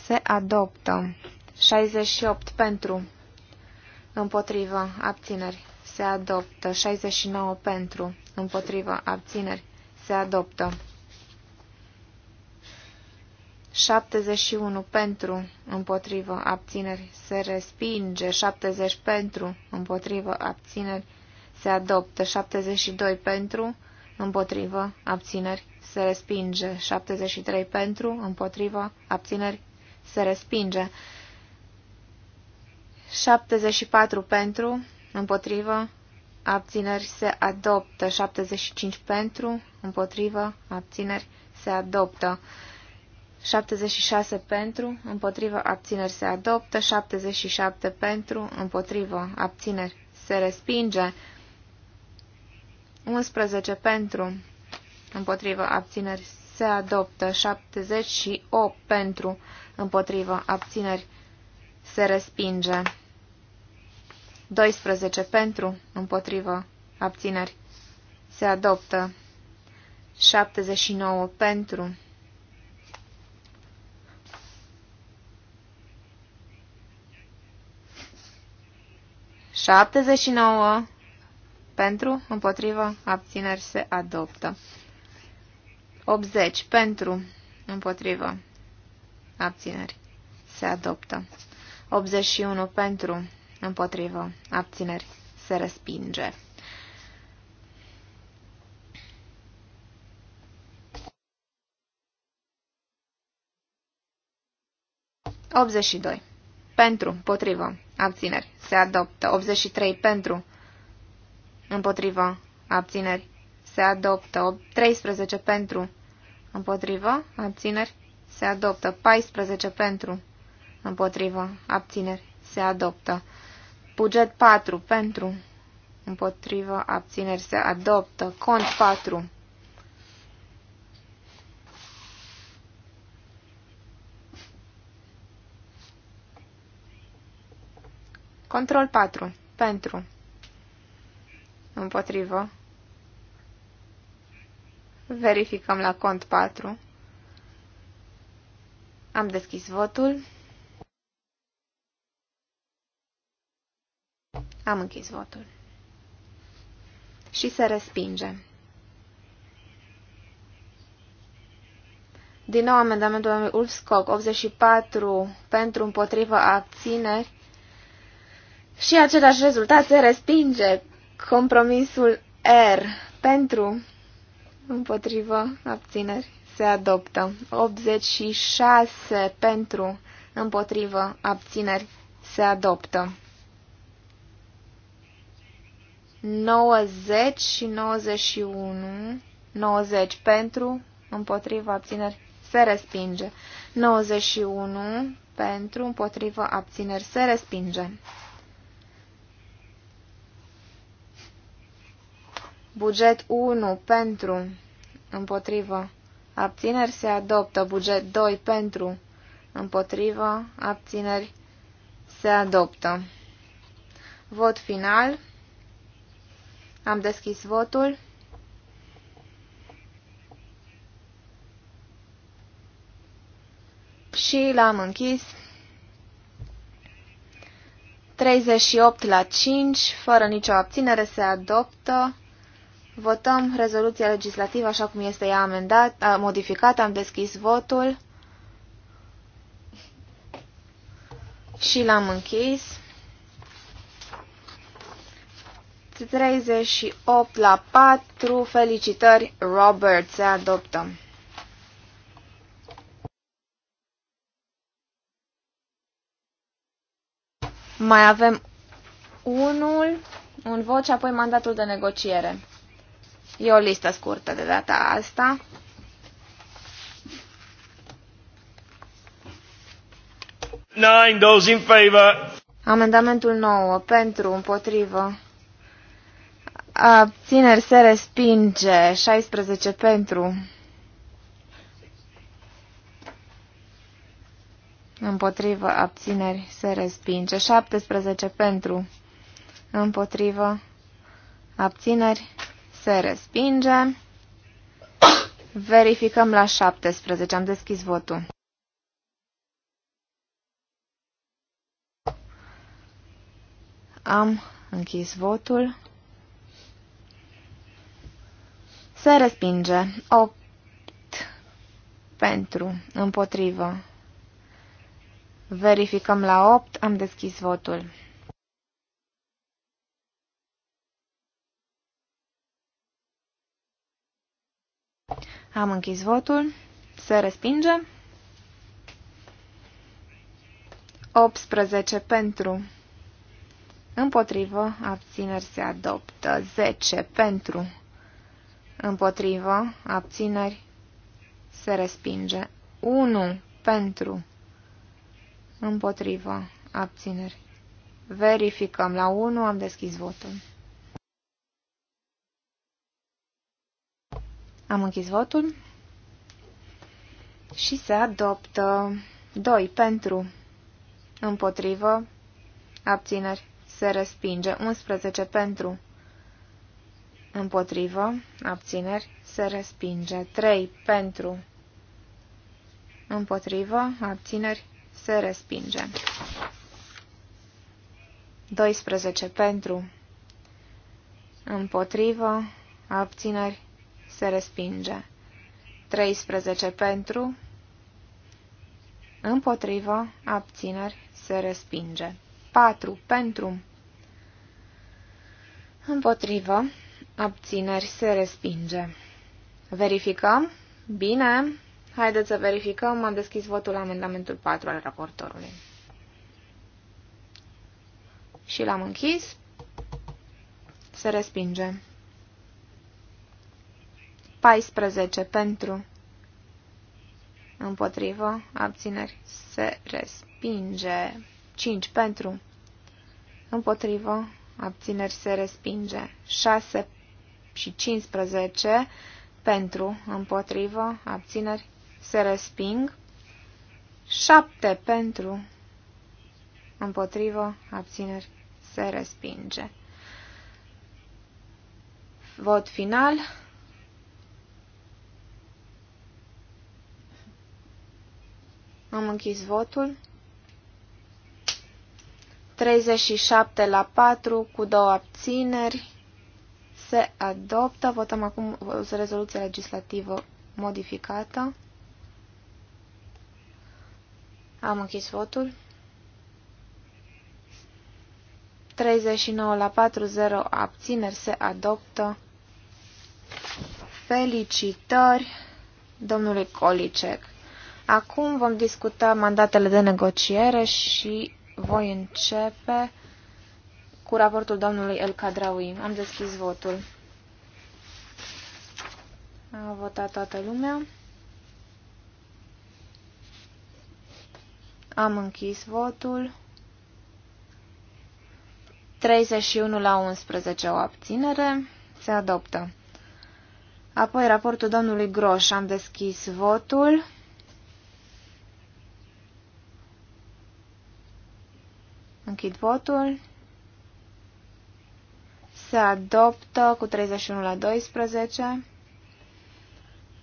se adoptă. 68 pentru, împotrivă, abțineri, se adoptă. 69 pentru, împotrivă, abțineri, se adoptă. 71 pentru, împotrivă, abțineri, se respinge. 70 pentru, împotrivă, abțineri, se adoptă. 72 pentru, împotrivă, abțineri, se respinge. 73 pentru, împotrivă, abțineri, se respinge. 74 pentru, împotrivă, abțineri se adoptă. 75 pentru, împotrivă, abțineri se adoptă. 76 pentru, împotrivă, abțineri se adoptă. 77 pentru, împotrivă, abțineri se respinge. 11 pentru, împotrivă, abțineri se adoptă. 78 pentru, împotrivă, abțineri, se respinge. 12 pentru, împotrivă, abțineri, se adoptă. 79 pentru, Șaptezeci și nouă pentru, împotrivă, abțineri se adoptă. 80 pentru, împotrivă, abțineri, se adoptă. 81 pentru, împotrivă, abțineri, se respinge. Optzeci doi. Pentru, potrivă, abțineri, se adoptă. 83 pentru, împotrivă, abțineri, se adoptă. 13 pentru, Împotrivă. Abțineri. Se adoptă. 14 pentru. Împotrivă. Abțineri. Se adoptă. Buget 4 pentru. Împotrivă. Abțineri. Se adoptă. Cont 4. Control 4. Pentru. Împotrivă. Verificăm la cont 4. Am deschis votul. Am închis votul. Și se respinge. Din nou amendamentul domnului Ulfscock, 84 pentru împotrivă abțineri. Și același rezultat se respinge. Compromisul R pentru împotrivă, abțineri, se adoptă. 86 pentru, împotrivă, abțineri, se adoptă. 90 și 91, 90 pentru, împotrivă, abțineri, se respinge. 91 pentru, împotrivă, abțineri, se respinge. Buget 1 pentru, împotrivă, abțineri se adoptă. Buget 2 pentru, împotrivă, abțineri se adoptă. Vot final. Am deschis votul. Și l-am închis. 38 la 5, fără nicio abținere, se adoptă. Votăm rezoluția legislativă așa cum este ea amendată, modificată. Am deschis votul și l-am închis. 38 la 4. Felicitări, Robert, se adoptă. Mai avem unul, un vot și apoi mandatul de negociere. E o listă scurtă de data asta. Nine, those in favor. Amendamentul 9 pentru, împotrivă. Abțineri se respinge. 16 pentru. Împotrivă, abțineri, se respinge. 17 pentru. Împotrivă, abțineri, se respinge. Verificăm la 17. Am deschis votul. Am închis votul. Se respinge. 8 pentru, împotrivă. Verificăm la 8, am deschis votul. Am închis votul. Se respinge. 18 pentru. Împotrivă, abțineri se adoptă. 10 pentru. Împotrivă, abțineri se respinge. 1 pentru. Împotrivă, abțineri. Verificăm. La 1 am deschis votul. Am închis votul. Și se adoptă 2 pentru, împotrivă, abțineri, se respinge 11 pentru, împotrivă, abțineri, se respinge 3 pentru, împotrivă, abțineri, se respinge 12 pentru, împotrivă, abțineri, se respinge. 13 pentru, împotrivă, abțineri, se respinge. 4 pentru, împotrivă, abțineri, se respinge. Verificăm? Bine. Haideți să verificăm. Am deschis votul la amendamentul 4 al raportorului. Și l-am închis. Se respinge. 14 pentru, împotrivă, abțineri, se respinge. 5 pentru, împotrivă, abțineri, se respinge. 6 și 15 pentru, împotrivă, abțineri, se resping. 7 pentru, împotrivă, abțineri, se respinge. Vot final. Am închis votul. 37 la 4 cu două abțineri. Se adoptă. Votăm acum rezoluția legislativă modificată. Am închis votul. 39 la 40 abțineri se adoptă. Felicitări domnului Colicec. Acum vom discuta mandatele de negociere și voi începe cu raportul domnului El Cadraui. Am deschis votul. A votat toată lumea. Am închis votul. 31 la 11 o abținere. Se adoptă. Apoi raportul domnului Groș. Am deschis votul. Închid votul. Se adoptă cu 31 la 12.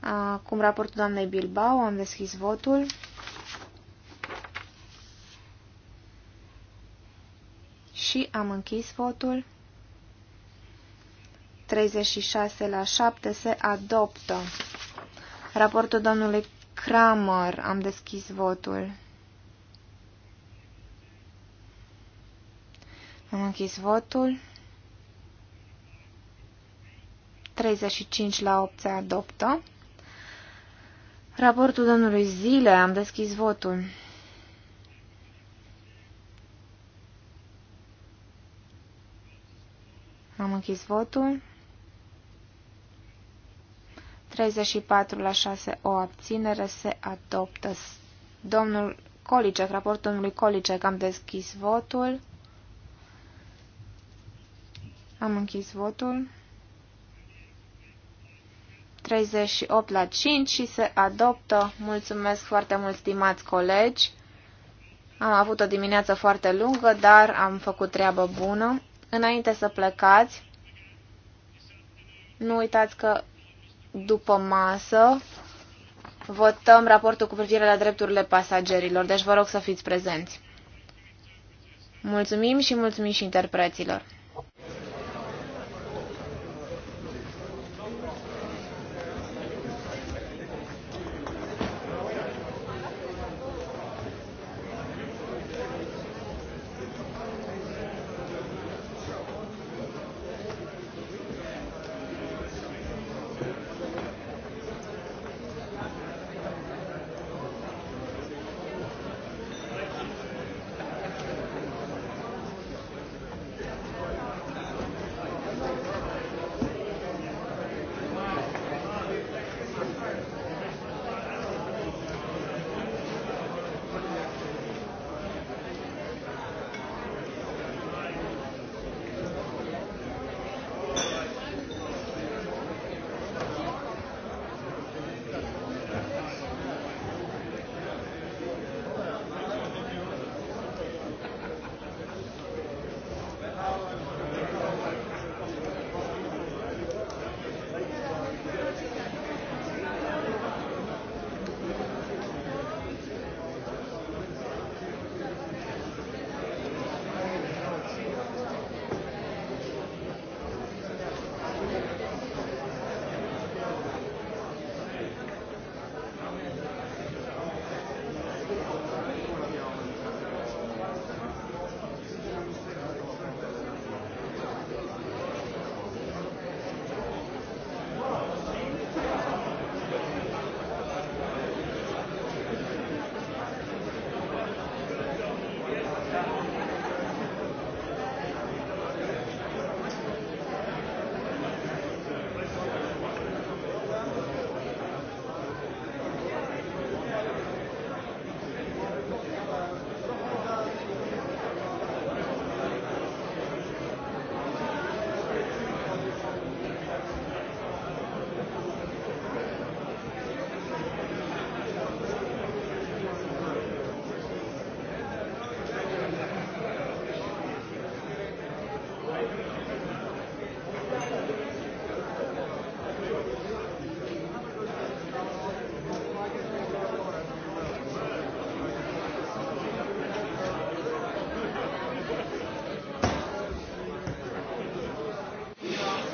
Acum raportul doamnei Bilbao. Am deschis votul. Și am închis votul. 36 la 7 se adoptă. Raportul domnului Kramer. Am deschis votul. Am închis votul. 35 la 8 se adoptă. Raportul domnului Zile, am deschis votul. Am închis votul. 34 la 6 o abținere se adoptă. Domnul Colicec, raportul domnului Colicec, am deschis votul. Am închis votul. 38 la 5 și se adoptă. Mulțumesc foarte mult, stimați colegi. Am avut o dimineață foarte lungă, dar am făcut treabă bună. Înainte să plecați, nu uitați că după masă votăm raportul cu privire la drepturile pasagerilor, deci vă rog să fiți prezenți. Mulțumim și mulțumim și interpreților.